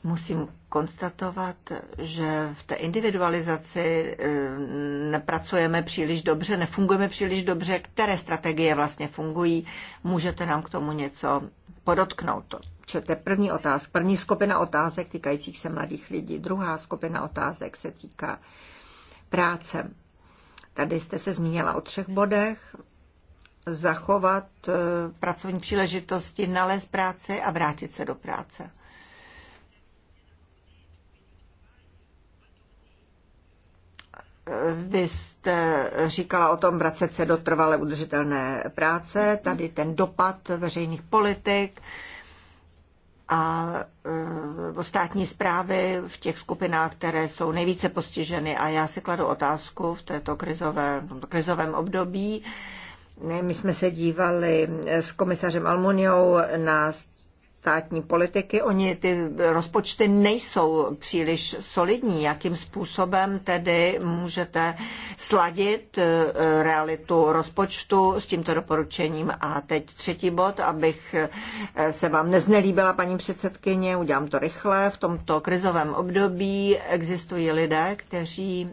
Musím konstatovat, že v té individualizaci eh, nepracujeme příliš dobře, nefungujeme příliš dobře. Které strategie vlastně fungují? Můžete nám k tomu něco podotknout? To je první otázka, první skupina otázek týkajících se mladých lidí. Druhá skupina otázek se týká práce. Tady jste se zmínila o třech bodech. Zachovat eh, pracovní příležitosti, nalézt práci a vrátit se do práce. Vy jste říkala o tom vracet se do trvale udržitelné práce, tady ten dopad veřejných politik a o e, státní zprávy v těch skupinách, které jsou nejvíce postiženy. A já si kladu otázku v, této krizové, v tomto krizovém období. My jsme se dívali s komisařem Almuniou na státní politiky, oni ty rozpočty nejsou příliš solidní. Jakým způsobem tedy můžete sladit eh, realitu rozpočtu s tímto doporučením? A teď třetí bod, abych eh, se vám neznelíbila, paní předsedkyně, udělám to rychle. V tomto krizovém období existují lidé, kteří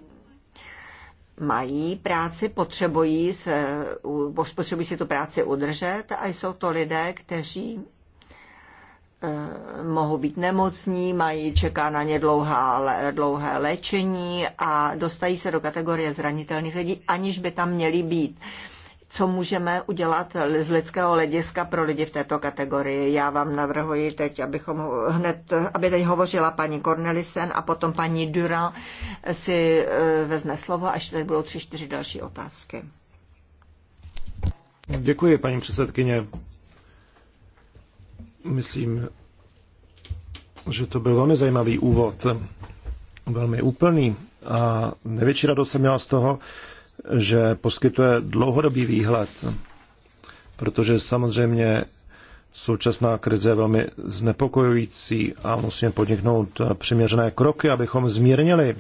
mají práci, potřebují, se, potřebují si tu práci udržet a jsou to lidé, kteří Eh, mohou být nemocní, mají, čeká na ně dlouhá, dlouhé léčení a dostají se do kategorie zranitelných lidí, aniž by tam měli být. Co můžeme udělat z lidského hlediska pro lidi v této kategorii? Já vám navrhuji teď, abychom hned, aby teď hovořila paní Cornelisen a potom paní Dura si eh, vezme slovo, až tady budou tři, čtyři další otázky. Děkuji, paní předsedkyně. Myslím, že to byl velmi zajímavý úvod, velmi úplný a největší radost jsem měl z toho, že poskytuje dlouhodobý výhled, protože samozřejmě současná krize je velmi znepokojující a musíme podniknout přiměřené kroky, abychom zmírnili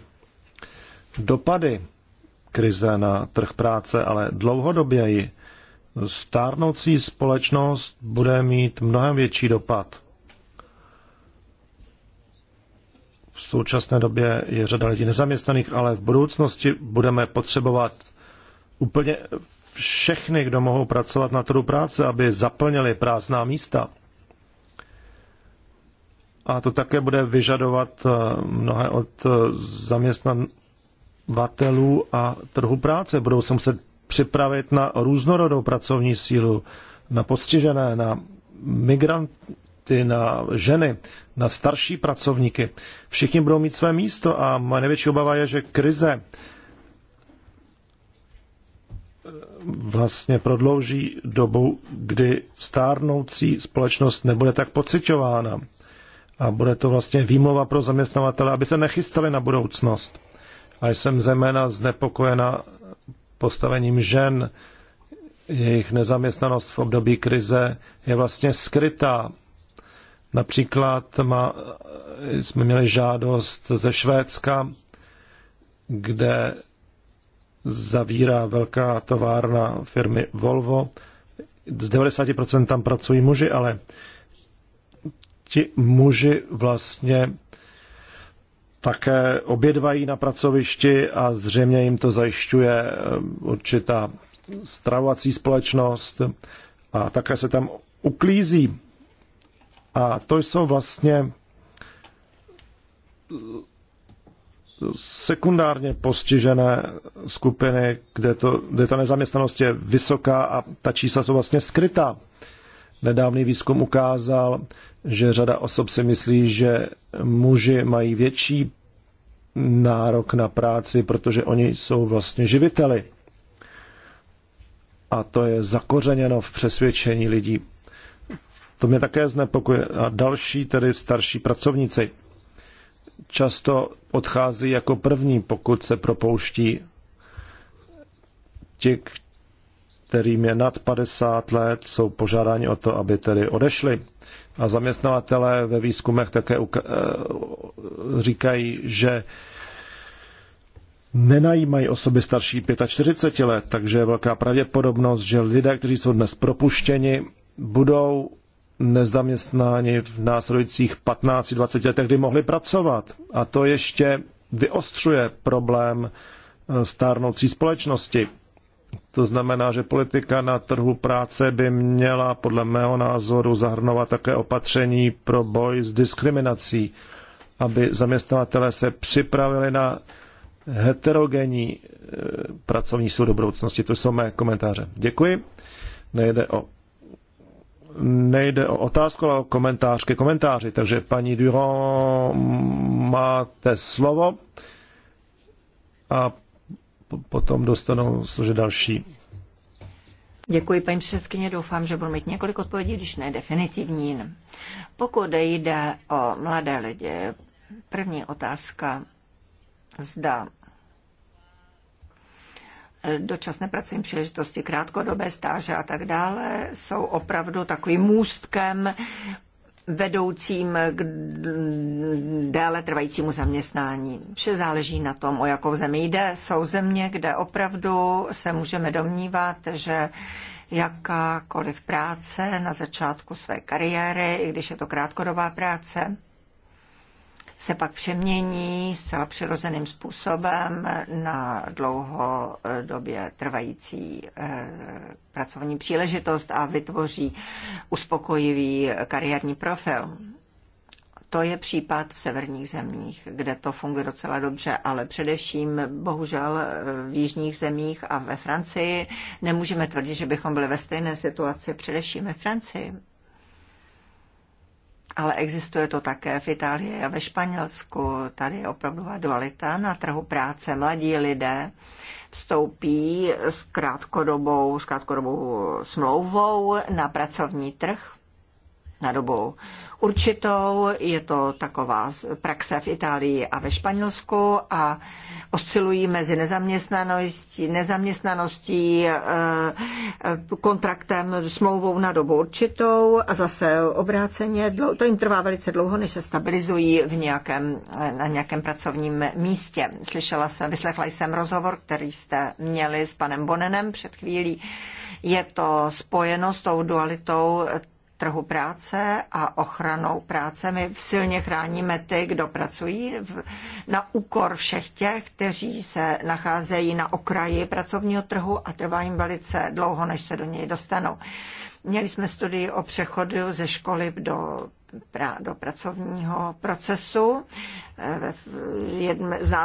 dopady krize na trh práce, ale dlouhodobě ji stárnoucí společnost bude mít mnohem větší dopad. V současné době je řada lidí nezaměstnaných, ale v budoucnosti budeme potřebovat úplně všechny, kdo mohou pracovat na trhu práce, aby zaplnili prázdná místa. A to také bude vyžadovat eh, mnohé od eh, zaměstnavatelů a trhu práce. Budou se muset připravit na různorodou pracovní sílu, na postižené, na migranty, na ženy, na starší pracovníky. Všichni budou mít své místo a moje největší obava je, že krize eh, vlastně prodlouží dobu, kdy stárnoucí společnost nebude tak pocitována. A bude to vlastně výmluva pro zaměstnavatele, aby se nechystali na budoucnost. A jsem zejména znepokojena postavením žen, jejich nezaměstnanost v období krize je vlastně skrytá. Například má, jsme měli žádost ze Švédska, kde zavírá velká továrna firmy Volvo. Z 90% tam pracují muži, ale ti muži vlastně také obědvají na pracovišti a zřejmě jim to zajišťuje eh, určitá stravovací společnost a také se tam uklízí. A to jsou vlastně eh, sekundárně postižené skupiny, kde, to, kde ta nezaměstnanost je vysoká a ta čísla jsou vlastně skrytá. Nedávný výzkum ukázal, že řada osob si myslí, že muži mají větší nárok na práci, protože oni jsou vlastně živiteli. A to je zakořeněno v přesvědčení lidí. To mě také znepokuje. A další, tedy starší pracovníci, často odchází jako první, pokud se propouští. Ti, kterým je nad 50 let, jsou požádáni o to, aby tedy odešli. A zaměstnavatele ve výzkumech také eh, říkají, že nenajímají osoby starší 45 let, takže je velká pravděpodobnost, že lidé, kteří jsou dnes propuštěni, budou nezaměstnáni v následujících 15-20 letech, kdy mohli pracovat. A to ještě vyostřuje problém eh, stárnoucí společnosti. To znamená, že politika na trhu práce by měla podle mého názoru zahrnovat také opatření pro boj s diskriminací, aby zaměstnavatele se připravili na heterogenní eh, pracovní sílu do budoucnosti. To jsou mé komentáře. Děkuji. Nejde o, nejde o otázku, ale o komentář ke komentáři. Takže paní Durand, máte slovo. A potom dostanou složit další. Děkuji, paní předsedkyně. Doufám, že budu mít několik odpovědí, když ne definitivní. Pokud jde o mladé lidi, první otázka, zda dočasné pracovní příležitosti, krátkodobé stáže a tak dále jsou opravdu takovým můstkem vedoucím k déle trvajícímu zaměstnání. Vše záleží na tom, o jakou zemi jde. Jsou země, kde opravdu se můžeme domnívat, že jakákoliv práce na začátku své kariéry, i když je to krátkodobá práce, se pak přemění zcela přirozeným způsobem na dlouhodobě trvající eh, pracovní příležitost a vytvoří uspokojivý kariérní profil. To je případ v severních zemích, kde to funguje docela dobře, ale především bohužel v jižních zemích a ve Francii nemůžeme tvrdit, že bychom byli ve stejné situaci, především ve Francii ale existuje to také v Itálii a ve Španělsku. Tady je opravdu dualita na trhu práce. Mladí lidé vstoupí s krátkodobou, s krátkodobou smlouvou na pracovní trh na dobu určitou. Je to taková praxe v Itálii a ve Španělsku a oscilují mezi nezaměstnaností, nezaměstnaností eh, kontraktem, smlouvou na dobu určitou a zase obráceně. To jim trvá velice dlouho, než se stabilizují v nějakém, eh, na nějakém pracovním místě. Slyšela jsem, vyslechla jsem rozhovor, který jste měli s panem Bonenem před chvílí. Je to spojeno s tou dualitou trhu práce a ochranou práce. My silně chráníme ty, kdo pracují v, na úkor všech těch, kteří se nacházejí na okraji pracovního trhu a trvá jim velice dlouho, než se do něj dostanou. Měli jsme studii o přechodu ze školy do do pracovního procesu. Eh,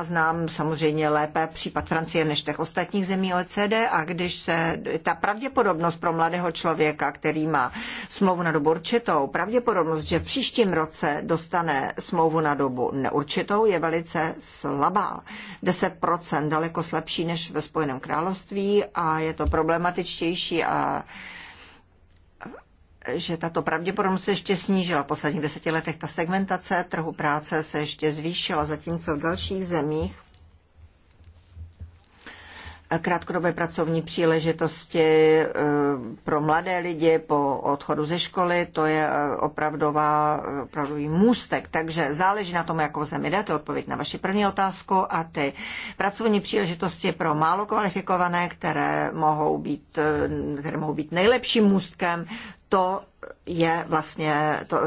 znám samozřejmě lépe případ Francie než těch ostatních zemí OECD a když se ta pravděpodobnost pro mladého člověka, který má smlouvu na dobu určitou, pravděpodobnost, že v příštím roce dostane smlouvu na dobu neurčitou, je velice slabá. 10% daleko slabší než ve Spojeném království a je to problematičtější a že tato pravděpodobnost se ještě snížila. V posledních deseti letech ta segmentace trhu práce se ještě zvýšila, zatímco v dalších zemích krátkodobé pracovní příležitosti eh, pro mladé lidi po odchodu ze školy, to je eh, opravdová, eh, opravdový můstek. Takže záleží na tom, jakou zemi jde, to je odpověď na vaši první otázku a ty pracovní příležitosti pro málo kvalifikované, které mohou být, které mohou být nejlepším můstkem to je vlastně to, eh,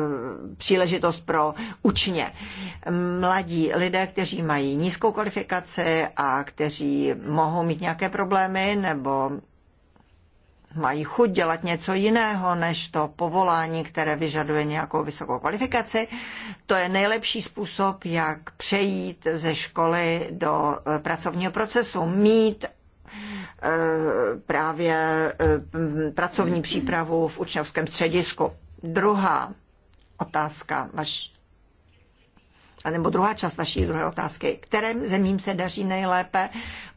příležitost pro učně. Mladí lidé, kteří mají nízkou kvalifikaci a kteří mohou mít nějaké problémy nebo mají chuť dělat něco jiného než to povolání, které vyžaduje nějakou vysokou kvalifikaci. To je nejlepší způsob, jak přejít ze školy do eh, pracovního procesu, mít Eh, právě eh, pracovní přípravu v učňovském středisku. Druhá otázka, vaš, nebo druhá část vaší druhé otázky. Kterým zemím se daří nejlépe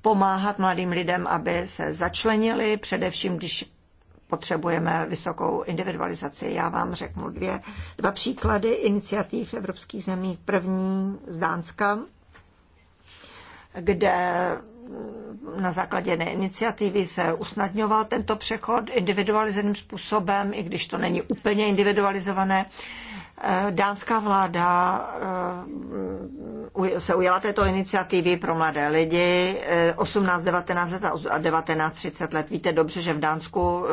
pomáhat mladým lidem, aby se začlenili, především když potřebujeme vysokou individualizaci. Já vám řeknu dvě, dva příklady iniciativ evropských zemí. První z Dánska, kde na základě iniciativy se usnadňoval tento přechod individualizovaným způsobem, i když to není úplně individualizované. Eh, dánská vláda eh, se ujala této iniciativy pro mladé lidi 18, eh, 19 let a 19, 30 let. Víte dobře, že v Dánsku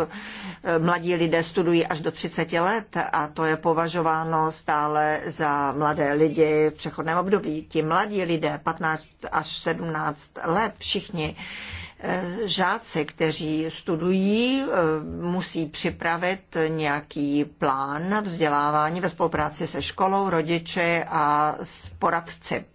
mladí lidé studují až do 30 let a to je považováno stále za mladé lidi v přechodném období. Ti mladí lidé 15 až 17 let všichni Žáci, kteří studují, eh, musí připravit nějaký plán vzdělávání ve spolupráci se školou, rodiči a s poradci.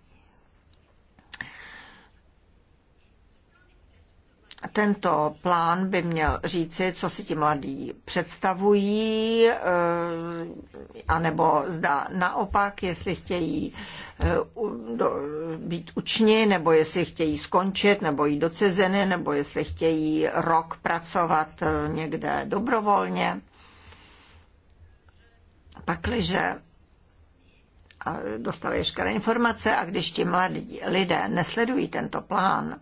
Tento plán by měl říci, co si ti mladí představují, eh, anebo zda naopak, jestli chtějí eh, být učni, nebo jestli chtějí skončit, nebo jít do ciziny, nebo jestli chtějí rok pracovat eh, někde dobrovolně. Pakliže dostali veškeré informace a když ti mladí lidé nesledují tento plán,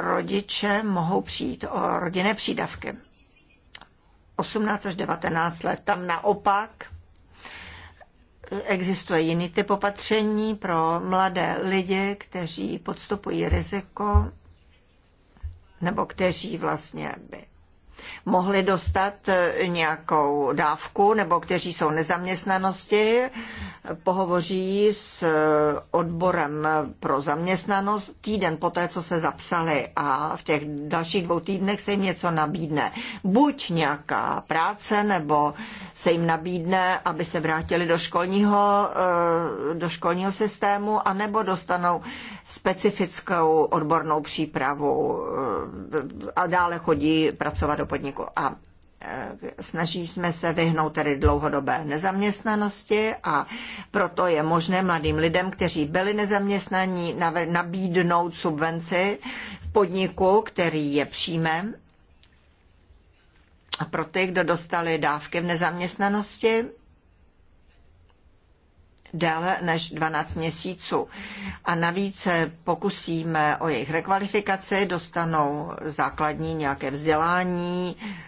rodiče mohou přijít o rodinné přídavky. 18 až 19 let. Tam naopak existuje jiný typ opatření pro mladé lidi, kteří podstupují riziko nebo kteří vlastně by mohli dostat e, nějakou dávku nebo kteří jsou nezaměstnanosti, pohovoří s e, odborem pro zaměstnanost týden poté, co se zapsali a v těch dalších dvou týdnech se jim něco nabídne. Buď nějaká práce nebo se jim nabídne, aby se vrátili do školního, e, do školního systému, anebo dostanou specifickou odbornou přípravu a dále chodí pracovat do podniku. A e, snaží jsme se vyhnout tedy dlouhodobé nezaměstnanosti a proto je možné mladým lidem, kteří byli nezaměstnaní, nabídnout subvenci v podniku, který je příjmem. A pro ty, kdo dostali dávky v nezaměstnanosti, déle než 12 měsíců. A navíc pokusíme o jejich rekvalifikaci, dostanou základní nějaké vzdělání eh,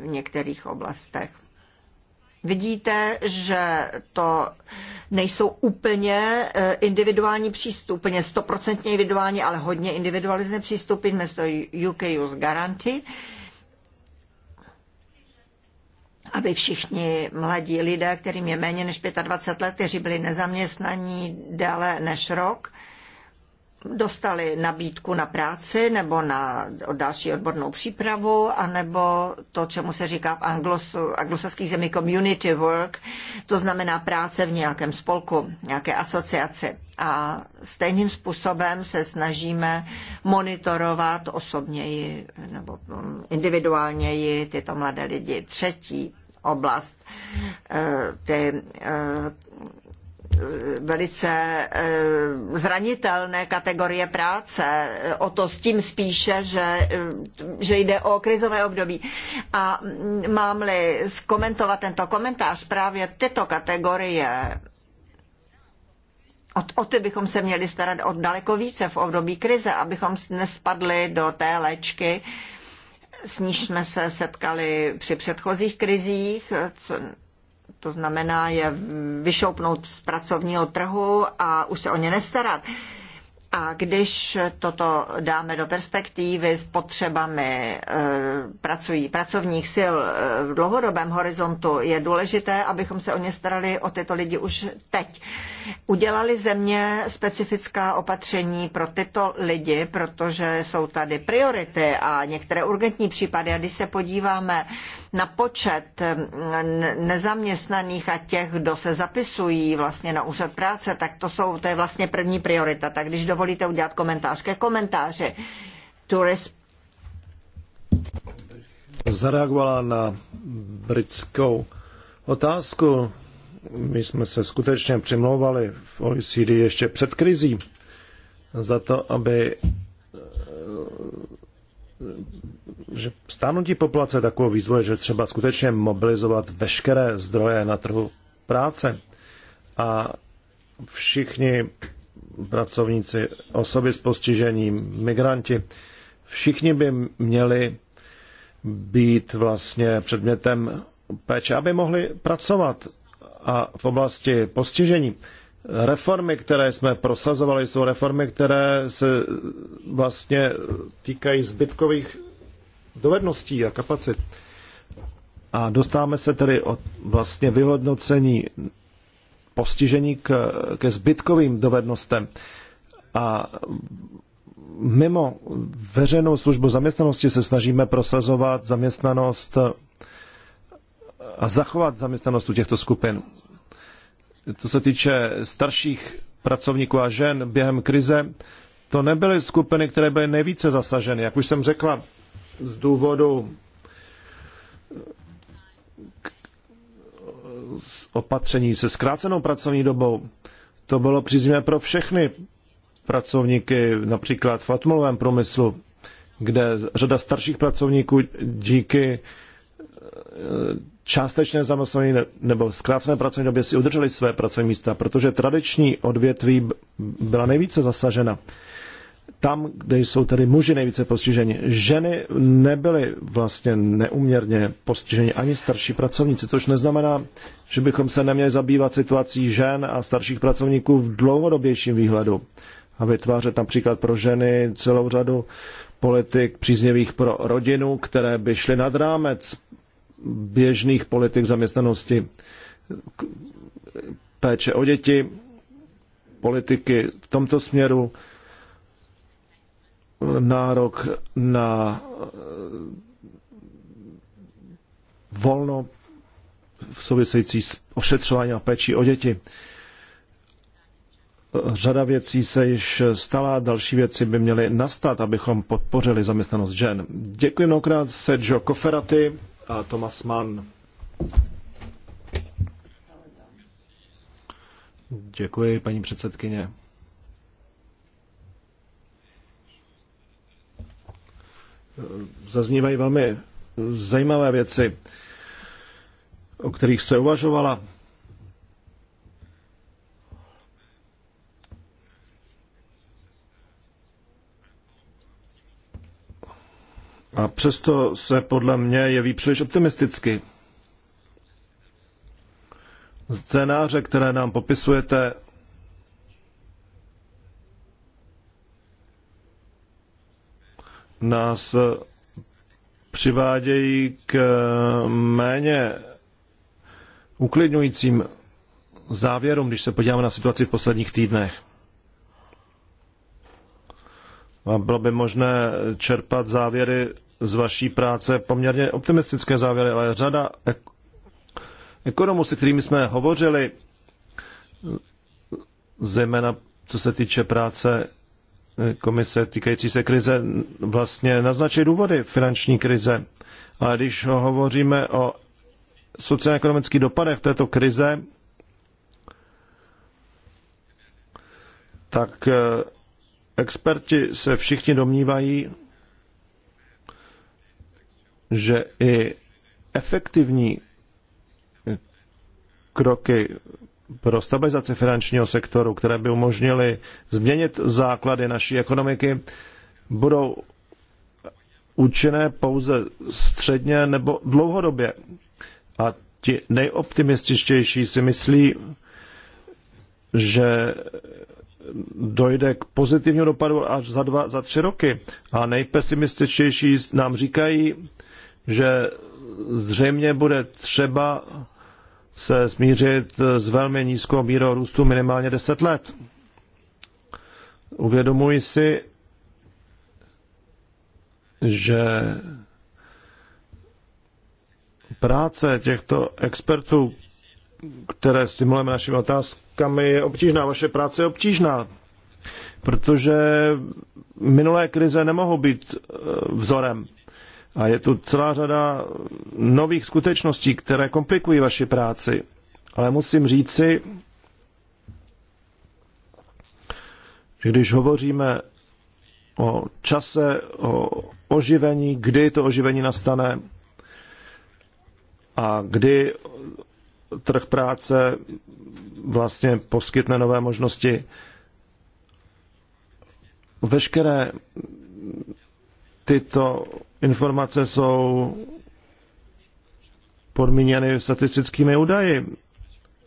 v některých oblastech. Vidíte, že to nejsou úplně eh, individuální přístup, úplně stoprocentně individuální, ale hodně individualizné přístupy, město UK Use Guarantee aby všichni mladí lidé, kterým je méně než 25 let, kteří byli nezaměstnaní déle než rok, dostali nabídku na práci nebo na další odbornou přípravu, anebo to, čemu se říká v anglosu, anglosaských zemí community work, to znamená práce v nějakém spolku, nějaké asociaci. A stejným způsobem se snažíme monitorovat osobněji nebo individuálněji tyto mladé lidi. Třetí oblast. Eh, ty eh, velice eh, zranitelné kategorie práce. O to s tím spíše, že, že jde o krizové období. A mám-li zkomentovat tento komentář právě tyto kategorie, o, o ty bychom se měli starat o daleko více v období krize, abychom nespadli do té léčky, s níž jsme se setkali při předchozích krizích, co, to znamená je vyšoupnout z pracovního trhu a už se o ně nestarat. A když toto dáme do perspektivy s potřebami eh, pracují, pracovních sil eh, v dlouhodobém horizontu, je důležité, abychom se o ně starali, o tyto lidi už teď. Udělali země specifická opatření pro tyto lidi, protože jsou tady priority a některé urgentní případy. A když se podíváme na počet eh, nezaměstnaných a těch, kdo se zapisují vlastně na úřad práce, tak to, jsou, to je vlastně první priorita. Tak když dovolíte udělat komentář ke komentáři. Tourist zareagovala na britskou otázku. My jsme se skutečně přimlouvali v OECD ještě před krizí za to, aby že stárnutí populace je takovou výzvoje, že třeba skutečně mobilizovat veškeré zdroje na trhu práce a všichni pracovníci, osoby s postižením, migranti, všichni by měli být vlastně předmětem péče, aby mohli pracovat a v oblasti postižení reformy, které jsme prosazovali, jsou reformy, které se vlastně týkají zbytkových dovedností a kapacit. A dostáváme se tedy od vlastně vyhodnocení postižení k, ke zbytkovým dovednostem. A mimo veřejnou službu zaměstnanosti se snažíme prosazovat zaměstnanost a zachovat zaměstnanost u těchto skupin co se týče starších pracovníků a žen během krize, to nebyly skupiny, které byly nejvíce zasaženy. Jak už jsem řekla, z důvodu eh, opatření se zkrácenou pracovní dobou, to bylo příznivé pro všechny pracovníky, například v atmolovém průmyslu, kde řada starších pracovníků díky eh, částečné zaměstnání nebo zkrácené pracovní době si udrželi své pracovní místa, protože tradiční odvětví byla nejvíce zasažena. Tam, kde jsou tedy muži nejvíce postiženi. Ženy nebyly vlastně neuměrně postiženi ani starší pracovníci, což neznamená, že bychom se neměli zabývat situací žen a starších pracovníků v dlouhodobějším výhledu a vytvářet například pro ženy celou řadu politik příznivých pro rodinu, které by šly nad rámec běžných politik zaměstnanosti, péče o děti, politiky v tomto směru, nárok na eh, volno v související s ošetřováním a péčí o děti. Řada věcí se již stala, další věci by měly nastat, abychom podpořili zaměstnanost žen. Děkuji mnohokrát Sergio Koferaty. Thomas Mann. Děkuji, paní předsedkyně. Zaznívají velmi zajímavé věci, o kterých se uvažovala. A přesto se podle mě jeví příliš optimisticky. Scénáře, které nám popisujete, nás přivádějí k méně uklidňujícím závěrům, když se podíváme na situaci v posledních týdnech. A bylo by možné čerpat závěry z vaší práce poměrně optimistické závěry, ale řada ekonomů, se kterými jsme hovořili, zejména co se týče práce eh, komise týkající se krize, vlastně naznačuje důvody finanční krize. Ale když hovoříme o sociálně-ekonomických dopadech této krize, tak eh, experti se všichni domnívají, že i efektivní kroky pro stabilizaci finančního sektoru, které by umožnily změnit základy naší ekonomiky, budou účinné pouze středně nebo dlouhodobě. A ti nejoptimističtější si myslí, že dojde k pozitivnímu dopadu až za, dva, za tři roky. A nejpesimističtější nám říkají, že zřejmě bude třeba se smířit s velmi nízkou mírou růstu minimálně 10 let. Uvědomuji si, že práce těchto expertů, které stimulujeme našimi otázkami, je obtížná. Vaše práce je obtížná, protože minulé krize nemohou být eh, vzorem. A je tu celá řada nových skutečností, které komplikují vaši práci. Ale musím říci, že když hovoříme o čase, o oživení, kdy to oživení nastane a kdy trh práce vlastně poskytne nové možnosti. Veškeré tyto informace jsou podmíněny statistickými údaji.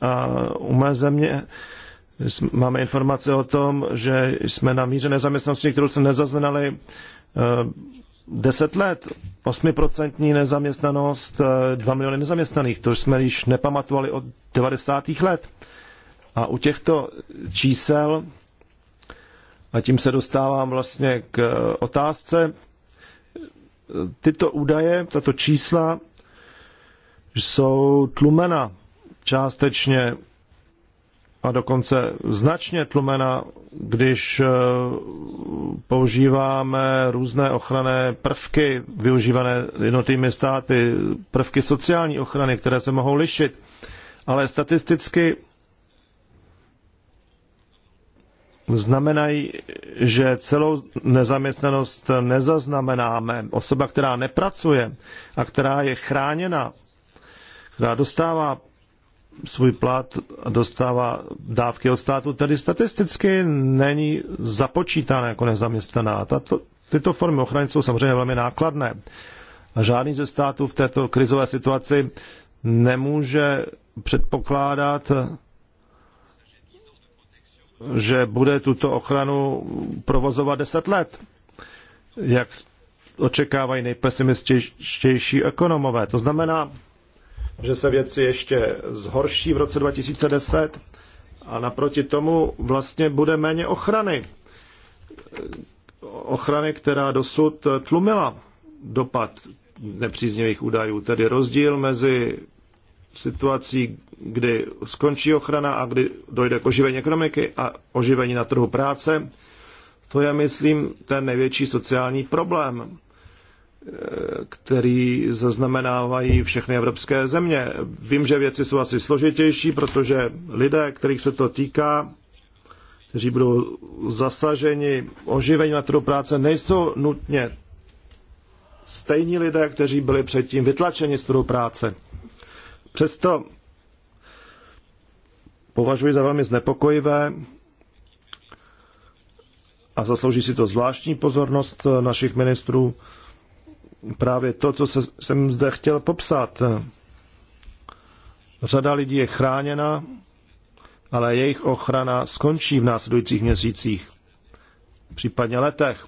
A u mé země máme informace o tom, že jsme na míře nezaměstnanosti, kterou jsme nezaznali eh, deset let. 8% nezaměstnanost, 2 eh, miliony nezaměstnaných, to jsme již nepamatovali od 90. let. A u těchto čísel, a tím se dostávám vlastně k eh, otázce, tyto údaje, tato čísla jsou tlumena částečně a dokonce značně tlumena, když eh, používáme různé ochranné prvky využívané jednotými státy, prvky sociální ochrany, které se mohou lišit. Ale statisticky znamenají, že celou nezaměstnanost nezaznamenáme. Osoba, která nepracuje a která je chráněna, která dostává svůj plat a dostává dávky od státu, tedy statisticky není započítána jako nezaměstnaná. Tato, tyto formy ochrany jsou samozřejmě velmi nákladné. A žádný ze států v této krizové situaci nemůže předpokládat, že bude tuto ochranu provozovat 10 let, jak očekávají nejpesimističtější ekonomové. To znamená, že se věci ještě zhorší v roce 2010 a naproti tomu vlastně bude méně ochrany. Ochrany, která dosud tlumila dopad nepříznivých údajů, tedy rozdíl mezi situací, kdy skončí ochrana a kdy dojde k oživení ekonomiky a oživení na trhu práce, to je, myslím, ten největší sociální problém, eh, který zaznamenávají všechny evropské země. Vím, že věci jsou asi složitější, protože lidé, kterých se to týká, kteří budou zasaženi oživení na trhu práce, nejsou nutně stejní lidé, kteří byli předtím vytlačeni z trhu práce. Přesto považuji za velmi znepokojivé a zaslouží si to zvláštní pozornost našich ministrů právě to, co se, jsem zde chtěl popsat. Řada lidí je chráněna, ale jejich ochrana skončí v následujících měsících, případně letech.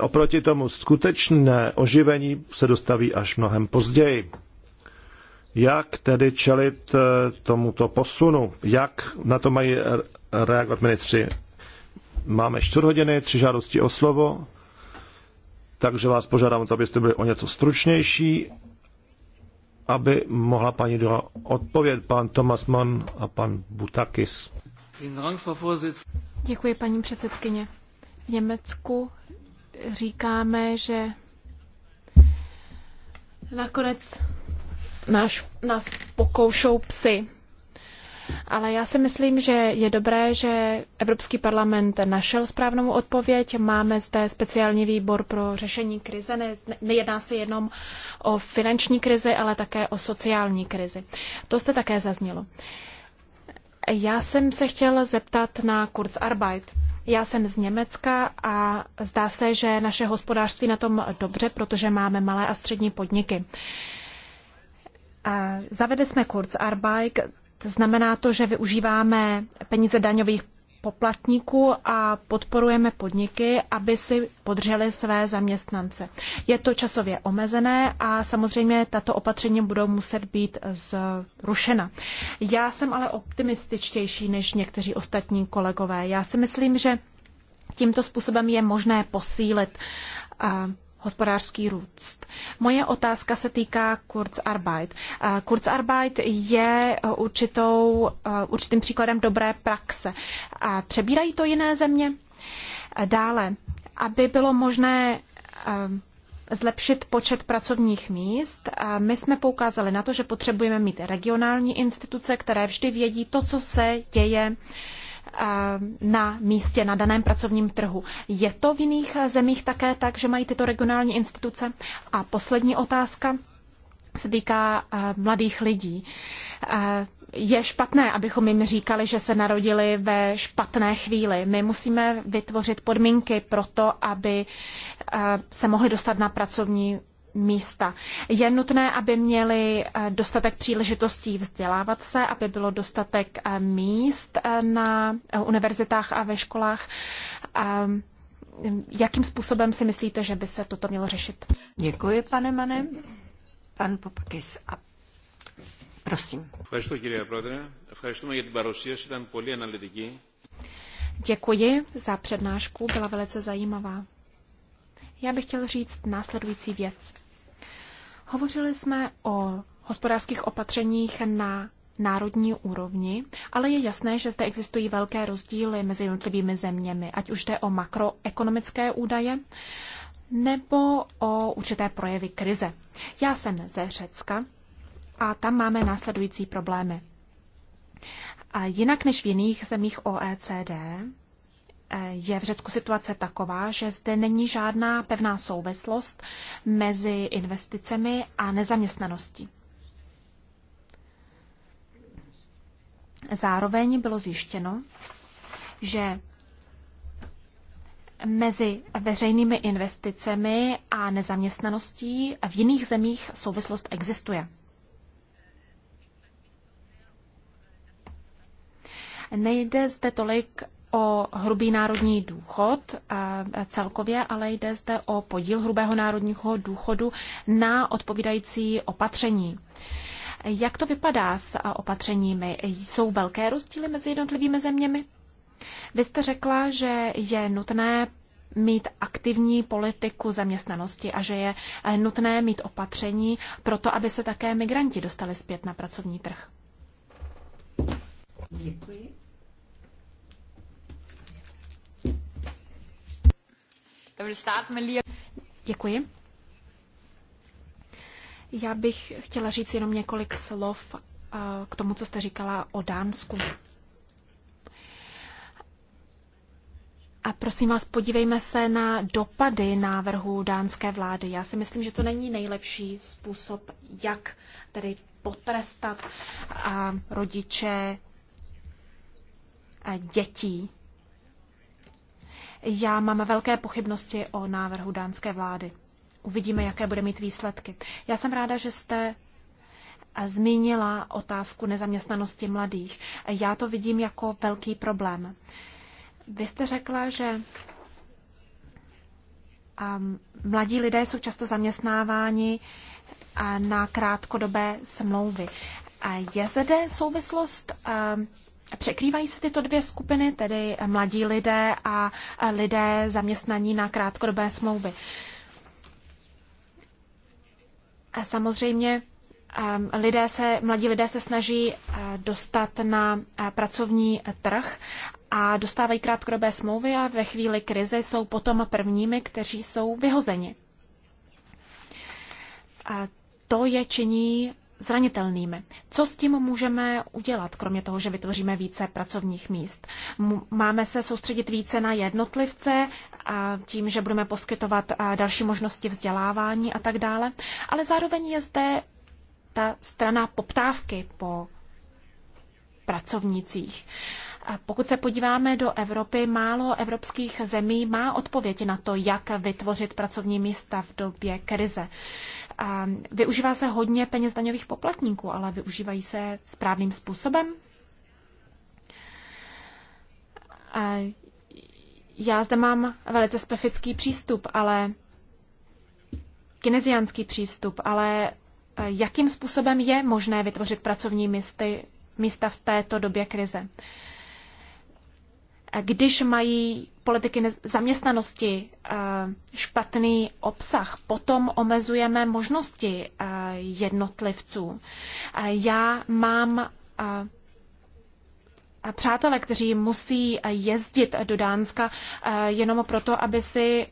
Oproti tomu skutečné oživení se dostaví až mnohem později. Jak tedy čelit eh, tomuto posunu? Jak na to mají reagovat ministři? Máme čtvrt hodiny, tři žádosti o slovo, takže vás požádám, abyste byli o něco stručnější, aby mohla paní Dora odpovědět, pan Thomas Mann a pan Butakis. Děkuji, paní předsedkyně. V Německu říkáme, že nakonec náš, nás pokoušou psy. Ale já si myslím, že je dobré, že Evropský parlament našel správnou odpověď. Máme zde speciální výbor pro řešení krize. Ne, nejedná se jenom o finanční krizi, ale také o sociální krizi. To jste také zaznělo. Já jsem se chtěla zeptat na Kurzarbeit. Já jsem z Německa a zdá se, že naše hospodářství na tom dobře, protože máme malé a střední podniky. Uh, Zavedli jsme Kurzarbeit, to znamená to, že využíváme peníze daňových poplatníků a podporujeme podniky, aby si podřeli své zaměstnance. Je to časově omezené a samozřejmě tato opatření budou muset být zrušena. Já jsem ale optimističtější než někteří ostatní kolegové. Já si myslím, že tímto způsobem je možné posílit eh, hospodářský růst. Moje otázka se týká Kurzarbeit. Eh, Kurzarbeit je eh, určitou, eh, určitým příkladem dobré praxe. Přebírají to jiné země? Dále, aby bylo možné zlepšit počet pracovních míst. my jsme poukázali na to, že potřebujeme mít regionální instituce, které vždy vědí to, co se děje Eh, na místě, na daném pracovním trhu. Je to v jiných zemích také tak, že mají tyto regionální instituce? A poslední otázka se týká eh, mladých lidí. Eh, je špatné, abychom jim říkali, že se narodili ve špatné chvíli. My musíme vytvořit podmínky pro to, aby se mohli dostat na pracovní místa. Je nutné, aby měli eh, dostatek příležitostí vzdělávat se, aby bylo dostatek eh, míst eh, na univerzitách a ve školách. Mm, jakým způsobem si myslíte, že by se toto mělo řešit? Děkuji, pane Mane. Pan Popakis a prosím. Děkuji za přednášku, byla velice zajímavá. Já bych chtěl říct následující věc. Hovořili jsme o hospodářských opatřeních na národní úrovni, ale je jasné, že zde existují velké rozdíly mezi jednotlivými zeměmi, ať už jde o makroekonomické údaje nebo o určité projevy krize. Já jsem ze Řecka a tam máme následující problémy. A jinak než v jiných zemích OECD je v Řecku situace taková, že zde není žádná pevná souvislost mezi investicemi a nezaměstnaností. Zároveň bylo zjištěno, že mezi veřejnými investicemi a nezaměstnaností v jiných zemích souvislost existuje. Nejde zde tolik o hrubý národní důchod eh, celkově, ale jde zde o podíl hrubého národního důchodu na odpovídající opatření. Jak to vypadá s opatřeními? Jsou velké rozdíly mezi jednotlivými zeměmi? Vy jste řekla, že je nutné mít aktivní politiku zaměstnanosti a že je eh, nutné mít opatření pro to, aby se také migranti dostali zpět na pracovní trh. Děkuji. Děkuji. Já bych chtěla říct jenom několik slov eh, k tomu, co jste říkala o Dánsku. A prosím vás, podívejme se na dopady návrhu dánské vlády. Já si myslím, že to není nejlepší způsob, jak tedy potrestat eh, rodiče eh, dětí já mám velké pochybnosti o návrhu dánské vlády. Uvidíme, jaké bude mít výsledky. Já jsem ráda, že jste zmínila otázku nezaměstnanosti mladých. Já to vidím jako velký problém. Vy jste řekla, že um, mladí lidé jsou často zaměstnáváni uh, na krátkodobé smlouvy. Je zde souvislost um, Překrývají se tyto dvě skupiny, tedy mladí lidé a lidé zaměstnaní na krátkodobé smlouvy. A samozřejmě um, lidé se, mladí lidé se snaží uh, dostat na uh, pracovní trh a dostávají krátkodobé smlouvy a ve chvíli krize jsou potom prvními, kteří jsou vyhozeni. A to je činí zranitelnými. Co s tím můžeme udělat, kromě toho, že vytvoříme více pracovních míst? Máme se soustředit více na jednotlivce, a tím, že budeme poskytovat další možnosti vzdělávání a tak dále, ale zároveň je zde ta strana poptávky po pracovnících. A pokud se podíváme do Evropy, málo evropských zemí má odpověď na to, jak vytvořit pracovní místa v době krize využívá se hodně peněz daňových poplatníků, ale využívají se správným způsobem? Já zde mám velice specifický přístup, ale kineziánský přístup, ale e, jakým způsobem je možné vytvořit pracovní místy, místa v této době krize? když mají politiky zaměstnanosti eh, špatný obsah, potom omezujeme možnosti eh, jednotlivců. Eh, já mám přátelé, kteří musí jezdit do Dánska jenom proto, aby si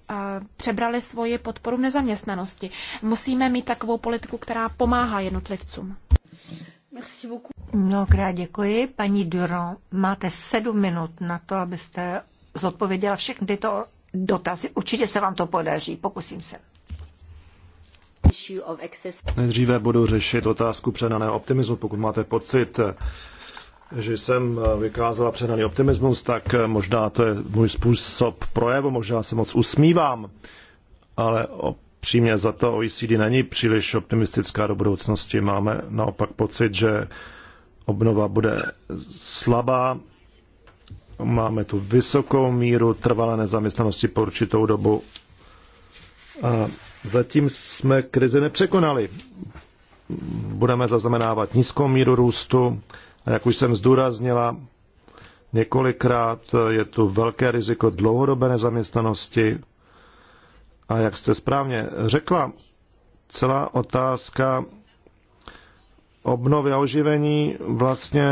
přebrali svoji podporu v nezaměstnanosti. Musíme mít takovou politiku, která pomáhá jednotlivcům. Mnohokrát děkuji. Paní Duro, máte sedm minut na to, abyste zodpověděla všechny tyto dotazy. Určitě se vám to podaří, pokusím se. Nejdříve budu řešit otázku přenaného optimismu. Pokud máte pocit, že jsem vykázala přenaný optimismus, tak možná to je můj způsob projevu, možná se moc usmívám, ale op upřímně za to OECD není příliš optimistická do budoucnosti. Máme naopak pocit, že obnova bude slabá. Máme tu vysokou míru trvalé nezaměstnanosti po určitou dobu. A zatím jsme krizi nepřekonali. Budeme zaznamenávat nízkou míru růstu. A jak už jsem zdůraznila, několikrát je tu velké riziko dlouhodobé nezaměstnanosti, a jak jste správně řekla, celá otázka obnovy a oživení vlastně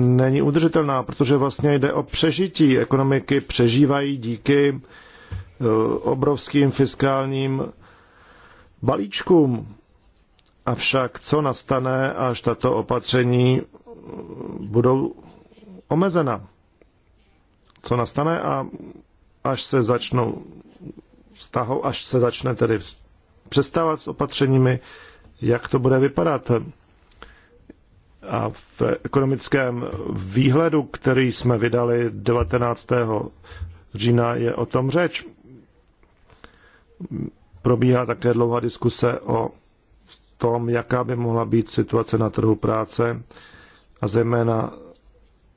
není udržitelná, protože vlastně jde o přežití. Ekonomiky přežívají díky eh, obrovským fiskálním balíčkům. Avšak co nastane, až tato opatření budou omezena? Co nastane a až se začnou vztahu, až se začne tedy přestávat s opatřeními, jak to bude vypadat. A v ekonomickém výhledu, který jsme vydali 19. října, je o tom řeč. Probíhá také dlouhá diskuse o tom, jaká by mohla být situace na trhu práce a zejména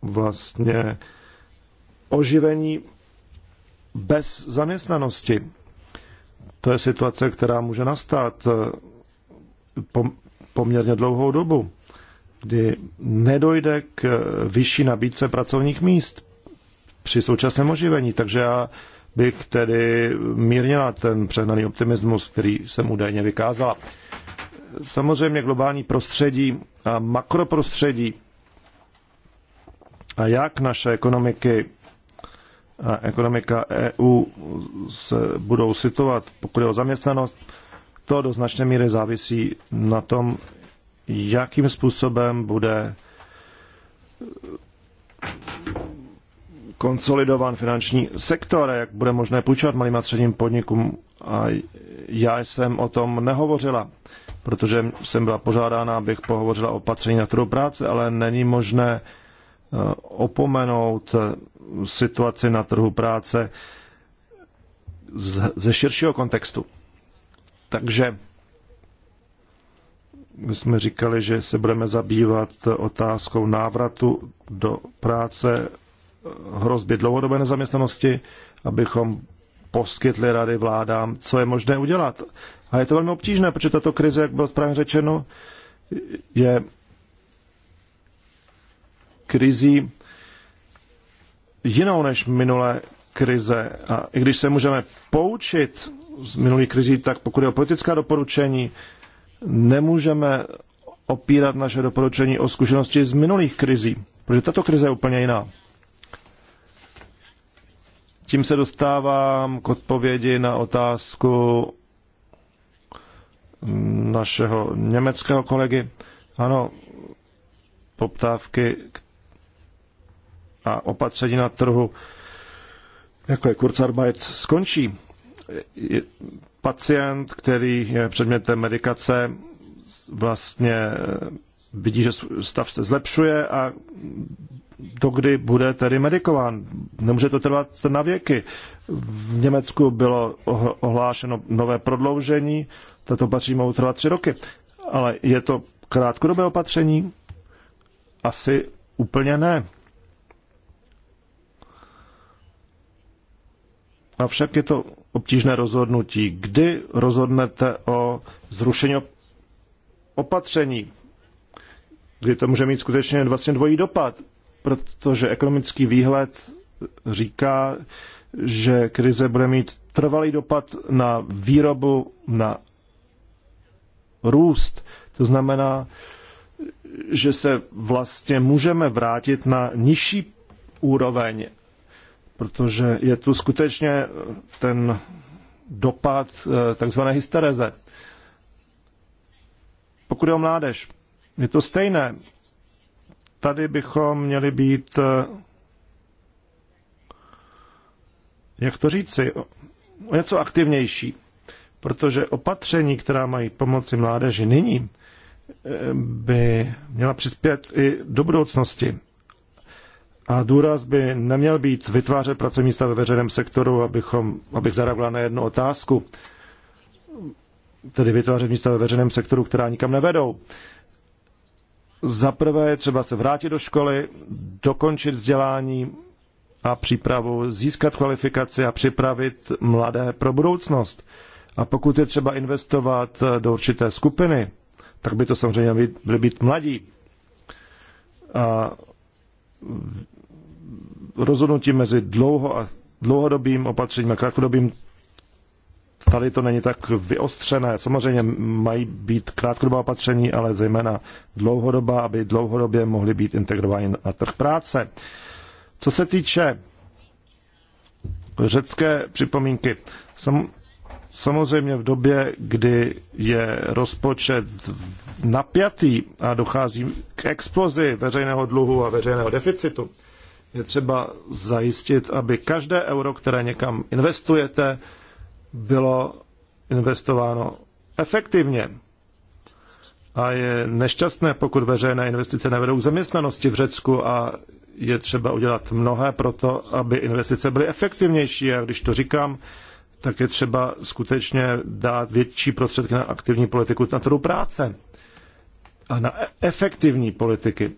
vlastně oživení bez zaměstnanosti. To je situace, která může nastat eh, poměrně dlouhou dobu, kdy nedojde k eh, vyšší nabídce pracovních míst při současném oživení. Takže já bych tedy mírnila ten přehnaný optimismus, který jsem údajně vykázala. Samozřejmě globální prostředí a makroprostředí a jak naše ekonomiky a ekonomika EU se budou situovat, pokud je o zaměstnanost, to do značné míry závisí na tom, jakým způsobem bude konsolidován finanční sektor, jak bude možné půjčovat malým a středním podnikům. A já jsem o tom nehovořila, protože jsem byla požádána, abych pohovořila o opatření na trhu práce, ale není možné eh, opomenout eh, situaci na trhu práce ze širšího kontextu. Takže my jsme říkali, že se budeme zabývat otázkou návratu do práce hrozby dlouhodobé nezaměstnanosti, abychom poskytli rady vládám, co je možné udělat. A je to velmi obtížné, protože tato krize, jak bylo správně řečeno, je krizí jinou než minulé krize. A i když se můžeme poučit z minulých krizí, tak pokud je o politická doporučení, nemůžeme opírat naše doporučení o zkušenosti z minulých krizí, protože tato krize je úplně jiná. Tím se dostávám k odpovědi na otázku našeho německého kolegy. Ano, poptávky, a opatření na trhu, jako je Kurzarbeit, skončí. Pacient, který je předmětem medikace, vlastně eh, vidí, že stav se zlepšuje a dokdy bude tedy medikován. Nemůže to trvat na věky. V Německu bylo ohlášeno nové prodloužení, tato opatření mohou trvat tři roky. Ale je to krátkodobé opatření? Asi úplně ne. Avšak je to obtížné rozhodnutí. Kdy rozhodnete o zrušení opatření? Kdy to může mít skutečně vlastně dvojí dopad? Protože ekonomický výhled říká, že krize bude mít trvalý dopad na výrobu, na růst. To znamená, že se vlastně můžeme vrátit na nižší úroveň protože je tu skutečně ten dopad eh, takzvané hystereze. Pokud je o mládež, je to stejné. Tady bychom měli být, eh, jak to říci, o něco aktivnější, protože opatření, která mají pomoci mládeži nyní, eh, by měla přispět i do budoucnosti. A důraz by neměl být vytvářet pracovní místa ve veřejném sektoru, abychom, abych zareagoval na jednu otázku, tedy vytvářet místa ve veřejném sektoru, která nikam nevedou. Zaprvé je třeba se vrátit do školy, dokončit vzdělání a přípravu, získat kvalifikaci a připravit mladé pro budoucnost. A pokud je třeba investovat do určité skupiny, tak by to samozřejmě byly být mladí. A rozhodnutí mezi dlouho a dlouhodobým opatřením a krátkodobým tady to není tak vyostřené. Samozřejmě mají být krátkodobá opatření, ale zejména dlouhodobá, aby dlouhodobě mohly být integrovány na trh práce. Co se týče řecké připomínky, sam, samozřejmě v době, kdy je rozpočet napjatý a dochází k explozi veřejného dluhu a veřejného deficitu, je třeba zajistit, aby každé euro, které někam investujete, bylo investováno efektivně. A je nešťastné, pokud veřejné investice nevedou k zaměstnanosti v Řecku a je třeba udělat mnohé pro to, aby investice byly efektivnější. A když to říkám, tak je třeba skutečně dát větší prostředky na aktivní politiku na trhu práce a na e- efektivní politiky,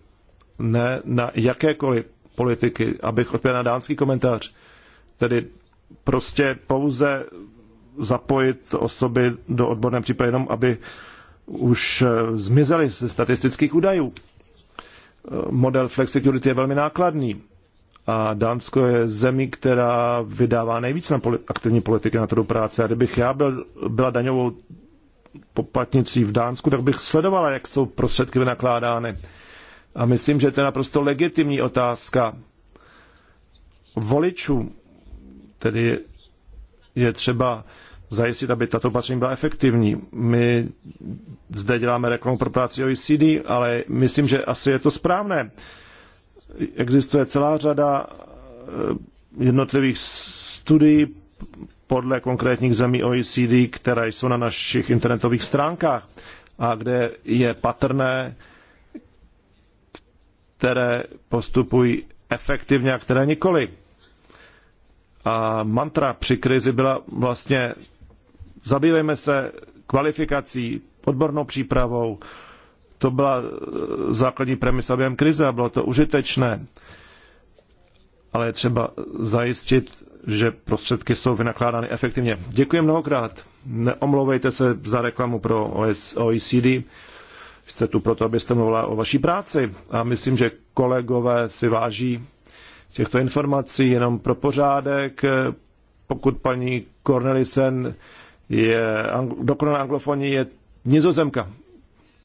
ne na jakékoliv politiky, abych odpěl na dánský komentář. Tedy prostě pouze zapojit osoby do odborné přípravy jenom, aby už eh, zmizely ze statistických údajů. Eh, model flexicurity je velmi nákladný a Dánsko je zemí, která vydává nejvíc na poli- aktivní politiky na trhu práce. A kdybych já byl, byla daňovou poplatnicí v Dánsku, tak bych sledovala, jak jsou prostředky vynakládány. A myslím, že to je naprosto legitimní otázka voličů. Tedy je třeba zajistit, aby tato opatření byla efektivní. My zde děláme reklamu pro práci OECD, ale myslím, že asi je to správné. Existuje celá řada eh, jednotlivých studií podle konkrétních zemí OECD, které jsou na našich internetových stránkách a kde je patrné, které postupují efektivně a které nikoli. A mantra při krizi byla vlastně zabývejme se kvalifikací, odbornou přípravou. To byla e, základní premisa během krize a bylo to užitečné. Ale je třeba zajistit, že prostředky jsou vynakládány efektivně. Děkuji mnohokrát. Neomlouvejte se za reklamu pro OECD Jste tu proto, abyste mluvila o vaší práci a myslím, že kolegové si váží těchto informací jenom pro pořádek. Pokud paní Cornelisen je dokonalá anglofonie je nizozemka.